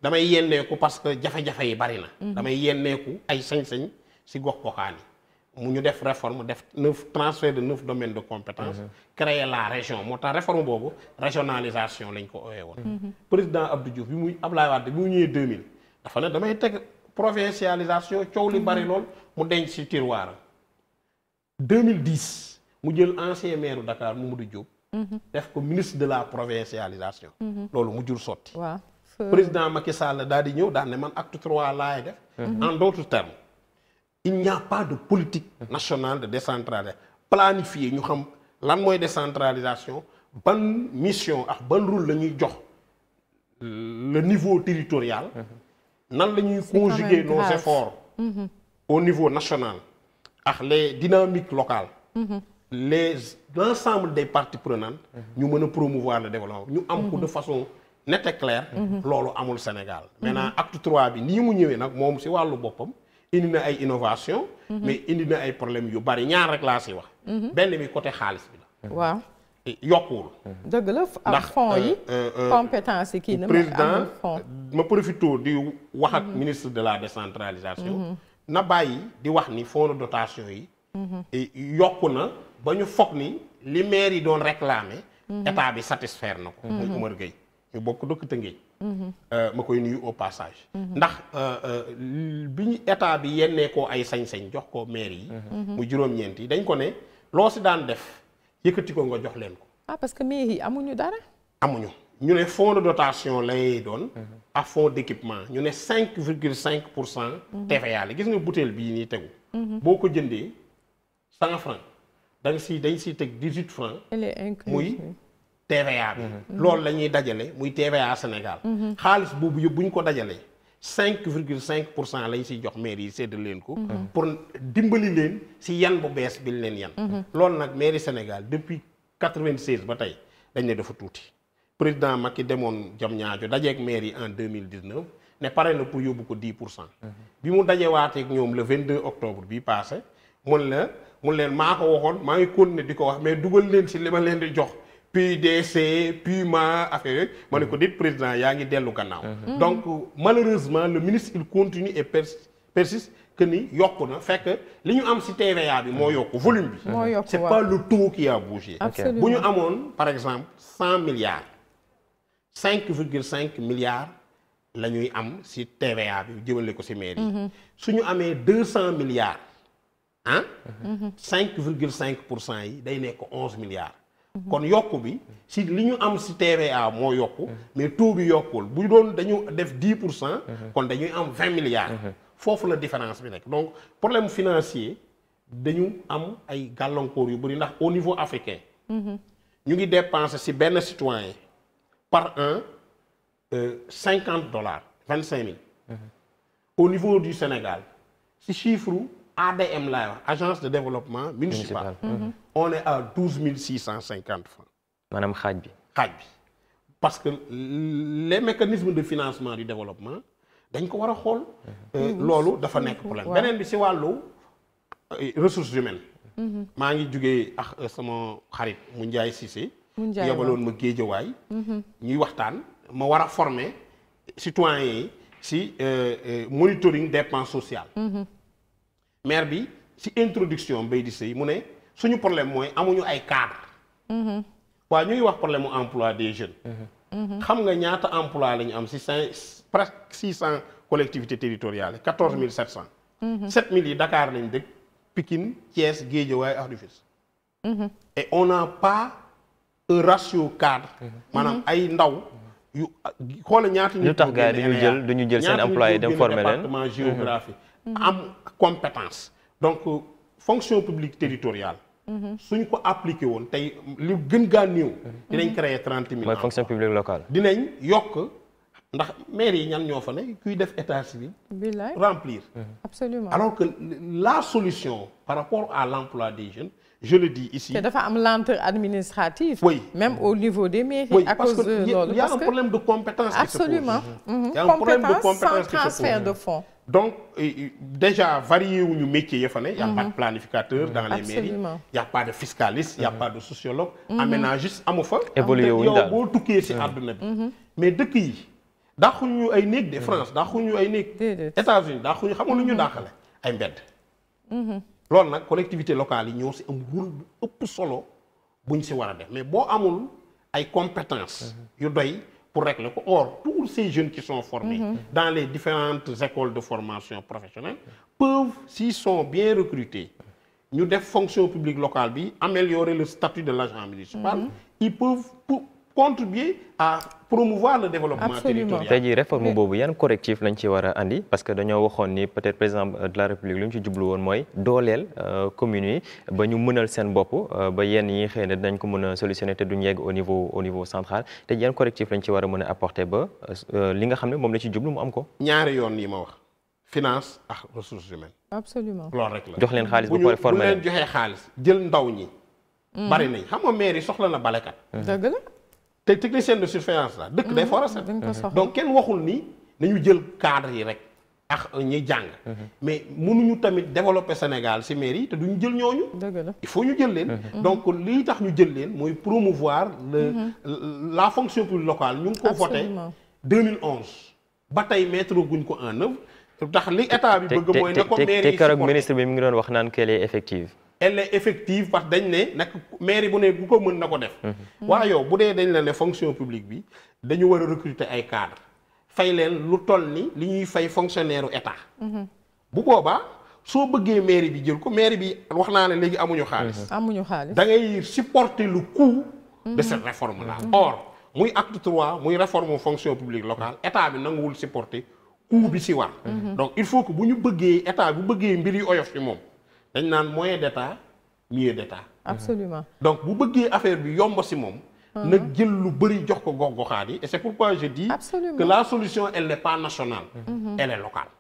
damay yenneeku parce que jafe-jafe yi bari na. Mhm. damay yenneeku ay sañ-sañ si gox goxaan mu ñu def réforme def neuf transfert de neuf domaines de compétence mhm. créer la région moo tax réforme boobu régionalisation lañ ko ooyee woon mhm. président Abdou Diouf bi muy Abdoulaye Wade bi mu ñëwee 2000 dafa ne damay teg provincialisation coow li bari mhm. lool mu denc ci tiroir 2010 mu jël ancien maire mu du Diop def ko ministre de la provincialisation loolu mu jur sotti président Macky Sall daal di ñëw daal ne man acte trois laay def en d'autres il n'y a pas de politique nationale de décentralisation planifiée ñu xam lan mooy décentralisation ban mission ak ban rôle la ñuy jox le niveau territorial nan la ñuy conjuguer nos mm-hmm. au niveau national ak les dynamiques locales mm-hmm. les l'ensemble des parties prenantes mm-hmm. ñu mën a promouvoir le développement ñu am ko de façon nette et claire loolu amul Sénégal maintenant acte trois bi nii mu ñëwee nag moom si wàllu boppam indi na ay innovation mhm. mais indi na ay problème yu bari ñaar rek laa si wax mhm. benn bi côté xaalis bi la waaw yokkuwul dëgg la fonds euh, euh, euh, yi kii na président ma profito di wax ak mhm. ministre de la décentralisation na bàyyi di wax ni fonds de dotation yi yokku na ba ñu foog ni li yi doon réclamer état bi satisfaire na ko muy Umar Gueye ñu bokk dëkk Tëngéej Euh, ma koy nuyu au passage. ndax euh, euh, bi ñu état bi yennee ko ay sañ-sañ jox ko maire yi. mu juróom-ñeent yi dañ ko ne loo si daan def yëkkati ko nga jox leen ko. ah parce que maire yi amuñu dara. amuñu ñu ne fonds de dotation lay doon. ak fonds d'équipement ñu ne cinq virgule cinq pour cent. TVA yàlla gis nga butéel bii nii tegu. boo ko jëndee cent franc da si dañ si teg dix huit franc. muy. TVA bi. Mhm. loolu la ñuy dajale muy TVA Sénégal. Mhm. xaalis boobu yëpp bu ñu ko dajalee. cinq virgule cinq pour cent lañ siy jox mairie yi sédd leen ko. Mhm. pour dimbali leen si yan bu bees bi leen yan. loolu nag mairie Sénégal depuis quatre vingt ba tey dañ ne dafa tuuti président ki demoon jam ñaajo dajeeg maire yi en deux mille dix neuf ne pare na pour yóbbu ko dix pour cent. bi mu dajewaateeg ñoom le vingt deux octobre bii passé mun la mun leen maa ko waxoon maa ngi continuer di ko wax mais dugal leen si li ma leen di jox. PUDC PUMA affaire yooyu ma ne ko mm-hmm. dit président yaa ngi dellu gannaaw. Mm-hmm. Mm-hmm. donc malheureusement le ministre il continue et persiste que ni yokku na fekk li ñu am ci TVA bi moo yokk volume bi. moo yokku c'est pas a bougé. bu ñu amoon par exemple cent milliards cinq virgule cinq milliards la ñuy am ci TVA bi jëmale ko ci mairie su ñu amee deux cent milliards ah. cinq virgule cinq pour cent yi day nekk onze milliards. Mhm. kon yokku bi si li ñu am si TVA moo yokku mhm. mais taux bi yokkul bu doon dañu def 10 pour cent mhm. kon dañuy am vingt milliards foofu la différence bi nekk donc problème financier dañu am ay gàllankoor yu bëri ndax au niveau africain ñu ngi dépenser si benn citoyen par an euh, cinquante dollars vingt cinq mille au niveau du Sénégal si chiffre ADM laay wax agence de développement municipal mhm. on est à douze mille six cent cinquante francs maanaam xaaj bi xaaj bi parce que les mécanismes de financement du développement dañ ko war a xool mhm. euh, loolu dafa nekk problème beneen bi si wàllu euh, ressources humaines mhm. maa ngi jugee ak euh, sama xarit mu Njaay Cissé yebaloon ma géejawaay ñuy waxtaan ma war a former citoyens yi si monitoring dépense sociale maire bi ci introduction bay di sëy mu ne suñu problème mooy amuñu ay cadre mhm. waaw ñu wax problème mu emploi des jeunes mhm. Mhm. xam nga ñaata emploi la ñu am ci cinq presque six cent collectivités territoriales quatorze mille sept cent sept mille yi Dakar lañ dëkk Pikine Thiès Guédiawaye ak Rufisque et on n'a pas un ratio cadre maanaam ay ndaw yu xoole ñaata ñu tax gars duñu jël duñu jël seen employé dem former am compétence donc euh, fonction publique territoriale suñ ko appliqué woon tey li gën gaa néew dinañ créer trente mille mooy fonction publique locale dinañ yokk ndax maire yi ñan ñoo fa ne kuy def état civil remplir absolument alors que la solution par rapport à l'emploi des jeunes je le dis ici. dafa am lenteur administrative. oui même au niveau des mairies. à parce cause de loolu mhm. Mhm. y a un problème de compétence. absolument y a de compétence sans transfert de fonds. donc euh, euh, déjà varié wuñu métier ya fa ne. y' a mhm. pas de planificateur dans les mairies. y' a pas de fiscaliste y' a pas de sociologue. aménagiste amu fa. évolué wuñu daal boo tukkee si àdduna mais dëkk yi daaxuñu ay néeg de France daaxuñu ay néeg. États-Unis daaxuñu xam nga lu ñu daaxale ay mbedd. loolu nag collectivité locale yi ñoo si am rôle bu ëpp solo bu ñu si war a def mais boo amul ay compétences mhm. yu doy pour régler ko or tous ces jeunes qui sont formés mmh. dans les différentes écoles de formation professionnelle peuvent s'ils sont bien recrutés ñu def fonction publique locale bi améliorer le statut de l'agent municipal mmh. ils peuvent contribuer à promouvoir le développement Absolument. territorial. tey jii réforme boobu yan correctif lañ ci war a andi parce que dañoo waxoon ni peut-être président euh, de la république lu mu ci jublu woon mooy dooleel euh, communes yi ba ñu mënal seen bopp euh, ba yenn yi xëy na dinañ ko mën a solutionner te duñ yegg au niveau au niveau central te yan correctif lañ ci war a mën a apporter ba li nga xam ne moom la ci jublu mu am ko. ñaari yoon yi ma wax finance ak ressources humaines. absolument loolu rek la jox leen xaalis bu ñu formé bu joxee xaalis jël ndaw ñi. Mm. bari nañ xam nga maire yi soxla na balekat. te technicien de surveillance la dëkk day foo rafet donc kenn waxul ni nañu jël cadre yi rek ax ñuy jàng mais mënuñu tamit développer Sénégal ci mairie yi te duñu jël ñooñu il faut ñu jël leen donc lii tax ñu jël leen mooy promouvoir mm-hmm. la fonction publique locale ñu ngi ko voté 2011 ba tey mettre guñ ko en œuvre ndax li état bi bëgg mooy na ko mairie te keroog ministre bi mi ngi doon wax naan qu'elle est effective elle effective parce que dañ ne nag mairie bu ne bu ko mën na ko def. Mhm. waa yow bu dee dañ la ne fonction publique bi dañu war a recruter ay cadres fay leen lu toll ni li ñuy fay fonctionnaire état. Mhm. bu boobaa soo bëggee mairie bi jël ko mairie bi wax naa ne léegi amuñu xaalis. Mhm. amuñu xaalis da ngay supporter le coût. de cette réforme là. or muy acte trois muy réforme fonction publique locale état bi nanguwul supporter coût bi si war. donc il faut que bu ñu bëggee état bu bëggee mbir yi oyof ci moom. dañ naan moyen d'état mieux d'état. absolument mhm. donc bu bëggee affaire bi yomb si moom. Mhm. nag jël lu bëri jox ko gox goxaat yi et c'est pourquoi je dis. Absolument. que la solution elle n'est pas nationale. Mmh. est locale.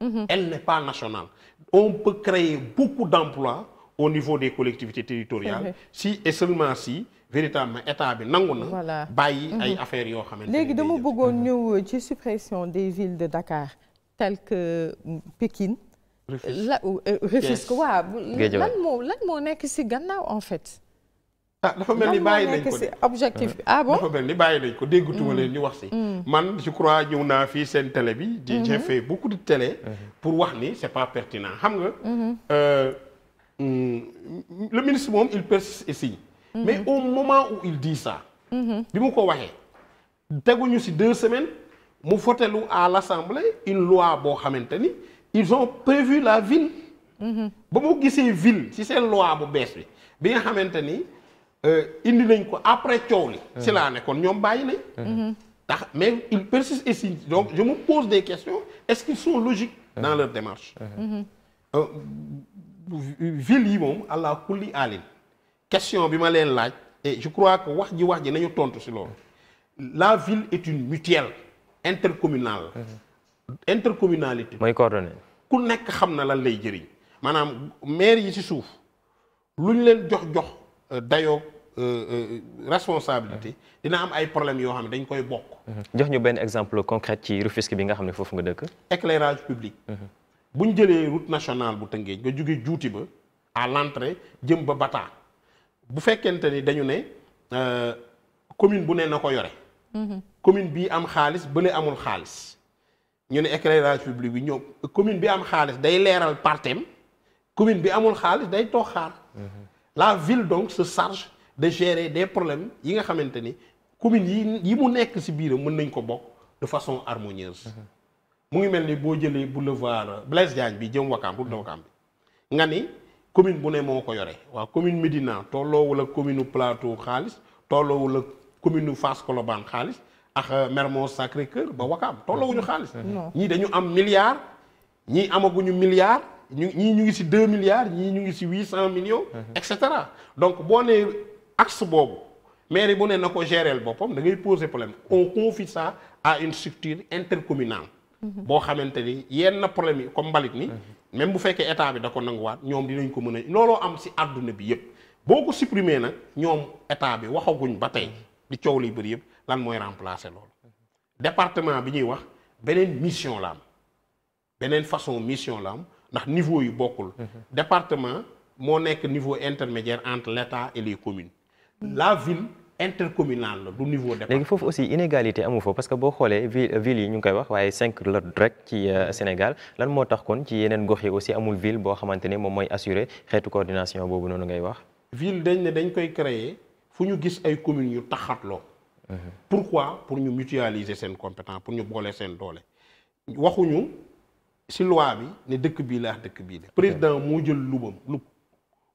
Mmh. elle pas nationale. on peut créer beaucoup d'emplois au niveau des collectivités territoriales. si et seulement si. véritablement état bi nangu na. voilà bàyyi ay affaires yoo xamante ne léegi dama bëggoon ñëw ci suppression des villes de Dakar telles que Pékin. la euh, Rufisque waaw. moo nekk si gannaaw en fait. ah dafa mel ni bàyyi nañ ko de objectif bi ah, ah ni bàyyi nañ ko déggatuma mm. leen ñu wax si. Mm. man je crois ñëw naa fii seen télé bi. di mm-hmm. j'ai fait beaucoup de télé. Mm-hmm. pour wax ni c'est pas pertinent xam nga. Mm-hmm. Euh, mm, le ministre moom il persiste ici. mais au moment où il dit bi mu ko waxee. teguñu si deux semaines mu fotelu à l'Assemblée une loi boo xamante ni. ils ont prévu la ville. Mhm. ba mu gisee ville ci seen loi bu bees bi bi nga xamante ni euh, indi nañ ko après coow li. Mhm. ci laa ne kon ñoom bàyyi nañ. Mhm. ndax mais ils persistent ici donc je me des questions est-ce qu'ils sont logiques dans leur démarche. Euh, ville yi moom allah kulli alin question bi ma leen laaj et je crois que wax ji wax ji nañu tontu ci loolu la ville est une mutuelle intercommunale. intercommunalité mooy coordonnée. ku nekk xam na lan lay jëriñ maanaam maire yi ci suuf lu ñu leen jox jox euh, dayoo euh, euh, responsabilité dina am ay problèmes yoo xam ne dañ koy bokk. Mhm. jox ñu benn exemple concret ci Rufisque bi nga xam ne foofu nga dëkk. éclairage public. Mhm. bu ñu jëlee route nationale bu Tëngéej nga jóge juuti ba à l'entrée jëm ba Bata bu fekkente ni dañu ne commune bu ne na ko yore. Mhm. commune bii am xaalis bële amul xaalis. ñu ne éclairage public bi ñoom commune bi am xaalis day leeral partem commune bi amul xaalis day toog xaar mhm. la ville donc se charge de gérer des problèmes yi nga xamante ni commune yi yi mu nekk ci biiram mën nañ ko bokk de façon harmonieuse mhm. mu ngi mel ni boo jëlee boulevard Blaise Diagne bi jëm Wakaam route de Wakaam bi nga ni commune bu ne moo ko yore waa commune Médina tolloowul la commune Plateau xaalis tolloowul ak commune Fass Colobane xaalis ak euh, Mermoz Sacré-Cœur ba Wakaam tolloowuñu xaalis mm-hmm. ñii dañu am milliard ñii amaguñu milliard ñu ñii ñu ngi si deux milliards ñii ñu ngi si huit cent millions mm-hmm. et cetera donc boo nee axe boobu mairie bu ne na ko géreel boppam da ngay poser problème on confie ça à une structure intercommunale mm-hmm. boo xamante ni yenn problème yi comme mbalit ni même bu fekkee état bi da ko nanguwaat ñoom dinañ ko mën a looloo am si àdduna bi yëpp boo ko supprimer nag ñoom état bi waxaguñ ba tey di coow li bëri yëpp lan mooy remplacer loolu département bi ñuy wax beneen mission la am beneen façon mission la ndax niveau yu bokkul mhm. département moo nekk niveau intermédiaire entre l'État et les communes la ville intercommunal la du niveau département. léegi foofu aussi inégalité amu fa parce que boo xoolee ville ville yi ñu ngi koy wax waaye cinq la rek ci euh, Sénégal lan moo tax kon ci yeneen gox yi aussi amul ville boo xamante ne moom mooy assurer xeetu coordination boobu noonu ngay wax. ville ne dañ koy créer fu ñu gis ay communes yu taxatloo Uh-huh. pourquoi pour ñu mutualiser seen compétence pour ñu boole seen doole waxuñu si loi bi ne dëkk bii laax dëkk bii la président uh-huh. moo jël lubam lub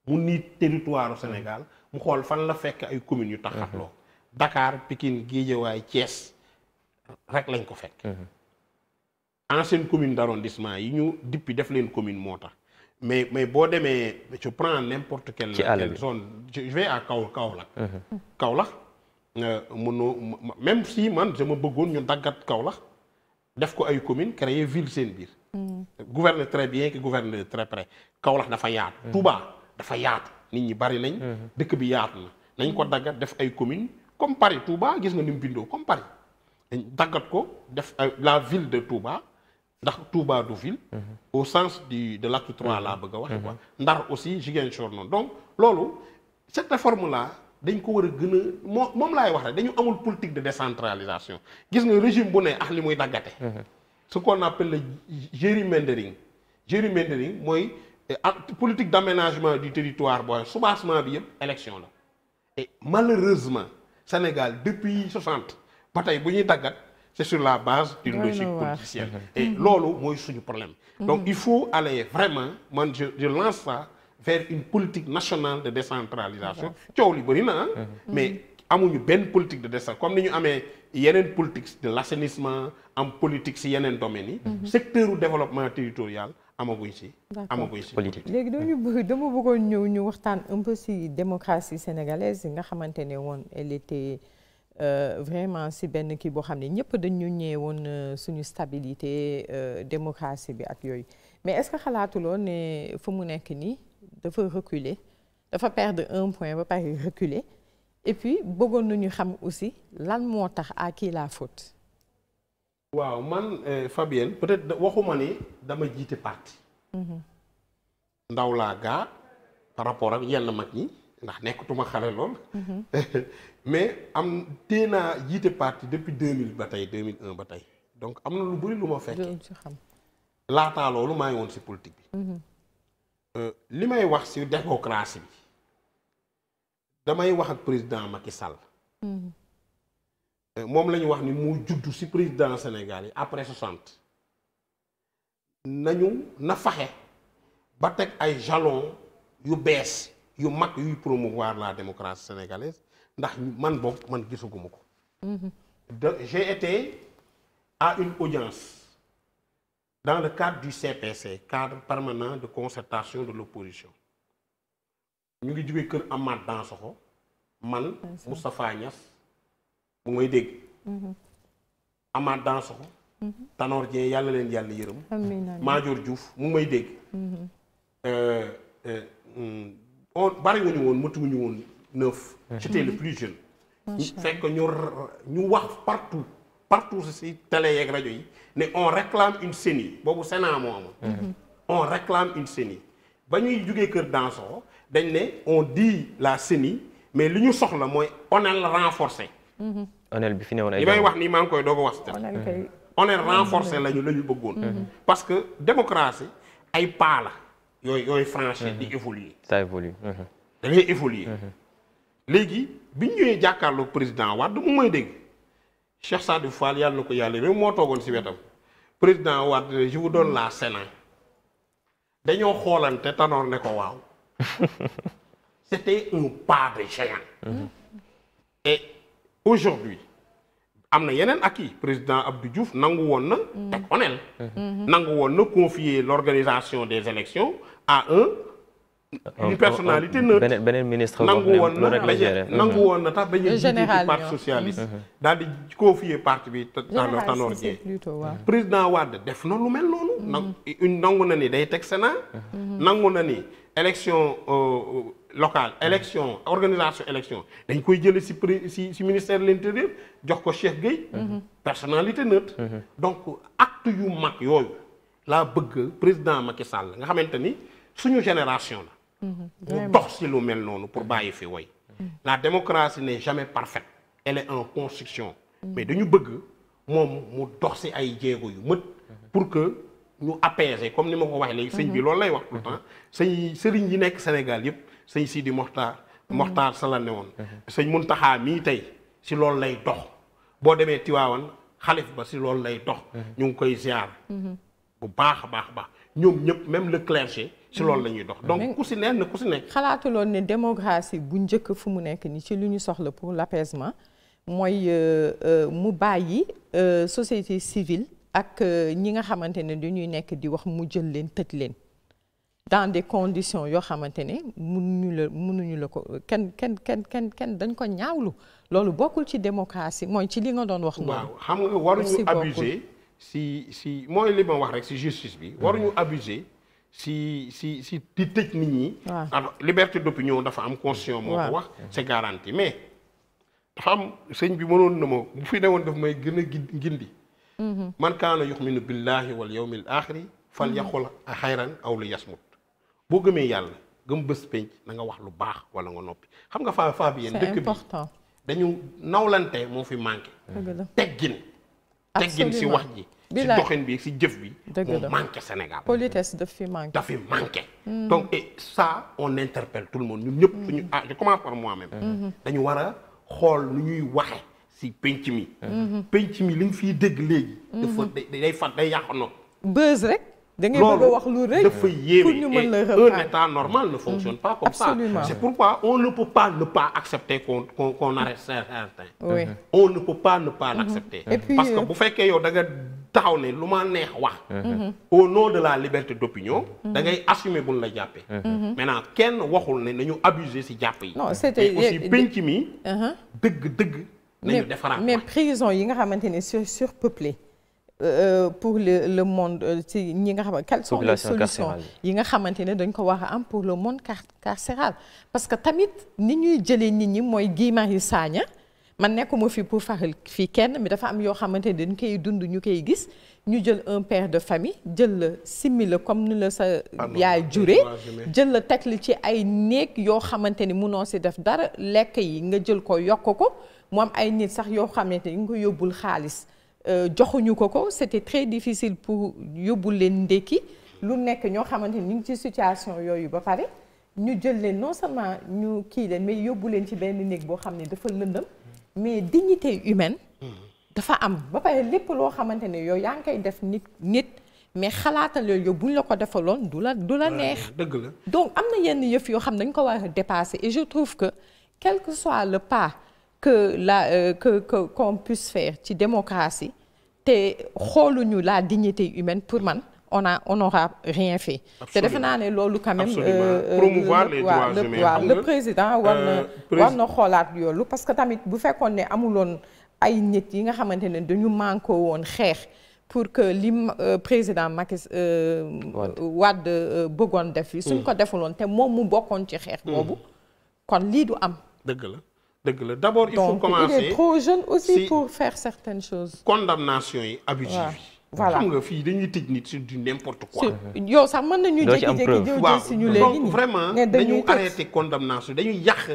mu niit territoire Sénégal mu xool fan la fekk ay communes yu uh-huh. dakaar pikin Pikine Guédiawaye Thiès rek lañ ko fekk en ancienne commune d'arrondissement yi ñu dippi def leen commune moo tax mais mais boo demee je prends n'importe quelle zone je vais à Kaolack Kaolack Euh, mënoo même si man dama bëggoon ñu daggat Kaolack def ko ay commune créer ville seen biir. Mm. gouverne très bien que gouverne très près Kaolack dafa yaat mm. Touba dafa yaatu nit ñi bari nañ. Mm-hmm. dëkk bi yaatu na nañ ko daggat def ay commune comme Paris Touba gis nga ni mu bindoo comme Paris dañ daggat ko def euh, la ville de Touba. ndax Touba du ville. Mm-hmm. au sens du de l'acte trois laa mm-hmm. bëgg a waxe quoi. Ndar aussi Ziguinchor noonu donc loolu cette réforme là dañ ko war a gën a moo moom laay wax rek dañu amul politique de décentralisation gis nga régime bu ne ak li muy daggate mhm. ce qu'on appelle le gerrymandering gerrymandering mooy eh, politique d'aménagement du territoire booy soubassement bi yëpp élection la et malheureusement Sénégal depuis 60 ba tey bu ñuy daggat c'est sur la base d'une logique politicienne mhm. et loolu mooy suñu problème donc mhm. il faut aller vraiment man je je lance ça vers une politique nationale de décentralisation coow li bëri na mhm. mais mhm. amuñu benn politique de décentralisation comme ni ñu amee yeneen politique de l'assainissement am politique si yeneen domaines yi mhm. secteur u développement territorial amaguñ si amaguñ si politique léegi dañu bëgg dama bëggoon ñëw ñu waxtaan un peu si démocratie sénégalaise nga xamante ne woon elle était euh, vraiment si benn kii boo xam ne ñëpp dañu ñëwee woon euh, suñu stabilité euh, démocratie bi ak yooyu mais est-ce que xalaatuloo ne fu mu nekk nii dafa reculer dafa perdre un point ba pare reculer et puis bëggoon nañu xam aussi lan moo tax à qui la faute. waaw man eh, Fabienne peut-être waxuma ni dama jiite parti. Mhm. ndaw laa gaa par rapport ak yenn mag ñi ndax nekkatuma xale lool. Mhm. [LAUGHS] mais am tee naa jiite parti depuis deux mille ba tey deux mille un ba tey donc am na lu bari lu ma fekkee. laataa loolu maa ngi woon si politique bi. Mhm. Euh, li may wax ci démocratie bi damay wax ak président Macky Sall. Mm-hmm. moom la ñu wax ni mu juddu ci président Sénégal yi après 60. nañu na faxe ba teg ay jalon yu bees yu mag yuy promouvoir la démocratie sénégalaise ndax man boog man gisaguma ko. Mm-hmm. de j'ai une audience. dans le cadre du CPC cadre permanent de concertation de l'opposition ñu ngi jógee kër Amath Dansokho man Moustapha Niass mu may dégg mhm. Amath Dansokho mhm. Tanor Dieng yàlla leen yàlla yërëm Madior Diouf mu may dégg mhm. euh, euh, mm, on bariwuñu woon matuwuñu woon neuf j'étais le plus jeune fekk ñu ñu wax partout partout si télé yeeg rajo yi ne on réclame une CENI boobu Sénat moo amoon. Mhm. on réclame une CENI ba ñuy jugee kër Danso dañ ne on dit la CENI mais li ñu soxla mooy ONEL renforcé. Mhm. ONEL bi fi newoon ay li may wax nii maa ngi koy doog a wax. ONEL renforcé lañu la ñu bëggoon. Mhm. parce que démocratie ay pas la yooyu yooyu franchir di évoluer. ça évolue. da ngay évoluer. léegi bi ñu ñëwee jàkkaarloo président Wade mu may dégg. check Sadou Fall yàlla na ko yàlla même moo toogoon si wetam président Wade je vous donne la Sénat dañoo xoolante Tanor ne ko waaw [LAUGHS] c'était un pas de géant mm-hmm. et aujourd'hui am na yeneen ak yi président Abdou Diouf nangu woon na mm-hmm. teg onel mm-hmm. nangu woon na confier l'organisation des élections à un une personnalité neutre beneen beneen ministre nangu woon na nangu woon na tax dañuy jiite parti socialiste mhm. daal di confier parti bi Tanor Tanor Dieng mhm. président Wade def na lu mel noonu mhm. nag une nangu na day teg Sénat nangu na ni élection euh, euh, locale élection organisation élection dañ koy jële si pré si si ministère de l'intérieur jox ko Cheikh Gueye personnalité neutre donc acte yu mag yooyu laa bëgg président Macky Sall nga xamante ni suñu génération la mu dox si lu mel noonu pour bàyyi fi woy la démocratie ne jamais parfaite elle est en construction mais dañu bëgg moom mu dox si ay jéego yu mët pour que ñu apaiser comme ni ma ko waxee léegi sëñ bi loolu lay wax tout temps sëñ sëriñ yi nekk Sénégal yëpp sëñ Sidi Moxtaar Moxtaar sa la ne woon sëñ taxaa mii tey si loolu lay dox boo demee Tiwaawan xalif ba si loolu lay dox ñu ngi koy ziar mhm. bu baax a baax baax ñoom ñëpp même la clergé ci loolu la ñuy dox donc ku si ne na ku si ne. xalaatuloon ne démocratie bu njëkk fu mu nekk ni ci lu ñu soxla pour l'apaisement mooy euh, euh, mu bàyyi euh, société civile ak ñi nga xamante ne dañuy nekk di wax mu jël leen tëj leen dans des conditions yoo xamante ne mënuñu la mënuñu la ko kenn kenn kenn kenn kenn dañ ko ñaawlu loolu bokkul ci démocratie mooy ci li nga doon wax. noonu xam nga waruñu abuser si si mooy li ma wax rek si justice bi waruñu abuser. si si si di tëj nit ñi. alors liberté ñëw dafa am constitution moo ko wax. c'est garanti mais dafa am sëñ bi mënoon na ma bu fi ne woon daf may gën a gindi. Mm-hmm. man kaana yuxminu billaahi wal yawmil aaxiri fal yaxul xayran aw li yasmut boo gëmee yàlla gëm bés penc na nga wax lu baax wala nga noppi xam nga faa faa bi yéen dëkk bi dañu nawlante moo fi manqué. teggin teggin si wax ji. ci doxin bi si jëf bi. moo manqué Sénégal. politesse daf fi manqué. daf fi manqué. Mm. donc et ça on interpelle tout le monde ñun ñëpp suñu mm. ah je commence par moi-même. Mm-hmm. dañu war a xool nu ñuy waxe si penc mi. Mm-hmm. penc mi li nga fiy dégg léegi. Mm-hmm. dafa day day fat day yàq noonu. buzz rek. da ngay bëgg wax lu rek dafa yéeme et un état normal ne fonctionne pas comme ça c'est pourquoi on ne peut pas ne pas accepter qu'on qu'on arrête certains mm-hmm. on ne peut pas ne pas mm-hmm. l'accepter parce que euh, bu fekkee yow da nga taxaw ne lu ma neex wax mm-hmm. au nom de la liberté d'opinion da ngay assumer buñ la jàppee maintenant kenn waxul ne ñu abuser ci jàpp yi et aussi penc mi uh-huh. dëgg dëgg nañu defaraat mais prison yi nga xamante ne sur surpeuplé Euh, pour le le monde euh, ci ñi nga xamante quelles sont les solutions yi nga xamante ne dañ ko war a am pour le monde carcéral parce que tamit ni ñuy jëlee nit ñi mooy Guy Marius Sagna man nekkuma fi pour faral fii kenn mi dafa am yoo xamante ni dañ koy dund ñu koy gis ñu jël un père de famille jël la simmi la comme nu la sa ah yaay jure jël la teg li ci ay néeg yoo xamante ni munoo si def dara lekk yi nga jël ko yokk ko mu am ay nit sax yoo xamante ni nga ko yóbbul xaalis Euh, joxuñu ko ko c'était très difficile pour yóbbu leen ndékki lu nekk ñoo xamante ni ñu ngi ci situation yooyu ba pare ñu jël leen non seulement ñu kii leen mais yóbbu leen ci benn néeg boo xam ne dafa lëndëm mais dignité humaine dafa am ba pare lépp loo xamante ne yow yaa ngi koy def nit nit mais xalaatal yooyu yow buñ la ko defaloon du la du la neex dëgg la donc am na yenn yëf yoo xam ne dañ ko war a dépasser et je trouve que quel que soit le pas que la euh, que que qu'on puisse faire ci démocratie te xooluñu la dignité humaine pour man on a on aura rien fait. te defe naa ne loolu quand même. Euh, euh, promouvoir le, président war na euh, war na xoolaat yoolu parce que tamit bu fekkoon ne amuloon ay nit yi nga xamante ne dañu manqué woon xeex. pour que li euh, président Macky euh, Wade bëggoon def yi suñ mm. ko defuloon te moom mu bokkoon ci xeex mm. boobu kon lii du am dëgg la dëgg la d' abord il faut commencer donc il est trop jeune aussi pour faire certaines choses. condamnation yi abusive yi. voilà xam nga fii dañuy tëj nit si du n' yow sax mën nañu jékki-jékki jëw jël si ñu léegi donc vraiment dañu arrêté dañuy yàq.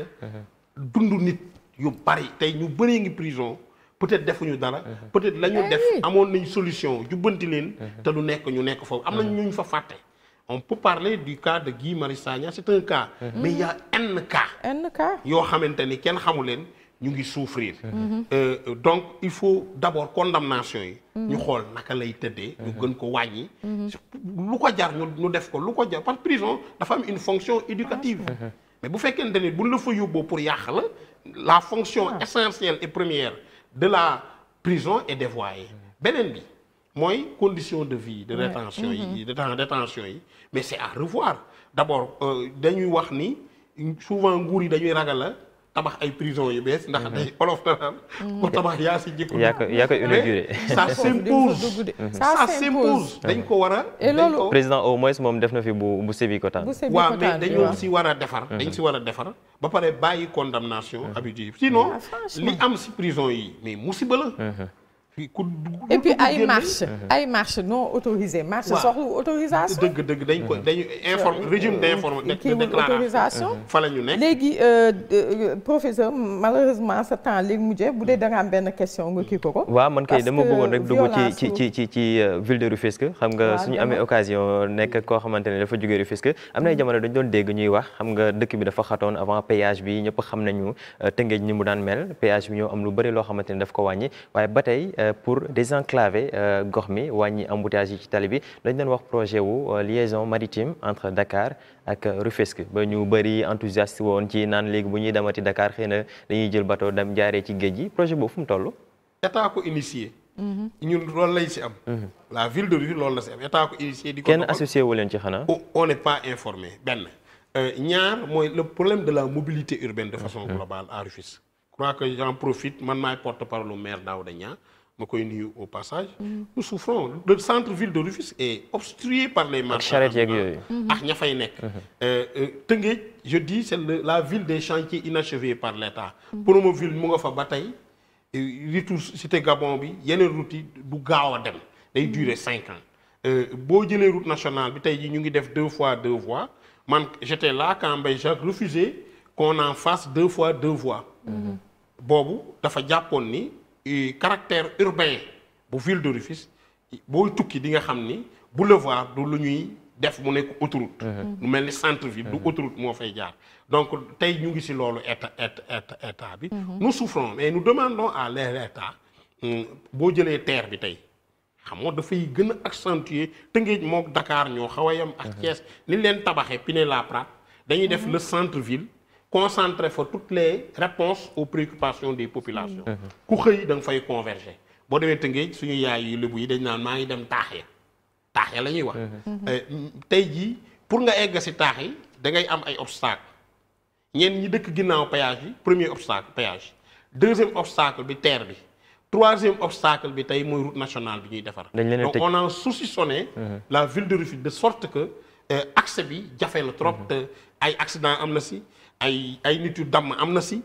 dund nit yu bari tey ñu bëree ngi prison peut-être defuñu dara. peut-être la ñu def eh. amoon nañ solution jubbanti leen. te lu nekk ñu nekk foofu am na ñu ñu fa fàtte. on peut parler du cas de Guy Marius Sagna c'est un cas. Mhm. mais il y n cas. n cas yoo xamante ni kenn xamu leen ñu ngi souffrir. Mhm. Euh, donc il faut d'abord condamnation yi. Mhm. ñu xool naka lay tëddee. ñu gën ko wàññi. lu ko jar ñu def ko lu ko jar parce prison dafa am une fonction éducative. Ah, mais bu fekkente ni buñ la fa yóbboo pour yàq la la fonction ah. essentielle et première de la prison est dévoyée beneen bi. mooy condition de vie de détention yi mm-hmm. de détention yi mais c'est à revoir d'abord euh, dañuy wax ni souvent nguur yi dañuy ragal la tabax ay prison yu bees ndax mm-hmm. day olof na naan mm-hmm. tabax yaa si jikko yaa koy inauguré ça s'impose ça s'impose dañ ko war a et loolu président au moins moom def na fi bu bu Sébikotane waaw mais dañoo si war a defar dañ si war a defar ba pare bàyyi condamnation abusive sinon ah, li am si prison yi mais musiba la et puis ay marche uh-huh. ay marche non autorisée marche soxlu autorisation dëgg dëgg dañ ko dañu informe euh, régime euh, d'informe uh-huh. fa la ñu nekk léegi euh, professeur malheureusement sa temps léegi mujjee bu dee da am benn question nga kii ko ko waaw man kay dama bëggoon rek dugg ci ci ci ci ci ville de Rufisque xam nga suñu amee occasion nekk koo xamante ne dafa jógee Rufisque am na ay mm-hmm. jamono dañ doon dégg ñuy wax xam nga dëkk bi dafa xatoon avant péage bi ñëpp xam nañu Tëngéej ni mu daan mel péage bi ñoo am lu bëri loo xamante ne daf ko wàññi waaye pour désenclaver euh, gox mi wàññi embouteillage yi ci tali bi dañ doon wax projet wu euh, liaison maritime entre Dakar ak Rufisque ba ñu bëri enthousiaste woon ci naan léegi bu ñuy demati Dakar xëy na dañuy jël bateau dem jaaree ci géej gi projet boobu fu mu toll. état ko initié. Mhm. ñun loolu lañ si am. Mhm. la ville de Rufisque loolu la si am état ko initié. kenn associé ci xanaa. on n'est pas informé benn. Euh, ñaar mooy le problème de la mobilité urbaine de façon mhm. globale à Rufisque. je ma koy nuyu au passage. nous souffrons le centre-ville de Rufisque et obstrué par les marchands. charrette yeeg mm-hmm. ña fay nekk. Mm-hmm. Euh, euh, Tëngéej je dis c'est la ville des chantiers inachevés par l'État. Mm-hmm. Promoville mu nga fa ba tey euh, retour cité Gabon bi yeneen route yi du gaaw a dem day durer cinq ans boo jëlee route nationale bi tey jii ñu ngi def deux fois deux voies man j'étais la quand Mbaye Jacques refusait qu'on en fasse deux fois deux voies. boobu dafa jàppoon ni. caractère urbain bu ville de Rufisque booy tukki di nga xam ni boulevard du lu ñuy def mu nekk autoroute. lu uh-huh. mel ni centre ville du uh-huh. autoroute moo fay jaar donc tey ñu ngi si loolu état état état bi. Uh-huh. nous souffrons mais nous demandons à l'État boo jëlee terre bi tey. xam nga dafay gën a accentuer Tëngéej mook Dakar ñoo xaw a ak Thiès ni leen tabaxe tabaxee la laprade dañu def le centre ville. concentrer fa toutes les réponses aux préoccupations des populations. Mm-hmm. Mm-hmm. ku xëy da nga fay converger boo demee Tëngéej suñu yaay yu lébu yi dañ naan maa ngi dem taax ya taax ya la ñuy wax. Mm-hmm. Eh, tey jii pour nga egg si taax yi da ngay am ay obstacles ñenn ñi dëkk ginnaaw péage yi premier obstacle péage deuxième obstacle bi teer bi. troisième obstacle bi tey mooy route nationale bi ñuy defar. donc on a saucissonné la ville de Rufisque de sorte que euh, accès bi jafe la trop. ay accident am na si. ay ay nit yu damm am na si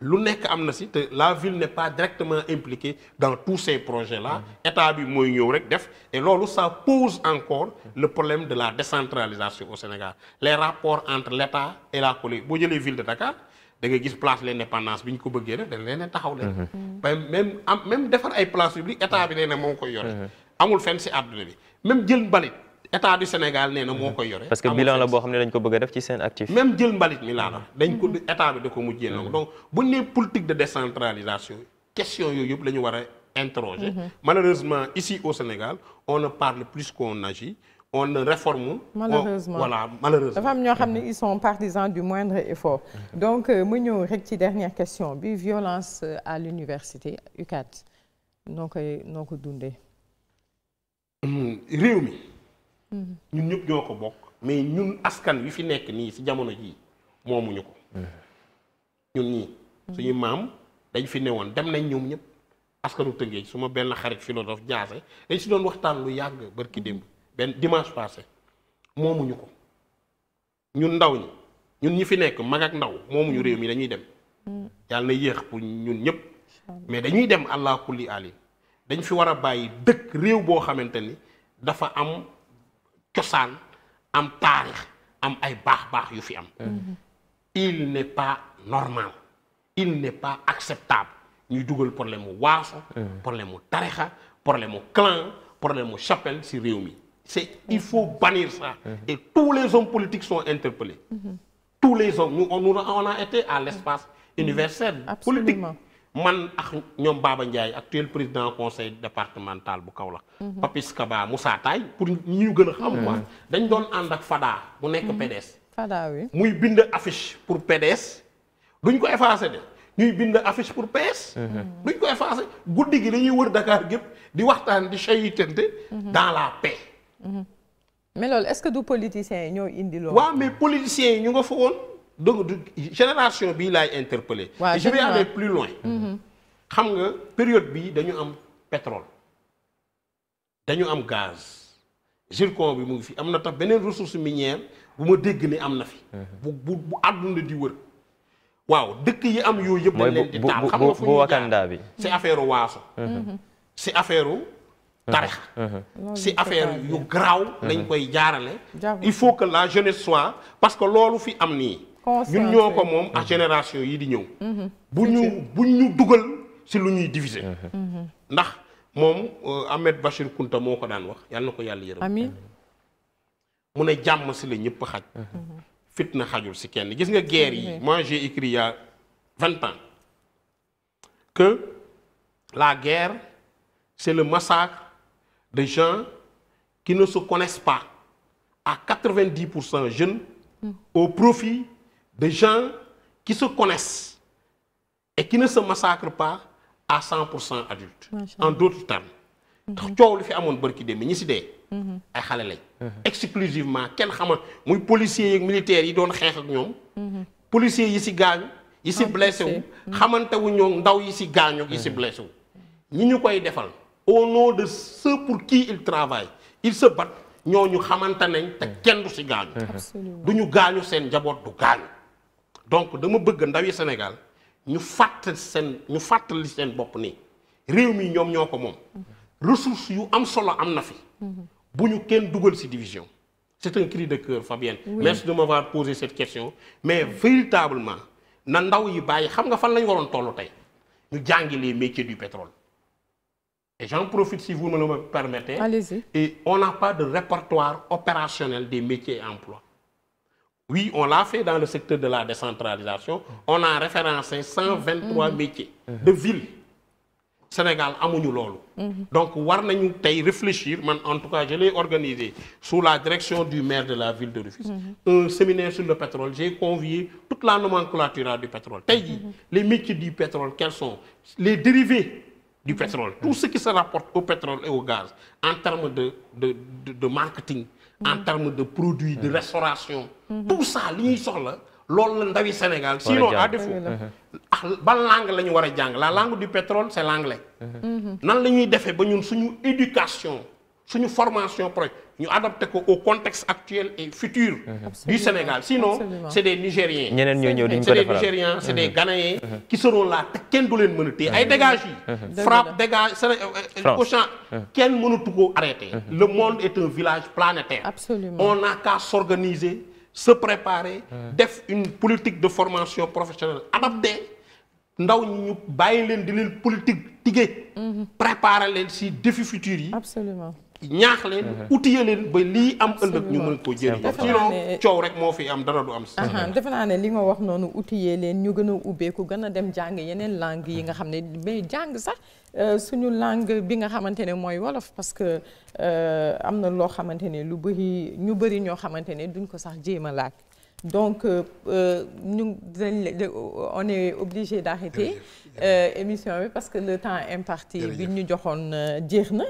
lu nekk am na si te la ville n'est pas directement impliquée dans tous ces projets là mm-hmm. état bi mooy ñëw rek def et loolu ça pose encore mm-hmm. le problème de la décentralisation au Sénégal les rapports entre l'État et la collectivité boo jëlee ville de Dakar da ngay gis place l'indépendance bi ñu ko bëggee def dañ leen taxaw leen mm-hmm. même am même defar ay places publiques état bi nee na moo ngi koy yore amul fenn si àdduna bi même jël mbalit état du Sénégal nee moo koy yore. parce que bilan la boo xam ne dañ ko bëgg a def ci seen actif. même jël mbalit mi laa la dañ ko mhm. état bi da ko yëpp la ñu war a interroger. Mhm. malheureusement au Sénégal on ne parle plus qu'on agit. on le réforme. malheureusement voilà malheureusement. dafa am ñoo xam ne mhm. ils sont partisans du moindre effort. donc euh, mu ñëw rek ci dernière question bi violence euh, à l'université UCAD noo koy noo ko dundee. réew mi. Mm-hmm. ñun ñëpp ñoo ko bokk mais ñun askan wi fi nekk nii si jamono jii moomuñu ko mm-hmm. ñun ñii mm-hmm. suñu maam dañ fi newoon dem nañ ñoom ñëpp askanu Tëngéej su ma benn xarit philosophe jaase dañ si doon waxtaan lu yàgg bërki démb benn dimanche passé moomuñu ko ñun ndaw ñi ñun ñi fi nekk mag ndaw moomuñu réew mi dañuy dem yàlla yéex pour ñun ñëpp mais dañuy dem allah kulli ali dañ fi war a bàyyi dëkk réew boo xamante ni dafa am cosaan am taarix am ay baax-baax yu fi am il n'est pas normal il n'est pas acceptable ñuy dugal problème mu waaso problème mu tarixa problème mu clan problème mu chapelle si réew mi c'est il faut bannir ça et tous les hommes politiques sont interpellés mm-hmm. tous les hommes nous on a été à l'espace mm-hmm. universitaire politique man ak ñoom Baba Ndiaye actuel président conseil départemental bu Kaolack. Mhm. Papis Kaba Moussa Taye pour ñu gën a xam mhm. quoi. dañ doon ànd ak Fada mu nekk mhm. PDS. Fada oui muy bind affiche pour PDS duñ ko effacé de ñuy bind affiche pour PS. duñ ko effacé guddi gi dañuy wër Dakar gépp di waxtaan di chayitante. dans la paix. mais loolu est-ce que du politiciens yi ñooy indi loolu. waaw mais politiciens yi ñu nga fa woon. donc génération bii laay interpellé. waaw je vais aller mhm. xam nga période bi dañu am pétrole dañu am gaz zircon bi mu ngi fi am na tax beneen ressource minière bu ma dégg ni am na fi. Mhm. bu bu bu àdduna di wër. waaw dëkk yi am yooyu yëpp. dañ leen di taal xam nga fu ñuy jaar c'est affaire waaso. Mhm. c'est affaire tarixa si affaire yu garaaw lañ koy jaarale il faut que la jeune soit parce que loolu fi am nii ñun ñoo ko moom ak génération yi di ñëw. Mhm. bu ñu bu ñu dugal si lu ñuy diviser. Mhm. ndax moom euh, Ahmed Bachir Kounta moo ko daan wax yàlla na ko yàlla yërëm. amiin mu ne jàmm si la ñëpp xaj. Mhm. fitna xajul si kenn gis nga guerre yi moi écrit il a vingt ans que la guerre c'est le massacre de gens qui ne se connaissent pas à quatre-vingt-dix pour cent jeunes mm. au profit de gens qui se connaissent et qui ne se massacrent pas à cent adultes. en d'autres termes. ndax mhm. coow lu fi amoon barki dem ñi si dee. Mhm. ay xale lañ. Mhm. exclusivement kenn xama muy policiers yeeg yi doon xeex ñoom. policiers yi si gaañu. yi si blessé wu xamante wu ñoom ndaw yi si gaañu ak yi si blessé wu. ñi ñu koy defal au nom de ceux pour qui ils il ils se battent ñooñu xamante nañ te kenn du si gaañu. du ñu gaañu seen njaboot du gaañu. donc dama bëgg ndaw yi Sénégal ñu fàtt seen ñu fàttali seen bopp nii réew mii ñoom ñoo ko moom ressource yu am solo am na fi mhm. bu ñu kenn dugal ci division c'est un cri de cœur Fabienne oui. merci de m'avoir posé cette question mais véritablement na ndaw yi bàyyi xam nga fan lañ waroon tollu tey ñu jàngi les métiers du pétrole et j'en profite si vous me le permettez et on n'a pas de répertoire opérationnel des métiers et emplois Oui, on l'a fait dans le secteur de la décentralisation. On a référencé 123 mmh. métiers de ville. Sénégal amuñu loolu. Mm-hmm. Donc war nañu tey réfléchir man en tout cas je l'ai organisé sous la direction du maire de la ville de Rufisque. Mm-hmm. un séminaire sur le pétrole j'ai convié toute la nomenclature du pétrole tey jii mm-hmm. les métiers du pétrole quels sont les dérivés du pétrole tout ce qui se rapporte au pétrole et au gaz en termes de de de, de marketing en termes de produits de restauration. Mhm. tout ça li ñuy soxla. loolu la ndawi Sénégal sinon à défaut ah ban langue la ñu war a jàng la langue du pétrole c'est l'anglais mhm. nan la ñuy defee ba ñun suñu éducation. suñu formation projet ñu adapté ko au contexte actuel et futur mhm. du Sénégal sinon c'est des Nigériens ñeneen ñoo ñëw c'est des Nigériens c'est des mhm. Ghanéens mhm. qui seront kenn du leen mën a téye ay dégage yi frappe dégage euh, euh, Auchan kenn mënatu ko arrêté le monde est un village planétaire absolument on n'a qu'à s'organiser se préparer def une politique de formation professionnelle adaptée ndaw ñi ñu bàyyi leen di leen politique tigé préparer leen si défi futur yi absolument ñaax leen mhm. outillé leen ba lii am ëllëg ñu mën ko jëriñoo sinon coow rek moo fi am dara du am defe naa ne li nga wax noonu outillé leen ñu gën a ubbeeku gën dem jàng yeneen langue yi nga xam ne mais jàng sax euh, suñu langue bi nga xamante ne mooy wolof parce que euh, am na loo xamante ne lu bëri ñu bëri ñoo xamante ne duñ ko sax jéem a laaj donc euh, ñu on est obligé d'arrêter émission bi parce que le temps imparti bi ñu joxoon jeex na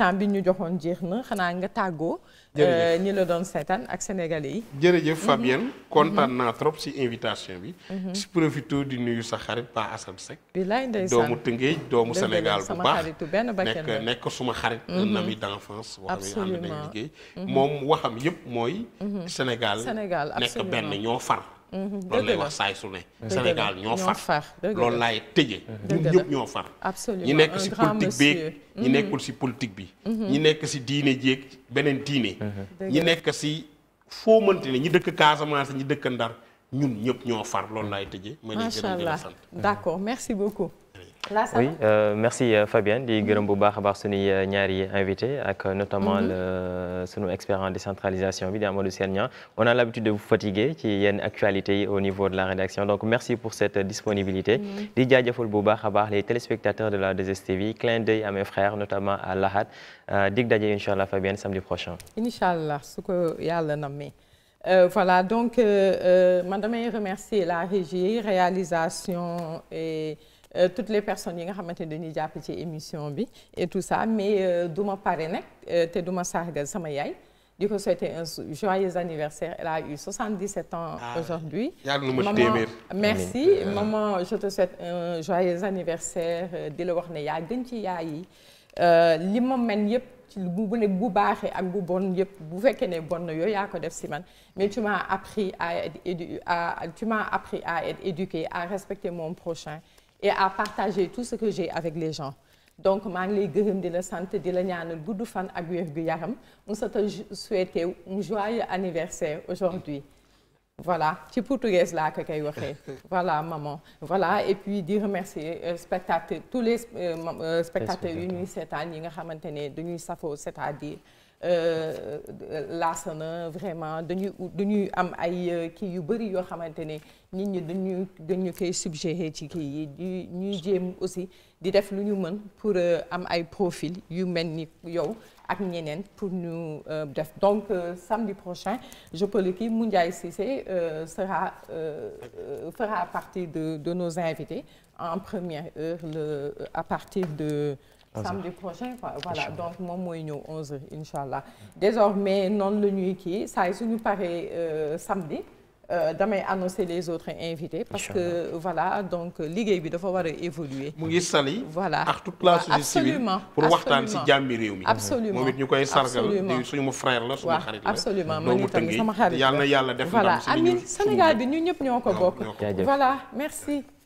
temps bi ñu joxoon jeex na xanaa nga tàggoo. Euh, ñi la doon seetaan ak sénégalais yi. jërëjëf mhm. Fabienne mhm. kontaan naa trop si invitation bi. si mhm. profité di nuyu sa xarit Pa Assane Seck. bilaay ndeysaan doomu Tëngéej doomu Sénégal bu baax nekk nekk suma xarit. un ami d'enfance. absolument boo xam nañ liggéey. moom waxam yëpp mooy. Sénégal nekk benn ñoo far. Mhm. loolu lay wax saay su ne Sénégal ñoo far lool laay tëje ñun ñëpp ñoo far ñi nekk si politique beeg ñi mhm. nekkul si politique bi mhm. ñi nekk si diine jéeg beneen diine ñi nekk si foo mënte ne ñi dëkk Casamance ñi dëkk Ndar ñun ñëpp ñoo far loolu laay tëjee ma leen gërëm di la sant d'accord merci beaucoup oui euh, merci euh, Fabienne di gërëm bu baax a baax suñuy euh, ñaari invité ak notamment mhm. le sunu expert en décentralisation bi di Amadou Sène Niang on a l'habitude de vous fatiguer ci yenn actualité yi au niveau de la rédaction donc merci pour cette disponibilité mhm. di jaajëfal bu baax baax les téléspectateurs de la 2STV clin d'œil à mes frères notamment à Lahat dig daje incha allah Fabienne samedi prochain incha allah su ko yàlla nammee voilà, donc, madame, remercier la Euh, toutes les personnes yi nga xamante ne dañuy jàpp ci émission bi tout ça mais euh, du pare nag euh, te du ma sargal sama yaay di ko souhaiter un joyeux anniversaire elle a eu 77 ans ah. aujourd'hui maman merci maman je te souhaite un joyeux anniversaire di la wax ne yaa gën ci yaay yi li ma mel yëpp ci bu bu ne baaxee ak bu bon yëpp bu fekkee ne bon na yooyu yaa ko def si man mais tu m'as appris à a édu à tu m'as à être éduqué à respecter mon prochain et à partager tout ce que j'ai avec les gens donc maa ngi lay gërëm di la sant di la ñaanal gudd fan ak wér gu yaram mu sa te souhaiter un joyeux anniversaire aujourd'hui voilà ci portugaise laa ko koy waxee [LAUGHS] voilà maman voilà et puis di remercier euh, spectateur tous les euh, euh spectateurs yu ñuy seetaan yi nga xamante ne dañuy safoo cest à Euh, laasana vraiment dañuy dañuy am ay euh, kii yu bëri yoo xamante ne nit ñi dañu dañu koy suggéré ci kii yi ñuy jéem aussi di def lu ñu mën pour euh, am ay profil yu mel ni yow ak ñeneen pour ñu def donc samedi prochain je peux le kii Moundiaye Cissé sera fera partie de de nos invités en première heure à partir de samedi prochain quoi donc moom mooy ñëw 11h incha allah désormais noonu la ñuy kii saa yi suñu paree euh, samedi. Euh, damay annoncer les autres invités. parce que voilà donc liggéey bi dafa war a évoluer. mu ngi sali. voilà ak toute la société civile pour waxtaan si jàmbi réew mi. absolument moom it ñu koy sargal di suñu frère la suñu xarit la. absolument man itam sama xarit la yàlla na yàlla def ndam si. voilà ah, Sénégal bi ñu ñëpp ñoo ko bokk. voilà merci.